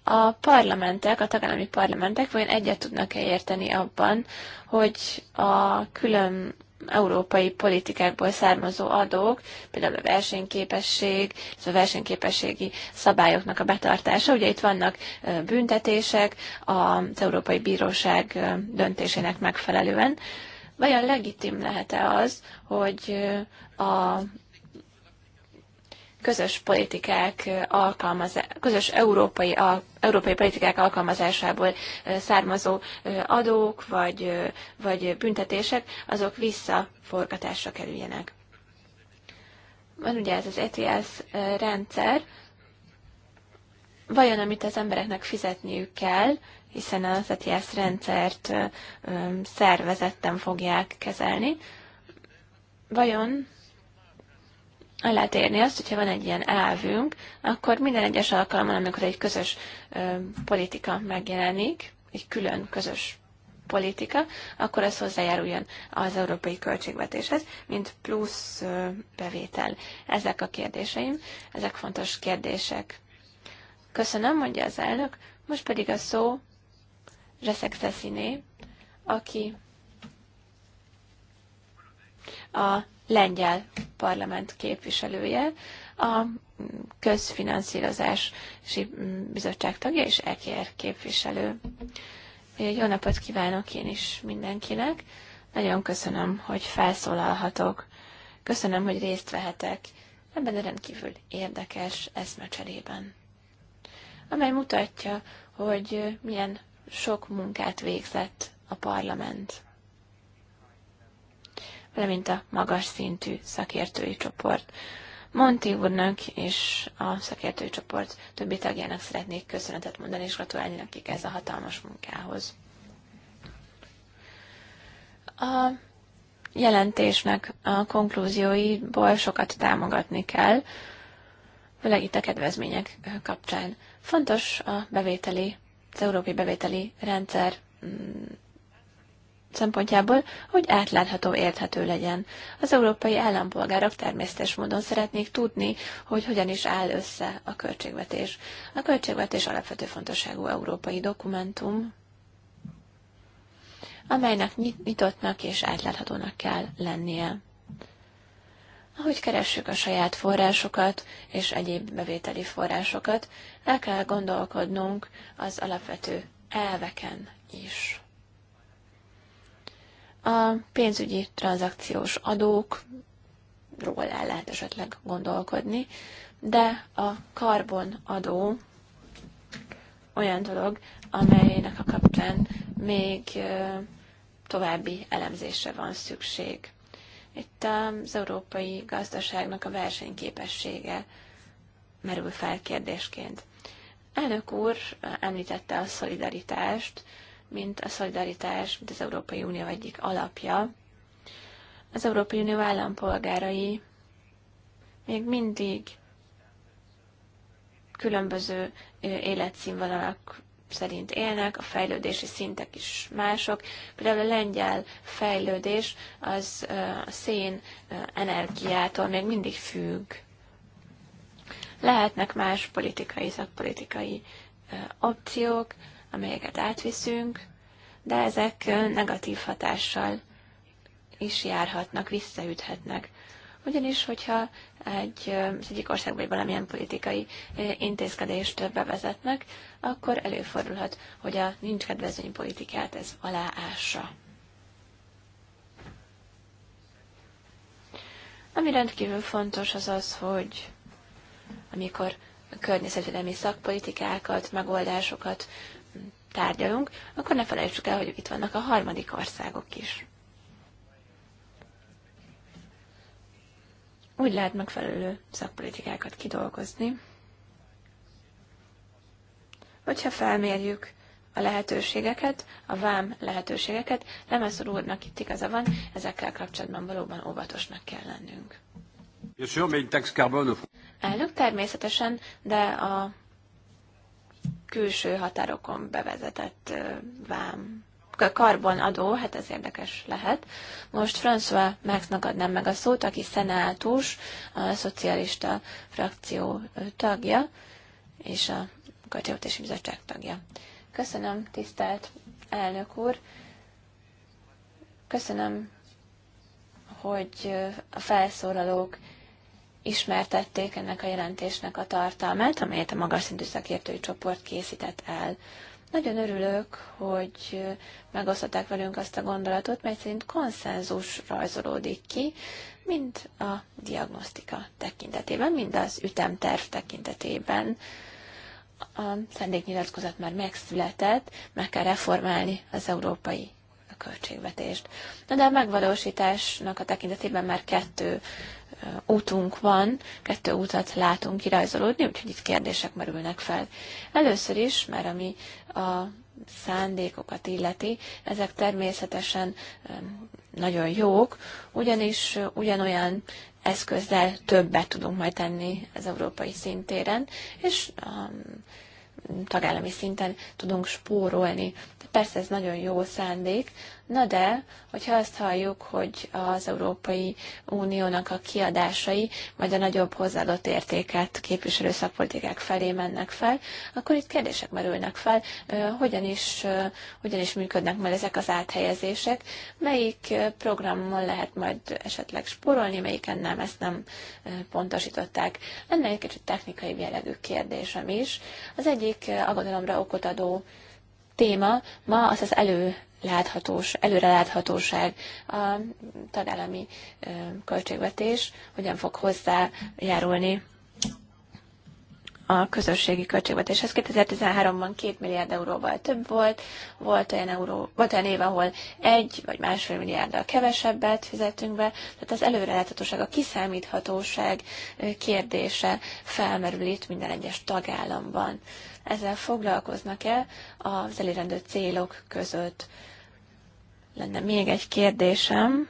[SPEAKER 3] A parlamentek, a tagállami parlamentek vajon egyet tudnak-e érteni abban, hogy a külön európai politikákból származó adók, például a versenyképesség, és a versenyképességi szabályoknak a betartása. Ugye itt vannak büntetések az Európai Bíróság döntésének megfelelően. Vajon legitim lehet-e az, hogy a közös politikák alkalmazása, közös európai, a, európai politikák alkalmazásából származó adók vagy, vagy büntetések, azok visszaforgatásra kerüljenek. Van ugye ez az ETS rendszer, vajon amit az embereknek fizetniük kell, hiszen az ETS rendszert szervezetten fogják kezelni, vajon el lehet érni azt, hogyha van egy ilyen elvünk, akkor minden egyes alkalommal, amikor egy közös ö, politika megjelenik, egy külön közös politika, akkor ez hozzájáruljon az európai költségvetéshez, mint plusz ö, bevétel. Ezek a kérdéseim, ezek fontos kérdések. Köszönöm, mondja az elnök, most pedig a szó Zseszek Szesziné, aki a lengyel parlament képviselője, a közfinanszírozási bizottság tagja és EKR képviselő. Jó napot kívánok én is mindenkinek. Nagyon köszönöm, hogy felszólalhatok. Köszönöm, hogy részt vehetek ebben a rendkívül érdekes eszmecserében, amely mutatja, hogy milyen sok munkát végzett a parlament valamint a magas szintű szakértői csoport. Monti úrnak és a szakértői csoport többi tagjának szeretnék köszönetet mondani és gratulálni nekik ez a hatalmas munkához. A jelentésnek a konklúzióiból sokat támogatni kell, főleg itt a kedvezmények kapcsán. Fontos a bevételi, az európai bevételi rendszer mm, szempontjából, hogy átlátható, érthető legyen. Az európai állampolgárok természetes módon szeretnék tudni, hogy hogyan is áll össze a költségvetés. A költségvetés alapvető fontosságú európai dokumentum, amelynek nyitottnak és átláthatónak kell lennie. Ahogy keressük a saját forrásokat és egyéb bevételi forrásokat, el kell gondolkodnunk az alapvető elveken is. A pénzügyi tranzakciós adókról el lehet esetleg gondolkodni, de a karbonadó olyan dolog, amelynek a kapcsán még további elemzésre van szükség. Itt az európai gazdaságnak a versenyképessége merül fel kérdésként. Elnök úr említette a szolidaritást, mint a szolidaritás, mint az Európai Unió egyik alapja. Az Európai Unió állampolgárai még mindig különböző életszínvonalak szerint élnek, a fejlődési szintek is mások. Például a lengyel fejlődés az a szén energiától még mindig függ. Lehetnek más politikai, szakpolitikai opciók, amelyeket átviszünk, de ezek negatív hatással is járhatnak, visszaüthetnek. Ugyanis, hogyha egy, az egyik országban egy valamilyen politikai intézkedést bevezetnek, akkor előfordulhat, hogy a nincs kedvezmény politikát ez aláássa. Ami rendkívül fontos az az, hogy amikor környezetvédelmi szakpolitikákat, megoldásokat tárgyalunk, akkor ne felejtsük el, hogy itt vannak a harmadik országok is. Úgy lehet megfelelő szakpolitikákat kidolgozni, hogyha felmérjük a lehetőségeket, a vám lehetőségeket, Lemeszor úrnak itt igaza van, ezekkel kapcsolatban valóban óvatosnak kell lennünk. Elnök természetesen, de a külső határokon bevezetett vám karbonadó, hát ez érdekes lehet. Most François Maxnak adnám meg a szót, aki szenátus, a szocialista frakció tagja, és a Költségvetési Bizottság tagja. Köszönöm, tisztelt elnök úr! Köszönöm, hogy a felszólalók ismertették ennek a jelentésnek a tartalmát, amelyet a magas szintű szakértői csoport készített el. Nagyon örülök, hogy megosztották velünk azt a gondolatot, mert szerint konszenzus rajzolódik ki, mind a diagnosztika tekintetében, mind az ütemterv tekintetében. A szendéknyilatkozat már megszületett, meg kell reformálni az európai költségvetést. Na de a megvalósításnak a tekintetében már kettő útunk van, kettő útat látunk kirajzolódni, úgyhogy itt kérdések merülnek fel. Először is, mert ami a szándékokat illeti, ezek természetesen nagyon jók, ugyanis ugyanolyan eszközzel többet tudunk majd tenni az európai szintéren, és a tagállami szinten tudunk spórolni Persze ez nagyon jó szándék, na de, hogyha azt halljuk, hogy az Európai Uniónak a kiadásai majd a nagyobb hozzáadott értéket képviselő szakpolitikák felé mennek fel, akkor itt kérdések merülnek fel, hogyan is, hogyan is működnek majd ezek az áthelyezések, melyik programmal lehet majd esetleg spórolni, melyiken nem, ezt nem pontosították. Lenne egy kicsit technikai jellegű kérdésem is. Az egyik aggodalomra okot adó téma ma az az elő láthatós, előreláthatóság, a tagállami költségvetés hogyan fog hozzájárulni a közösségi költségvetéshez. 2013-ban 2 milliárd euróval több volt, volt olyan, euró, volt olyan év, ahol egy vagy másfél milliárddal kevesebbet fizetünk be, tehát az előreláthatóság, a kiszámíthatóság kérdése felmerül itt minden egyes tagállamban ezzel foglalkoznak-e az elérendő célok között. Lenne még egy kérdésem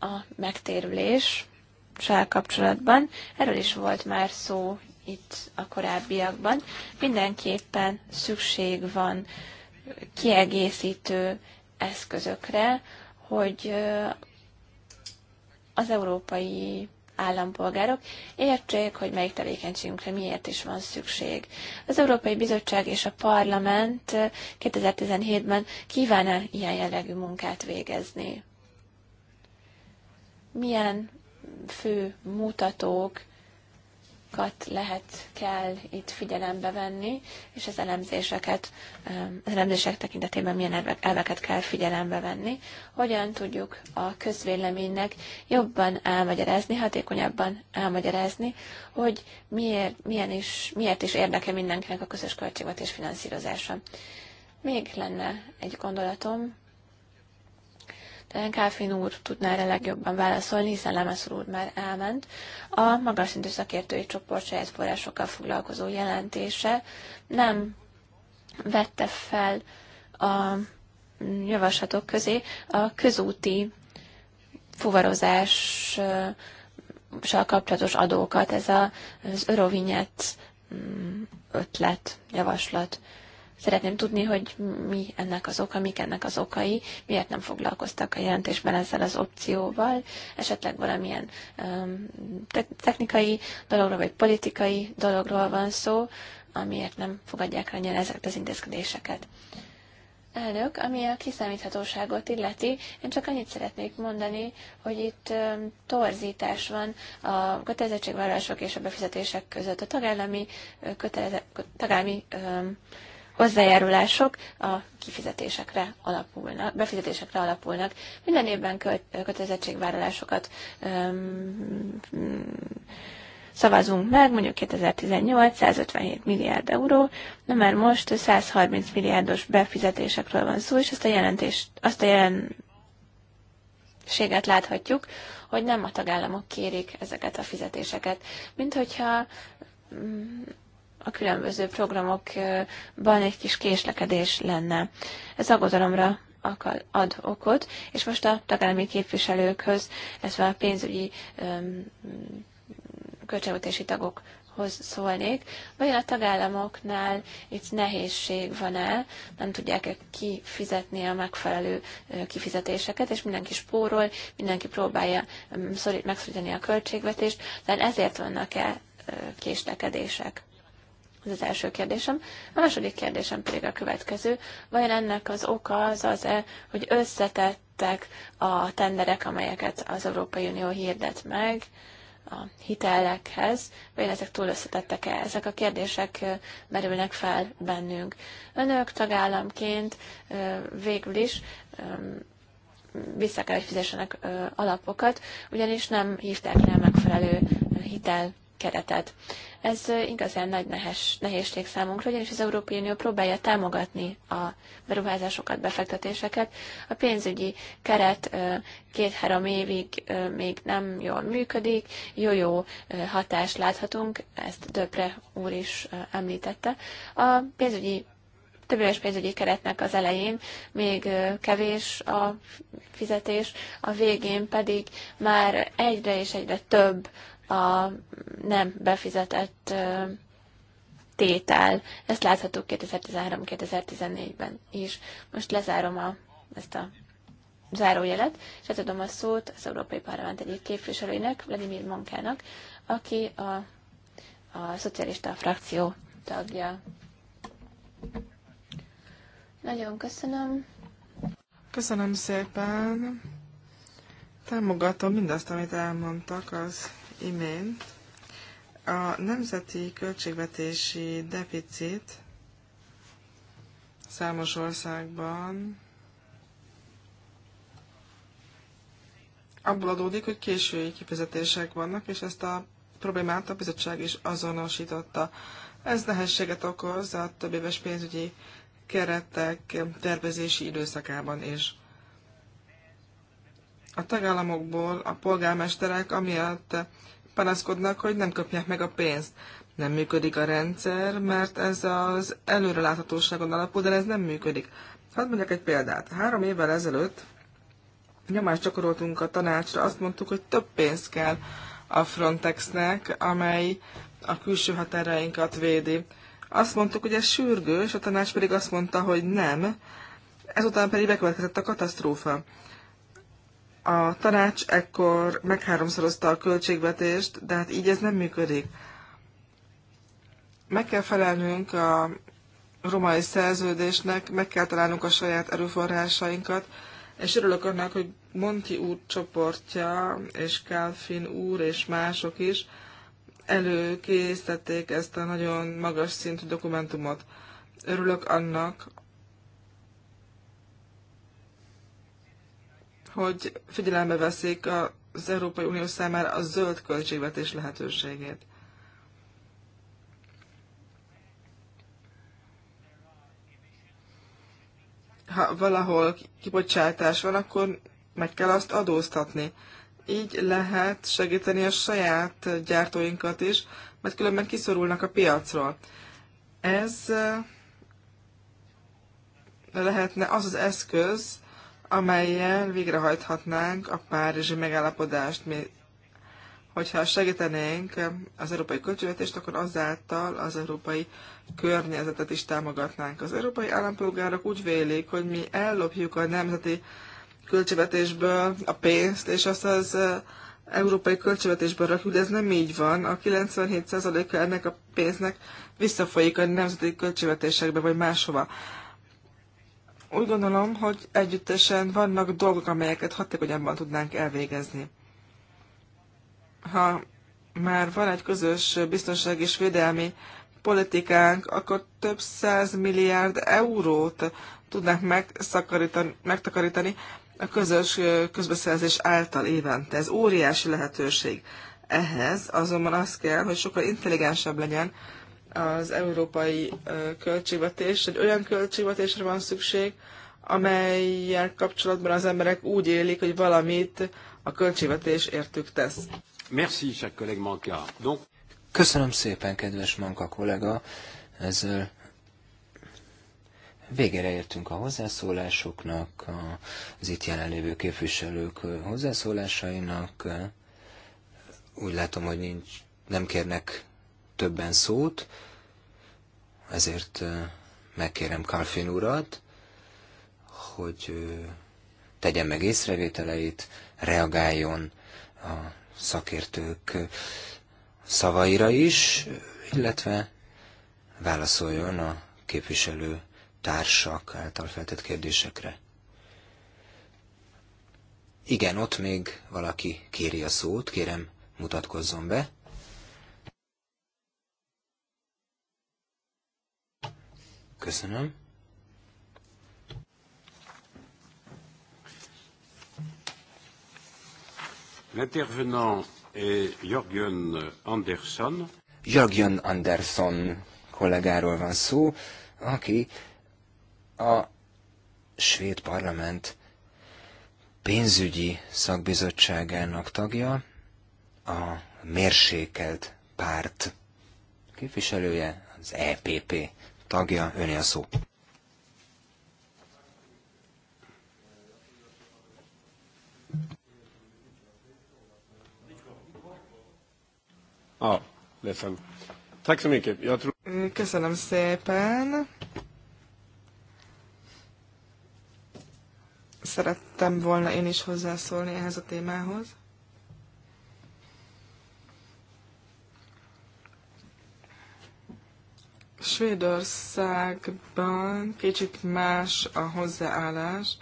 [SPEAKER 3] a megtérüléssel kapcsolatban. Erről is volt már szó itt a korábbiakban. Mindenképpen szükség van kiegészítő eszközökre, hogy az európai állampolgárok értsék, hogy melyik tevékenységünkre miért is van szükség. Az Európai Bizottság és a Parlament 2017-ben eh, kíván-e ilyen jellegű munkát végezni. Milyen fő mutatók kat lehet, kell itt figyelembe venni, és az elemzéseket, az elemzések tekintetében milyen elveket kell figyelembe venni, hogyan tudjuk a közvéleménynek jobban elmagyarázni, hatékonyabban elmagyarázni, hogy miért, milyen is, miért is érdeke mindenkinek a közös költségvetés finanszírozása. Még lenne egy gondolatom, talán Káfin úr tudná erre legjobban válaszolni, hiszen Lemeszul úr már elment. A magas szintű szakértői csoport saját forrásokkal foglalkozó jelentése nem vette fel a javaslatok közé a közúti fuvarozással kapcsolatos adókat, ez az Eurovinyet mm, ötlet, javaslat. Szeretném tudni, hogy mi ennek az oka, mik ennek az okai, miért nem foglalkoztak a jelentésben ezzel az opcióval, esetleg valamilyen um, te technikai dologról, vagy politikai dologról van szó, amiért nem fogadják annyian ezeket az intézkedéseket. Elnök, ami a kiszámíthatóságot illeti, én csak annyit szeretnék mondani, hogy itt um, torzítás van a kötelezettségvállalások és a befizetések között. A tagállami, kötelezett tagállami um, hozzájárulások a kifizetésekre alapulnak, befizetésekre alapulnak. Minden évben kötelezettségvállalásokat szavazunk meg, mondjuk 2018 157 milliárd euró, de már most 130 milliárdos befizetésekről van szó, és azt a jelentést, azt a jelen láthatjuk, hogy nem a tagállamok kérik ezeket a fizetéseket, mint hogyha mm, a különböző programokban egy kis késlekedés lenne. Ez aggodalomra ad okot, és most a tagállami képviselőkhöz, illetve a pénzügyi költségvetési tagok hoz szólnék. Vajon a tagállamoknál itt nehézség van-e, nem tudják -e kifizetni a megfelelő kifizetéseket, és mindenki spórol, mindenki próbálja megszorítani a költségvetést, de ezért vannak-e késlekedések? Ez az első kérdésem. A második kérdésem pedig a következő. Vajon ennek az oka az az-e, hogy összetettek a tenderek, amelyeket az Európai Unió hirdet meg, a hitelekhez, vagy ezek túl összetettek-e? Ezek a kérdések merülnek fel bennünk. Önök tagállamként végül is vissza kell, hogy fizessenek alapokat, ugyanis nem hívták le megfelelő hitel keretet. Ez igazán nagy nehes, nehézség számunkra, ugyanis az Európai Unió próbálja támogatni a beruházásokat, befektetéseket. A pénzügyi keret két-három évig még nem jól működik, jó-jó hatást láthatunk, ezt Döpre úr is említette. A pénzügyi többéves pénzügyi keretnek az elején még kevés a fizetés, a végén pedig már egyre és egyre több a nem befizetett tétel. Ezt láthatók 2013-2014-ben is. Most lezárom a, ezt a zárójelet, és átadom a szót az Európai Parlament egyik képviselőinek Vladimir Monkának, aki a, a szocialista frakció tagja. Nagyon köszönöm. Köszönöm
[SPEAKER 2] szépen. Támogatom mindazt, amit elmondtak az imént, a nemzeti költségvetési deficit számos országban abból adódik, hogy késői kifizetések vannak, és ezt a problémát a bizottság is azonosította. Ez nehézséget okoz a több éves pénzügyi keretek tervezési időszakában is a tagállamokból a polgármesterek amiatt panaszkodnak, hogy nem kapják meg a pénzt. Nem működik a rendszer, mert ez az előreláthatóságon alapul, de ez nem működik. Hadd mondjak egy példát. Három évvel ezelőtt nyomást csakoroltunk a tanácsra, azt mondtuk, hogy több pénz kell a Frontexnek, amely a külső határainkat védi. Azt mondtuk, hogy ez sürgős, a tanács pedig azt mondta, hogy nem, ezután pedig bekövetkezett a katasztrófa. A tanács ekkor megháromszorozta a költségvetést, de hát így ez nem működik. Meg kell felelnünk a romai szerződésnek, meg kell találnunk a saját erőforrásainkat, és örülök annak, hogy Monti úr csoportja, és Kálfin úr, és mások is előkészítették ezt a nagyon magas szintű dokumentumot. Örülök annak, hogy figyelembe veszik az Európai Unió számára a zöld költségvetés lehetőségét. Ha valahol kibocsátás van, akkor meg kell azt adóztatni. Így lehet segíteni a saját gyártóinkat is, mert különben kiszorulnak a piacról. Ez eh, lehetne az az eszköz, amelyen végrehajthatnánk a párizsi megállapodást. Mi, hogyha segítenénk az európai költségvetést, akkor azáltal az európai környezetet is támogatnánk. Az európai állampolgárok úgy vélik, hogy mi ellopjuk a nemzeti költségvetésből a pénzt, és azt az európai költségvetésből rakjuk, de ez nem így van. A 97%-a ennek a pénznek visszafolyik a nemzeti költségvetésekbe, vagy máshova. Úgy gondolom, hogy együttesen vannak dolgok, amelyeket hatékonyabban tudnánk elvégezni. Ha már van egy közös biztonság és védelmi politikánk, akkor több száz milliárd eurót tudnánk megtakarítani a közös közbeszerzés által évente. Ez óriási lehetőség. Ehhez azonban az kell, hogy sokkal intelligensebb legyen az európai költségvetés. Egy olyan költségvetésre van szükség, amelyel kapcsolatban az emberek úgy élik, hogy valamit a költségvetés értük tesz. Merci, collègue Manka. Donc...
[SPEAKER 1] Köszönöm szépen, kedves Manka kollega. Ezzel végére értünk a hozzászólásoknak, az itt jelenlévő képviselők hozzászólásainak. Úgy látom, hogy nincs, nem kérnek többen szót. Ezért megkérem Kalfin urat, hogy tegyen meg észrevételeit, reagáljon a szakértők szavaira is, illetve válaszoljon a képviselő társak által feltett kérdésekre. Igen, ott még valaki kéri a szót, kérem mutatkozzon be. Köszönöm.
[SPEAKER 3] L'intervenant est Jörgen Anderson.
[SPEAKER 1] Jörgen Anderson kollégáról van szó, aki a svéd parlament pénzügyi szakbizottságának tagja, a mérsékelt párt képviselője, az EPP tagja. Öné a szó.
[SPEAKER 2] Ah, ja, ledsen. Köszönöm szépen. Szerettem volna én is hozzászólni ehhez a témához. Svédországban kicsit más a hozzáállás.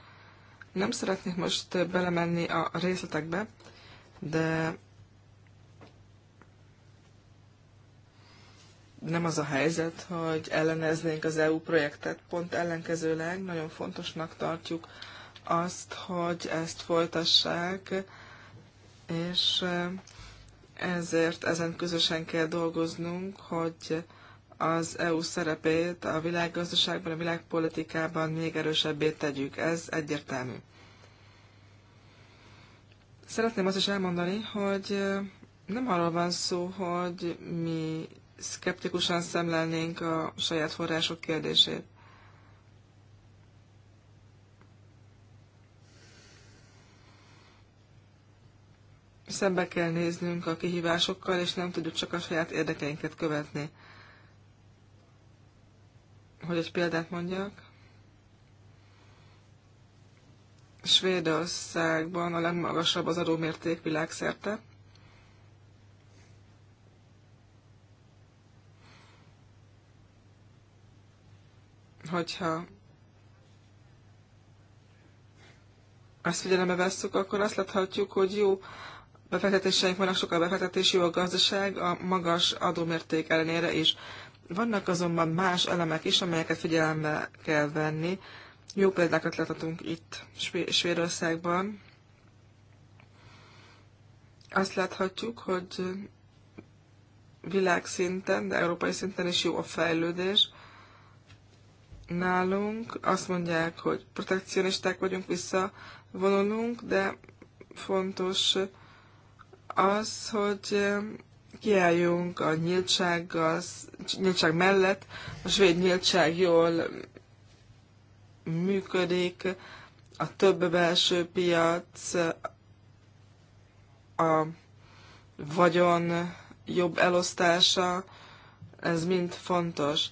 [SPEAKER 2] Nem szeretnék most belemenni a részletekbe, de nem az a helyzet, hogy elleneznénk az EU projektet, pont ellenkezőleg nagyon fontosnak tartjuk azt, hogy ezt folytassák, és ezért ezen közösen kell dolgoznunk, hogy az EU szerepét a világgazdaságban, a világpolitikában még erősebbé tegyük. Ez egyértelmű. Szeretném azt is elmondani, hogy nem arról van szó, hogy mi szkeptikusan szemlelnénk a saját források kérdését. Szembe kell néznünk a kihívásokkal, és nem tudjuk csak a saját érdekeinket követni hogy egy példát mondjak, Svédországban a legmagasabb az adómérték világszerte. Hogyha ezt figyelembe vesszük, akkor azt láthatjuk, hogy jó befektetéseink vannak, sokkal befektetés, jó a gazdaság, a magas adómérték ellenére is. Vannak azonban más elemek is, amelyeket figyelembe kell venni. Jó példákat láthatunk itt Svédországban. Azt láthatjuk, hogy világszinten, de európai szinten is jó a fejlődés. Nálunk azt mondják, hogy protekcionisták vagyunk, visszavonulunk, de fontos az, hogy kiálljunk a nyíltsággal, nyíltság mellett. A svéd nyíltság jól működik, a több belső piac, a vagyon jobb elosztása, ez mind fontos.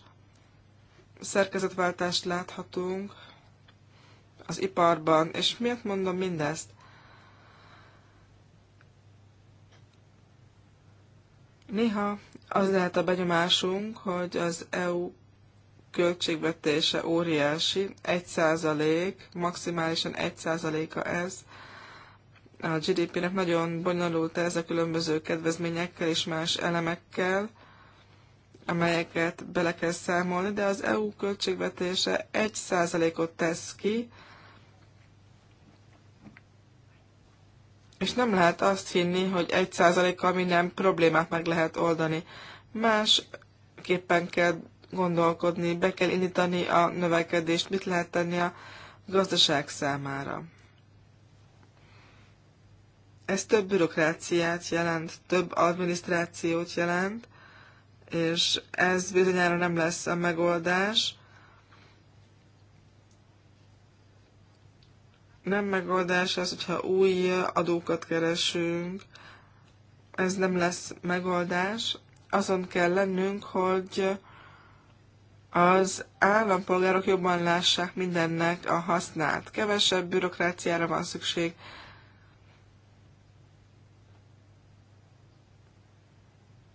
[SPEAKER 2] Szerkezetváltást láthatunk az iparban, és miért mondom mindezt? Néha az lehet a benyomásunk, hogy az EU költségvetése óriási, 1 százalék, maximálisan 1 százaléka ez. A GDP-nek nagyon bonyolult ez a különböző kedvezményekkel és más elemekkel, amelyeket bele kell számolni, de az EU költségvetése 1 százalékot tesz ki, És nem lehet azt hinni, hogy egy százalékkal minden problémát meg lehet oldani. Másképpen kell gondolkodni, be kell indítani a növekedést, mit lehet tenni a gazdaság számára. Ez több bürokráciát jelent, több adminisztrációt jelent, és ez bizonyára nem lesz a megoldás. nem megoldás az, hogyha új adókat keresünk. Ez nem lesz megoldás. Azon kell lennünk, hogy az állampolgárok jobban lássák mindennek a hasznát. Kevesebb bürokráciára van szükség.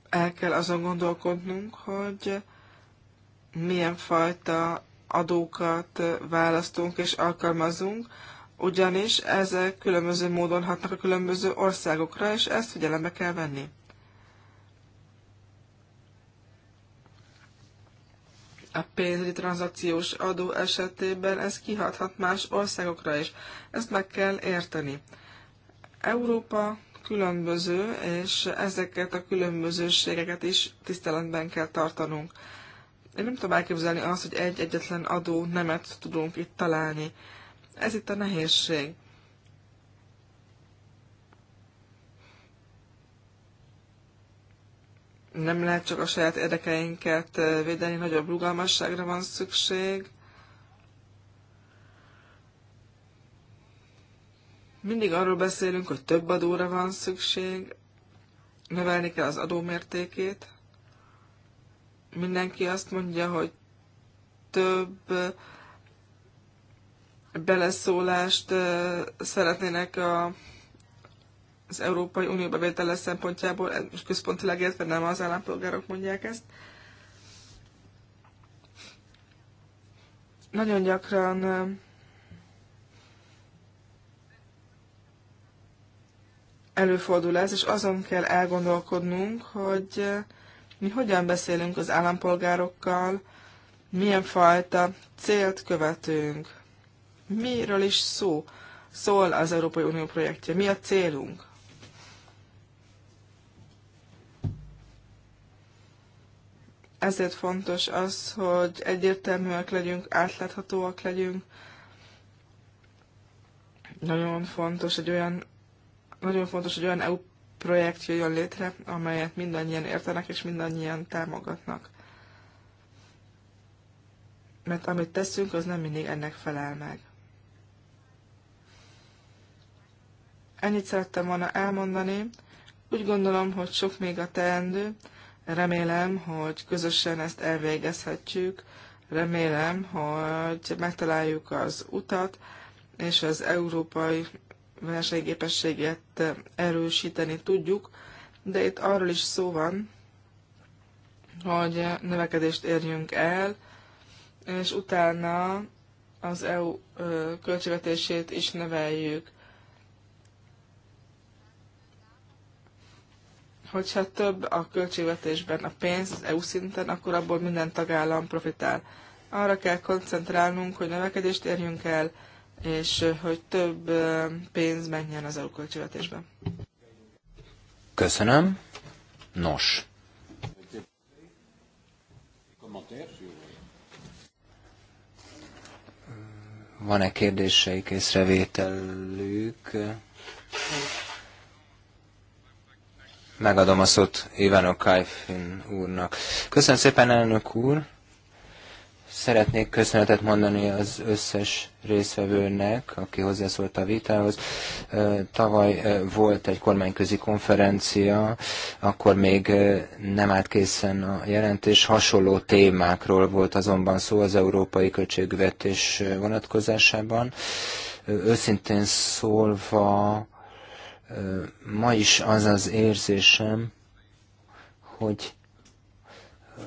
[SPEAKER 2] El kell azon gondolkodnunk, hogy milyen fajta adókat választunk és alkalmazunk, ugyanis ezek különböző módon hatnak a különböző országokra, és ezt figyelembe kell venni. A pénzügyi tranzakciós adó esetében ez kihathat más országokra is. Ezt meg kell érteni. Európa különböző, és ezeket a különbözőségeket is tiszteletben kell tartanunk. Én nem tudom elképzelni azt, hogy egy egyetlen adó nemet tudunk itt találni. Ez itt a nehézség. Nem lehet csak a saját érdekeinket védeni, nagyobb rugalmasságra van szükség. Mindig arról beszélünk, hogy több adóra van szükség, növelni kell az adómértékét. Mindenki azt mondja, hogy több beleszólást szeretnének a, az Európai Unió bevétele szempontjából, most központilag értve nem az állampolgárok mondják ezt. Nagyon gyakran előfordul ez, és azon kell elgondolkodnunk, hogy mi hogyan beszélünk az állampolgárokkal, milyen fajta célt követünk miről is szó, szól az Európai Unió projektje, mi a célunk. Ezért fontos az, hogy egyértelműek legyünk, átláthatóak legyünk. Nagyon fontos egy olyan, nagyon fontos hogy olyan EU projekt jöjjön létre, amelyet mindannyian értenek és mindannyian támogatnak. Mert amit teszünk, az nem mindig ennek felel meg. Ennyit szerettem volna elmondani. Úgy gondolom, hogy sok még a teendő. Remélem, hogy közösen ezt elvégezhetjük. Remélem, hogy megtaláljuk az utat, és az európai versenyképességet erősíteni tudjuk, de itt arról is szó van, hogy növekedést érjünk el, és utána az EU költségvetését is növeljük. hogyha több a költségvetésben a pénz az EU szinten, akkor abból minden tagállam profitál. Arra kell koncentrálnunk, hogy növekedést érjünk el, és hogy több pénz menjen az EU költségvetésbe.
[SPEAKER 1] Köszönöm. Nos. Van-e kérdéseik, észrevételük? Köszönöm. Megadom a szót Ivano Kajfin úrnak. Köszönöm szépen, elnök úr! Szeretnék köszönetet mondani az összes részvevőnek, aki hozzászólt a vitához. Tavaly volt egy kormányközi konferencia, akkor még nem állt készen a jelentés. Hasonló témákról volt azonban szó az európai költségvetés vonatkozásában. Őszintén szólva, ma is az az érzésem, hogy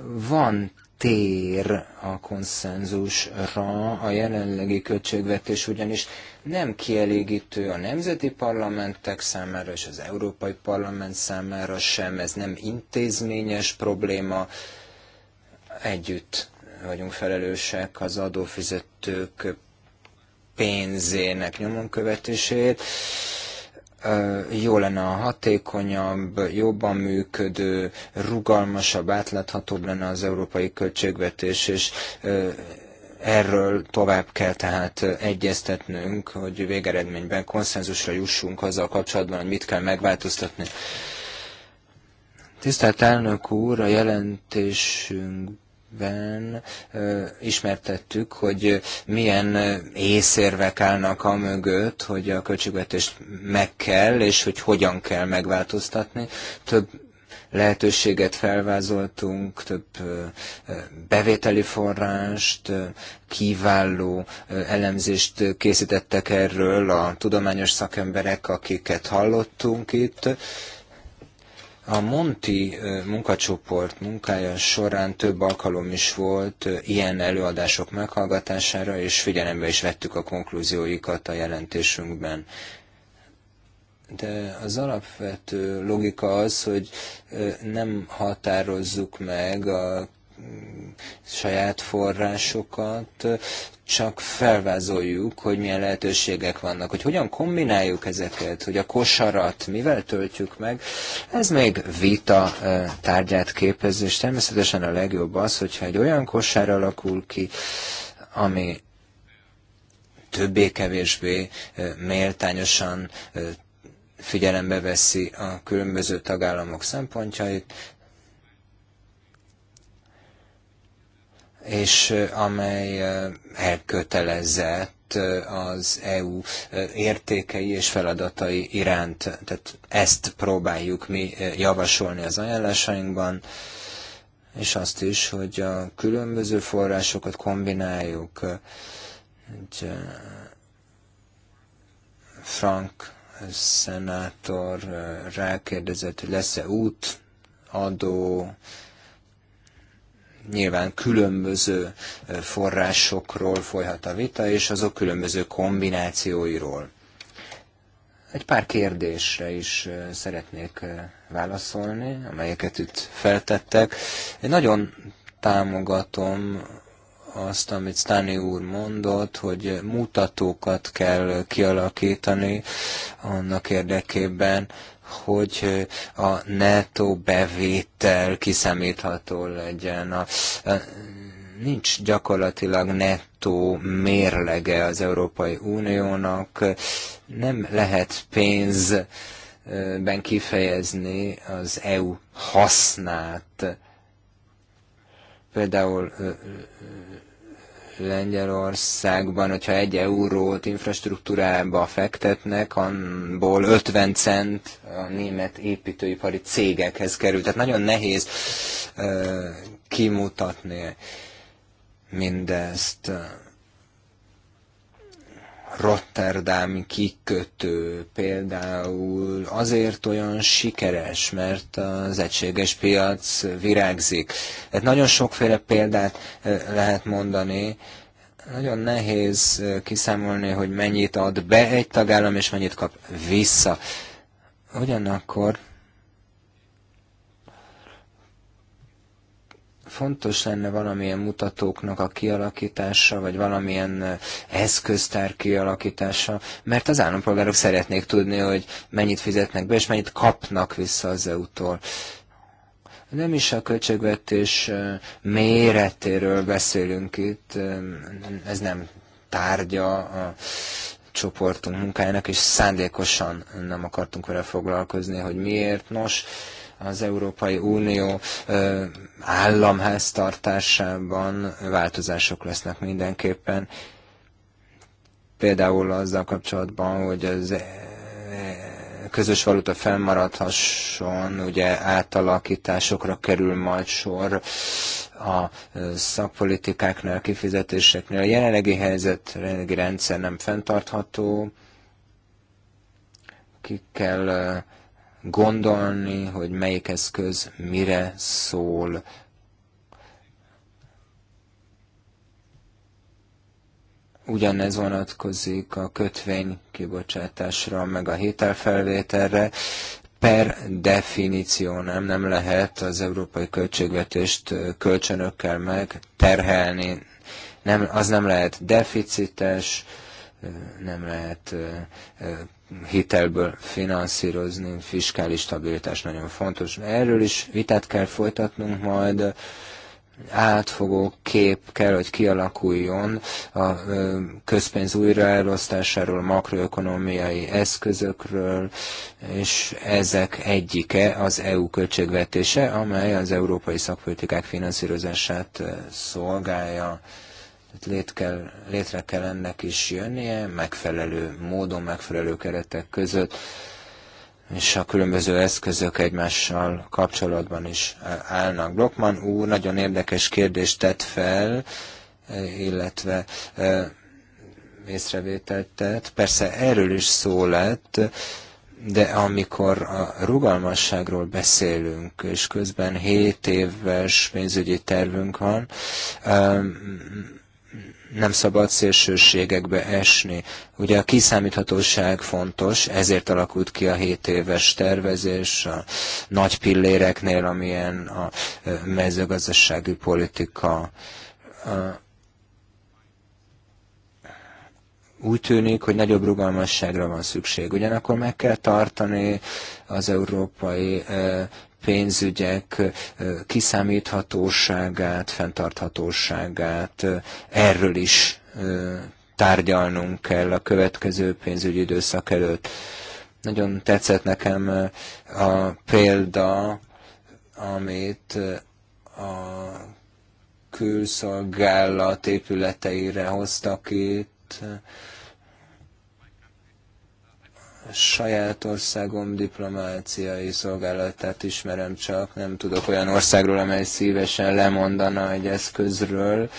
[SPEAKER 1] van tér a konszenzusra, a jelenlegi költségvetés ugyanis nem kielégítő a nemzeti parlamentek számára és az Európai Parlament számára sem, ez nem intézményes probléma, együtt vagyunk felelősek az adófizetők pénzének nyomon követéséért jó lenne a hatékonyabb, jobban működő, rugalmasabb, átláthatóbb lenne az európai költségvetés, és erről tovább kell tehát egyeztetnünk, hogy végeredményben konszenzusra jussunk azzal kapcsolatban, hogy mit kell megváltoztatni. Tisztelt elnök úr, a jelentésünk ben ismertettük, hogy milyen észérvek állnak a mögött, hogy a költségvetést meg kell, és hogy hogyan kell megváltoztatni. Több lehetőséget felvázoltunk, több bevételi forrást, kiváló elemzést készítettek erről a tudományos szakemberek, akiket hallottunk itt a Monti munkacsoport munkája során több alkalom is volt ilyen előadások meghallgatására, és figyelembe is vettük a konklúzióikat a jelentésünkben. De az alapvető logika az, hogy nem határozzuk meg a saját forrásokat, csak felvázoljuk, hogy milyen lehetőségek vannak, hogy hogyan kombináljuk ezeket, hogy a kosarat mivel töltjük meg, ez még vita tárgyát képez, és természetesen a legjobb az, hogyha egy olyan kosár alakul ki, ami többé-kevésbé méltányosan figyelembe veszi a különböző tagállamok szempontjait, és amely elkötelezett az EU értékei és feladatai iránt. Tehát ezt próbáljuk mi javasolni az ajánlásainkban, és azt is, hogy a különböző forrásokat kombináljuk. Egy Frank szenátor rákérdezett, hogy lesz-e út, adó, Nyilván különböző forrásokról folyhat a vita, és azok különböző kombinációiról. Egy pár kérdésre is szeretnék válaszolni, amelyeket itt feltettek. Én nagyon támogatom azt, amit Stani úr mondott, hogy mutatókat kell kialakítani annak érdekében, hogy a netto bevétel kiszámítható legyen. A, a, nincs gyakorlatilag nettó mérlege az Európai Uniónak, nem lehet pénzben kifejezni az EU hasznát. Például Lengyelországban, hogyha egy eurót infrastruktúrába fektetnek, abból 50 cent a német építőipari cégekhez kerül. Tehát nagyon nehéz uh, kimutatni mindezt. Rotterdami kikötő például azért olyan sikeres, mert az egységes piac virágzik. Hát nagyon sokféle példát eh, lehet mondani, nagyon nehéz eh, kiszámolni, hogy mennyit ad be egy tagállam, és mennyit kap vissza. Ugyanakkor fontos lenne valamilyen mutatóknak a kialakítása, vagy valamilyen eszköztár kialakítása, mert az állampolgárok szeretnék tudni, hogy mennyit fizetnek be, és mennyit kapnak vissza az EU-tól. Nem is a költségvetés méretéről beszélünk itt, ez nem tárgya a csoportunk munkájának, és szándékosan nem akartunk vele foglalkozni, hogy miért. Nos, az Európai Unió államháztartásában változások lesznek mindenképpen. Például azzal kapcsolatban, hogy az e, közös valuta fennmaradhasson, ugye átalakításokra kerül majd sor a szakpolitikáknál, kifizetéseknél. A jelenlegi helyzet, a jelenlegi rendszer nem fenntartható, ki kell uh, gondolni, hogy melyik eszköz mire szól. Ugyanez vonatkozik a kötvény kibocsátásra, meg a hitelfelvételre. Per definíció nem, nem lehet az európai költségvetést kölcsönökkel meg terhelni. Nem, az nem lehet deficites, nem lehet hitelből finanszírozni, fiskális stabilitás nagyon fontos. Erről is vitát kell folytatnunk majd, átfogó kép kell, hogy kialakuljon a közpénz újraelosztásáról, makroökonomiai eszközökről, és ezek egyike az EU költségvetése, amely az európai szakpolitikák finanszírozását szolgálja tehát lét kell, létre kell ennek is jönnie, megfelelő módon, megfelelő keretek között, és a különböző eszközök egymással kapcsolatban is állnak. Blockman úr nagyon érdekes kérdést tett fel, illetve észrevételt tett. Persze erről is szó lett, de amikor a rugalmasságról beszélünk, és közben 7 éves pénzügyi tervünk van, nem szabad szélsőségekbe esni. Ugye a kiszámíthatóság fontos, ezért alakult ki a 7 éves tervezés a nagy pilléreknél, amilyen a mezőgazdasági politika. Úgy tűnik, hogy nagyobb rugalmasságra van szükség. Ugyanakkor meg kell tartani az európai pénzügyek kiszámíthatóságát, fenntarthatóságát, erről is tárgyalnunk kell a következő pénzügyi időszak előtt. Nagyon tetszett nekem a példa, amit a külszolgálat épületeire hoztak itt, saját országom diplomáciai szolgálatát ismerem csak, nem tudok olyan országról, amely szívesen lemondana egy eszközről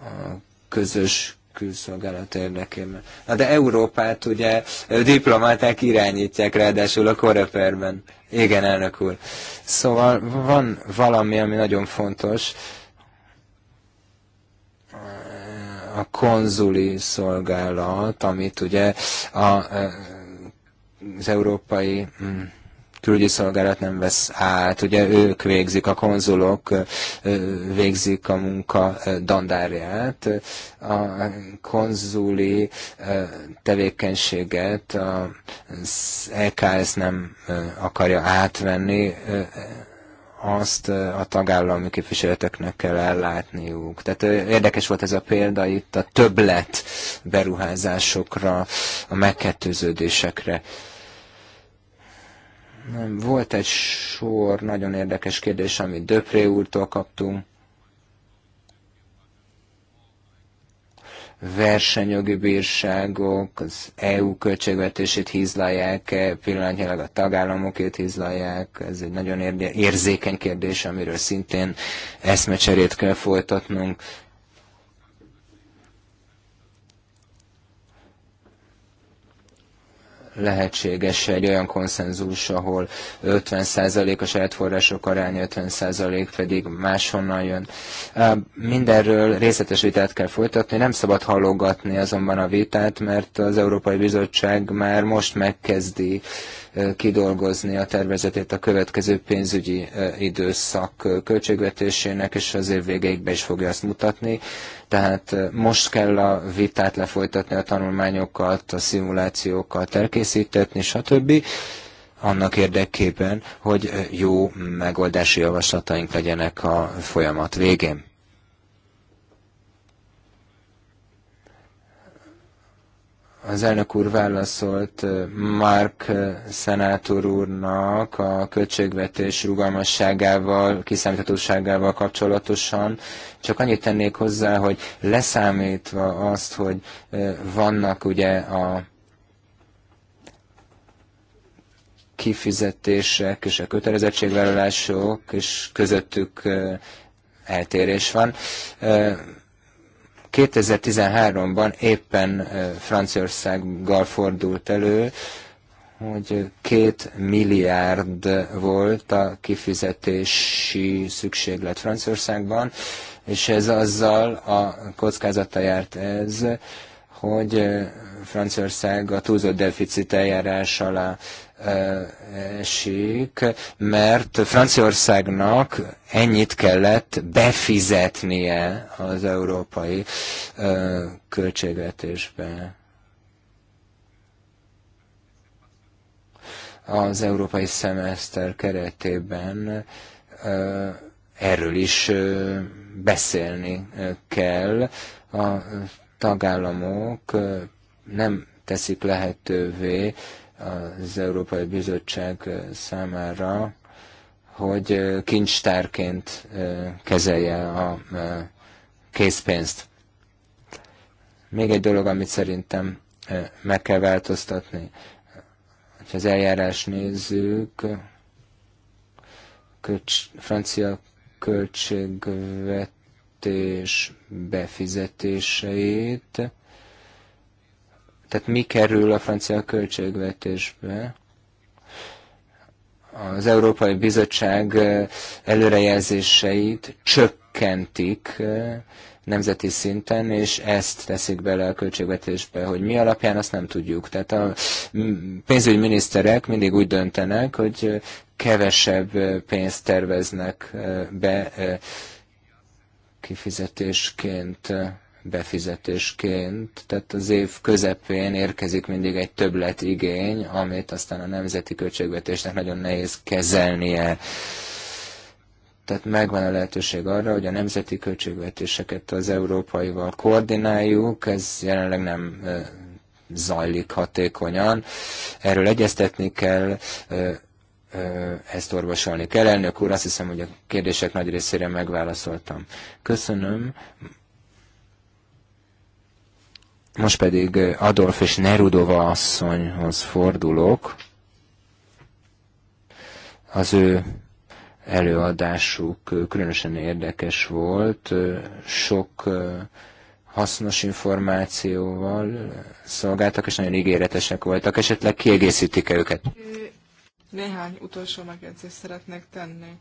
[SPEAKER 1] a közös külszolgálat érdekében. Na de Európát ugye diplomáták irányítják, ráadásul a koreperben. Igen, elnök úr. Szóval van valami, ami nagyon fontos, a konzuli szolgálat, amit ugye a, e, az európai mm, külügyi szolgálat nem vesz át, ugye ők végzik, a konzulok e, e, végzik a munka dandárját, a konzuli tevékenységet az EKS nem akarja átvenni, azt a tagállami képviseleteknek kell ellátniuk. Tehát érdekes volt ez a példa itt a többlet beruházásokra, a megkettőződésekre. Volt egy sor nagyon érdekes kérdés, amit Döpré úrtól kaptunk. versenyjogi bírságok az EU költségvetését hízlalják, e, pillanatnyilag a tagállamokét hízlalják, ez egy nagyon érzékeny kérdés, amiről szintén eszmecserét kell folytatnunk. lehetséges egy olyan konszenzus, ahol 50% a saját források arány, 50% pedig máshonnan jön. Mindenről részletes vitát kell folytatni, nem szabad halogatni azonban a vitát, mert az Európai Bizottság már most megkezdi kidolgozni a tervezetét a következő pénzügyi időszak költségvetésének, és az év végéig be is fogja azt mutatni. Tehát most kell a vitát lefolytatni, a tanulmányokat, a szimulációkat elkészítetni, stb annak érdekében, hogy jó megoldási javaslataink legyenek a folyamat végén. az elnök úr válaszolt Mark szenátor úrnak a költségvetés rugalmasságával, kiszámíthatóságával kapcsolatosan. Csak annyit tennék hozzá, hogy leszámítva azt, hogy vannak ugye a kifizetések és a kötelezettségvállalások, és közöttük eltérés van 2013-ban éppen Franciaországgal fordult elő, hogy két milliárd volt a kifizetési szükséglet Franciaországban, és ez azzal a kockázata járt ez, hogy Franciaország a túlzott deficit eljárás alá esik, mert Franciaországnak ennyit kellett befizetnie az európai költségvetésbe. Az európai szemeszter keretében erről is beszélni kell. A tagállamok nem teszik lehetővé az Európai Bizottság számára, hogy kincstárként kezelje a készpénzt. Még egy dolog, amit szerintem meg kell változtatni. Ha az eljárás nézzük, Kölcs, francia költségvetés befizetéseit, tehát mi kerül a francia költségvetésbe? Az Európai Bizottság eh, előrejelzéseit csökkentik eh, nemzeti szinten, és ezt teszik bele a költségvetésbe, hogy mi alapján, azt nem tudjuk. Tehát a pénzügyminiszterek mindig úgy döntenek, hogy eh, kevesebb pénzt terveznek be kifizetésként befizetésként, tehát az év közepén érkezik mindig egy többletigény, amit aztán a nemzeti költségvetésnek nagyon nehéz kezelnie. Tehát megvan a lehetőség arra, hogy a nemzeti költségvetéseket az európaival koordináljuk, ez jelenleg nem zajlik hatékonyan. Erről egyeztetni kell, ezt orvosolni kell. Elnök úr, azt hiszem, hogy a kérdések nagy részére megválaszoltam. Köszönöm. Most pedig eh, Adolf és Nerudova asszonyhoz fordulok. Az ő előadásuk eh, különösen érdekes volt, eh, sok hasznos információval szolgáltak, és nagyon ígéretesek voltak. Esetleg kiegészítik -e őket?
[SPEAKER 2] Néhány utolsó megjegyzést szeretnék tenni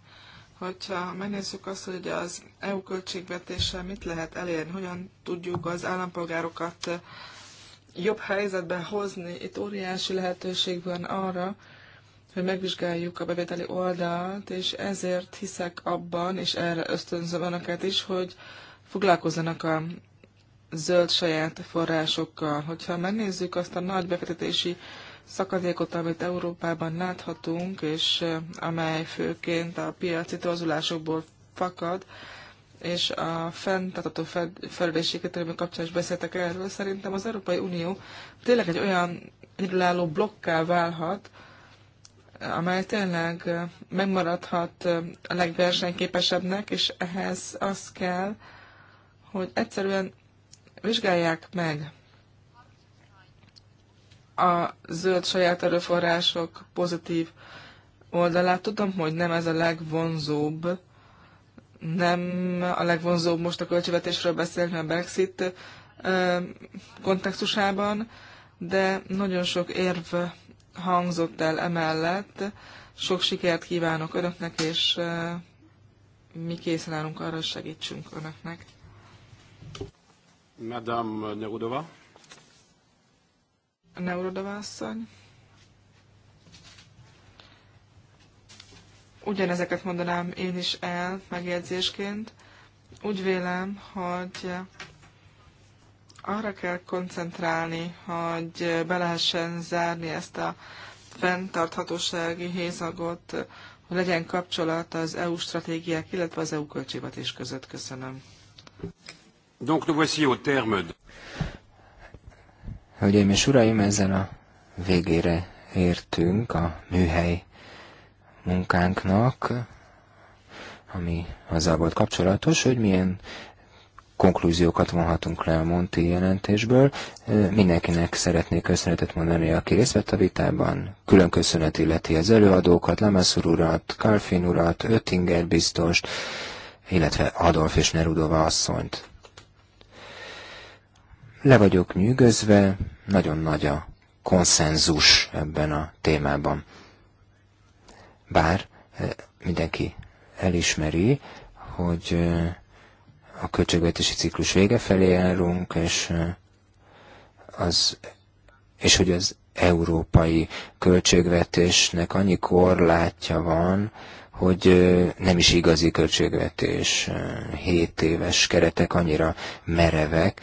[SPEAKER 2] hogyha megnézzük azt, hogy az EU költségvetéssel mit lehet elérni, hogyan tudjuk az állampolgárokat jobb helyzetbe hozni, itt óriási lehetőség van arra, hogy megvizsgáljuk a bevételi oldalt, és ezért hiszek abban, és erre ösztönzöm önöket is, hogy foglalkozzanak a zöld saját forrásokkal. Hogyha megnézzük azt a nagy befektetési szakadékot, amit Európában láthatunk, és eh, amely főként a piaci torzulásokból fakad, és a fenntartató fejlődési kötelmű kapcsán is beszéltek erről, szerintem az Európai Unió tényleg egy olyan egyedülálló blokká válhat, amely tényleg eh, megmaradhat eh, a legversenyképesebbnek, és ehhez az kell, hogy egyszerűen vizsgálják meg a zöld saját erőforrások pozitív oldalát. Tudom, hogy nem ez a legvonzóbb, nem a legvonzóbb most a költségvetésről beszélni a Brexit kontextusában, de nagyon sok érv hangzott el emellett. Sok sikert kívánok Önöknek, és mi készen állunk arra, hogy segítsünk Önöknek.
[SPEAKER 1] Madame Nerudova
[SPEAKER 2] a asszony. Ugyanezeket mondanám én is el megjegyzésként. Úgy vélem, hogy arra kell koncentrálni, hogy be lehessen zárni ezt a fenntarthatósági hézagot, hogy legyen kapcsolat az EU stratégiák, illetve az EU költségvetés között. Köszönöm.
[SPEAKER 3] Donc nous voici au terme de...
[SPEAKER 1] Hölgyeim és uraim, ezzel a végére értünk a műhely munkánknak, ami azzal volt kapcsolatos, hogy milyen konklúziókat vonhatunk le a Monti jelentésből. Mindenkinek szeretnék köszönetet mondani, aki részt vett a vitában. Külön köszönet illeti az előadókat, Lemeszur urat, Kalfin urat, Öttinger biztost, illetve Adolf és Nerudova asszonyt. Le vagyok nyűgözve, nagyon nagy a konszenzus ebben a témában. Bár eh, mindenki elismeri, hogy eh, a költségvetési ciklus vége felé járunk, és, eh, az, és hogy az európai költségvetésnek annyi korlátja van, hogy nem is igazi költségvetés, 7 éves keretek annyira merevek,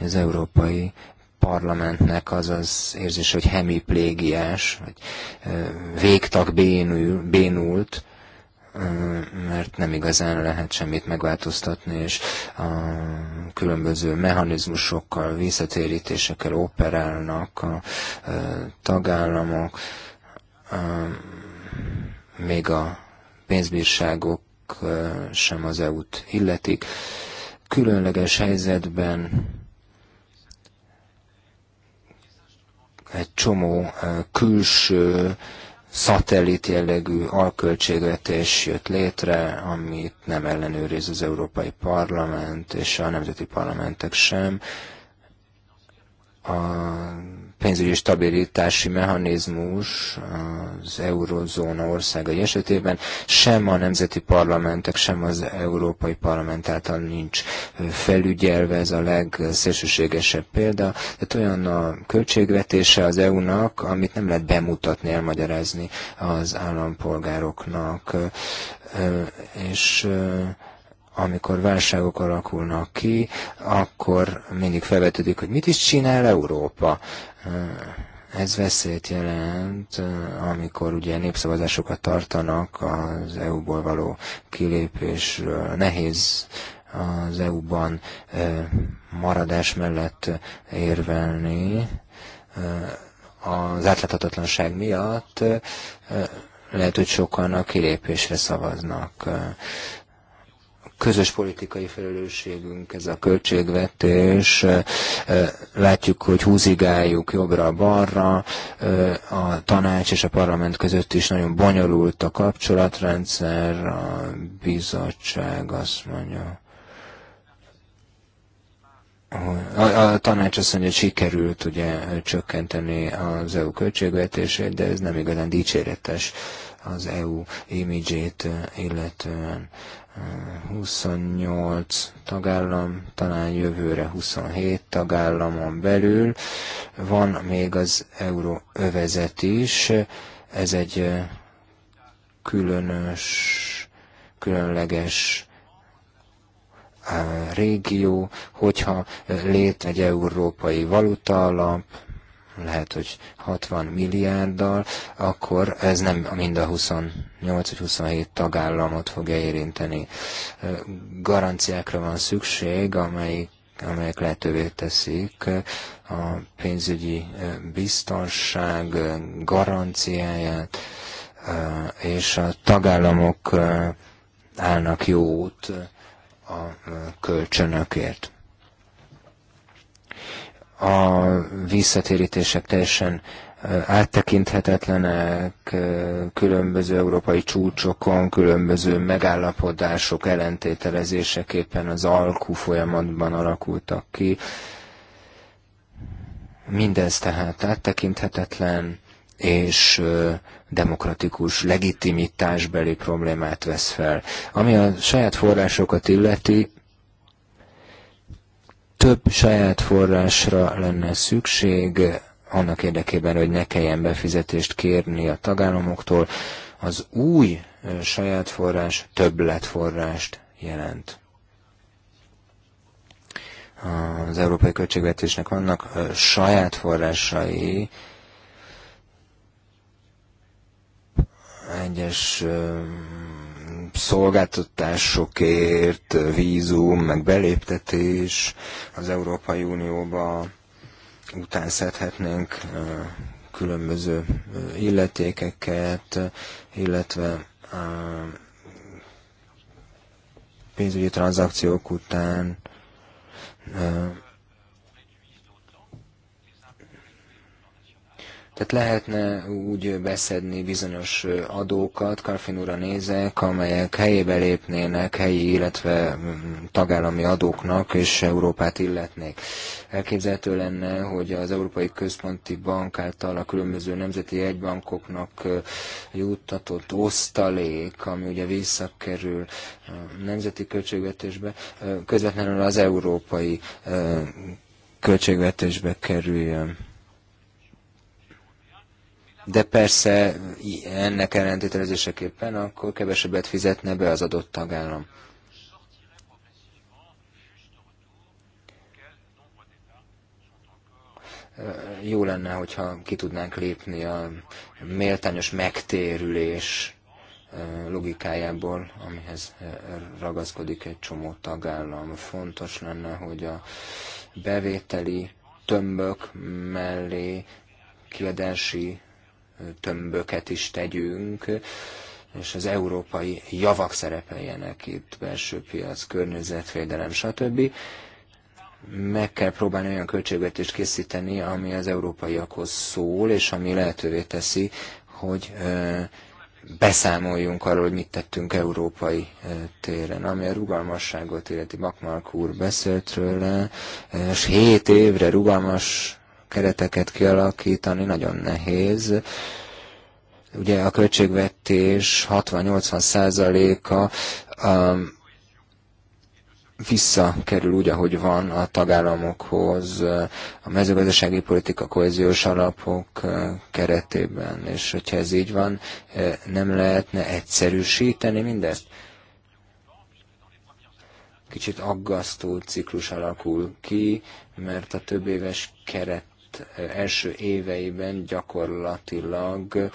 [SPEAKER 1] az Európai Parlamentnek az az érzés, hogy hemiplégiás, vagy végtag bénül, bénult, mert nem igazán lehet semmit megváltoztatni, és a különböző mechanizmusokkal, visszatérítésekkel operálnak a tagállamok, még a pénzbírságok sem az EU-t illetik. Különleges helyzetben egy csomó külső szatellit jellegű alköltségvetés jött létre, amit nem ellenőriz az Európai Parlament és a nemzeti parlamentek sem. A pénzügyi stabilitási mechanizmus az eurozóna országai esetében sem a nemzeti parlamentek, sem az Európai Parlament által nincs felügyelve, ez a legszélsőségesebb példa. Tehát olyan a költségvetése az EU-nak, amit nem lehet bemutatni, elmagyarázni az állampolgároknak. És amikor válságok alakulnak ki, akkor mindig felvetődik, hogy mit is csinál Európa. Ez veszélyt jelent, amikor ugye népszavazásokat tartanak az EU-ból való kilépésről. Nehéz az EU-ban maradás mellett érvelni az átláthatatlanság miatt lehet, hogy sokan a kilépésre szavaznak közös politikai felelősségünk ez a költségvetés. Látjuk, hogy húzigáljuk jobbra-balra, a tanács és a parlament között is nagyon bonyolult a kapcsolatrendszer, a bizottság azt mondja, a, a tanács azt mondja, hogy sikerült ugye csökkenteni az EU költségvetését, de ez nem igazán dicséretes az EU imidzsét illetően. 28 tagállam, talán jövőre 27 tagállamon belül. Van még az euróövezet is, ez egy különös, különleges régió, hogyha lét egy európai valuta alap, lehet, hogy 60 milliárddal, akkor ez nem mind a 28 vagy 27 tagállamot fogja érinteni. Garanciákra van szükség, amelyik amelyek lehetővé teszik a pénzügyi biztonság garanciáját, és a tagállamok állnak jó út a kölcsönökért a visszatérítések teljesen áttekinthetetlenek, különböző európai csúcsokon, különböző megállapodások ellentételezések éppen az alkú folyamatban alakultak ki. Mindez tehát áttekinthetetlen, és demokratikus legitimitásbeli problémát vesz fel. Ami a saját forrásokat illeti, több saját forrásra lenne szükség annak érdekében, hogy ne kelljen befizetést kérni a tagállamoktól. Az új saját forrás többletforrást jelent az európai költségvetésnek vannak saját forrásai, egyes szolgáltatásokért, vízum, meg beléptetés az Európai Unióba után szedhetnénk különböző illetékeket, illetve pénzügyi tranzakciók után Tehát lehetne úgy beszedni bizonyos adókat, Karfin úra nézek, amelyek helyébe lépnének helyi, illetve tagállami adóknak, és Európát illetnék. Elképzelhető lenne, hogy az Európai Központi Bank által a különböző nemzeti egybankoknak juttatott osztalék, ami ugye visszakerül a nemzeti költségvetésbe, közvetlenül az európai költségvetésbe kerüljön de persze ennek ellentételezéseképpen akkor kevesebbet fizetne be az adott tagállam. Jó lenne, hogyha ki tudnánk lépni a méltányos megtérülés logikájából, amihez ragaszkodik egy csomó tagállam. Fontos lenne, hogy a bevételi tömbök mellé kiadási tömböket is tegyünk, és az európai javak szerepeljenek itt, belső piac, környezetvédelem, stb. Meg kell próbálni olyan költségvetést készíteni, ami az európaiakhoz szól, és ami lehetővé teszi, hogy beszámoljunk arról, hogy mit tettünk európai téren. Ami a rugalmasságot illeti, Bakmark úr beszélt róla, és hét évre rugalmas kereteket kialakítani nagyon nehéz. Ugye a költségvetés 60-80 százaléka um, visszakerül úgy, ahogy van a tagállamokhoz, a mezőgazdasági politika kohéziós alapok uh, keretében. És hogyha ez így van, uh, nem lehetne egyszerűsíteni mindezt? Kicsit aggasztó ciklus alakul ki, mert a több éves keret első éveiben gyakorlatilag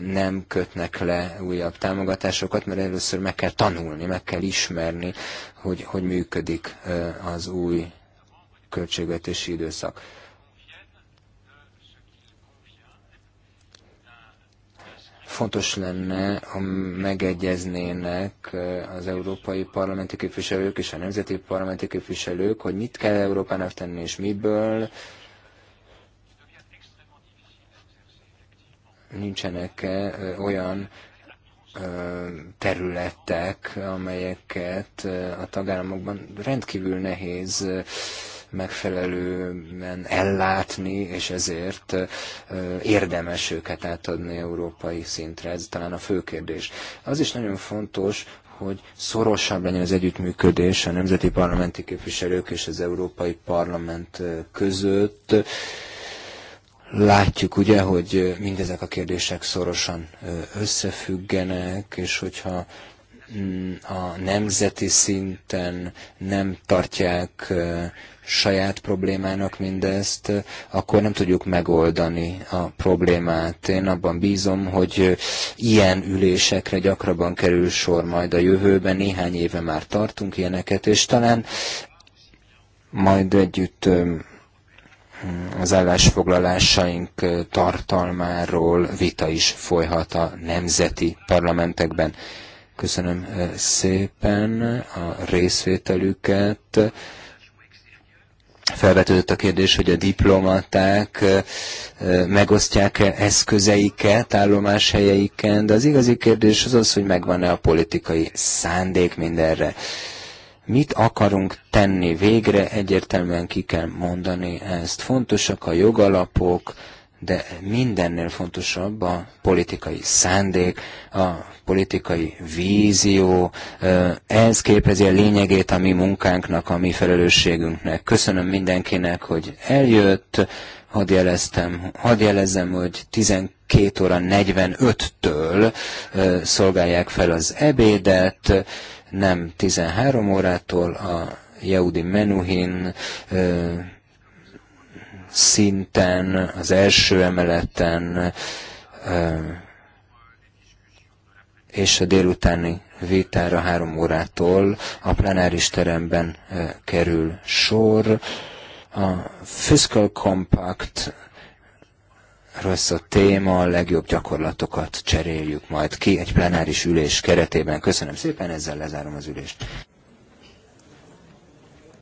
[SPEAKER 1] nem kötnek le újabb támogatásokat, mert először meg kell tanulni, meg kell ismerni, hogy, hogy működik az új költségvetési időszak. fontos lenne, ha megegyeznének az európai parlamenti képviselők és a nemzeti parlamenti képviselők, hogy mit kell Európának tenni, és miből, nincsenek-e olyan területek, amelyeket a tagállamokban rendkívül nehéz megfelelően ellátni, és ezért érdemes őket átadni európai szintre. Ez talán a fő kérdés. Az is nagyon fontos, hogy szorosabb legyen az együttműködés a nemzeti parlamenti képviselők és az Európai Parlament között Látjuk ugye, hogy mindezek a kérdések szorosan összefüggenek, és hogyha mm, a nemzeti szinten nem tartják saját problémának mindezt, akkor nem tudjuk megoldani a problémát. Én abban bízom, hogy ilyen ülésekre gyakrabban kerül sor majd a jövőben, néhány éve már tartunk ilyeneket, és talán majd együtt az állásfoglalásaink tartalmáról vita is folyhat a nemzeti parlamentekben. Köszönöm szépen a részvételüket. Felvetődött a kérdés, hogy a diplomaták megosztják -e eszközeiket állomáshelyeiken, de az igazi kérdés az az, hogy megvan-e a politikai szándék mindenre mit akarunk tenni végre, egyértelműen ki kell mondani ezt. Fontosak a jogalapok, de mindennél fontosabb a politikai szándék, a politikai vízió. Ez képezi a lényegét a mi munkánknak, a mi felelősségünknek. Köszönöm mindenkinek, hogy eljött. Hadd, jeleztem, hadd jelezzem, hogy 12 óra 45-től szolgálják fel az ebédet nem 13 órától, a Yehudi Menuhin ö, szinten, az első emeleten, ö, és a délutáni vétára három órától a plenáris teremben kerül sor. A Fiscal Compact rossz a téma, a legjobb gyakorlatokat cseréljük majd ki egy plenáris ülés keretében. Köszönöm szépen, ezzel lezárom az ülést.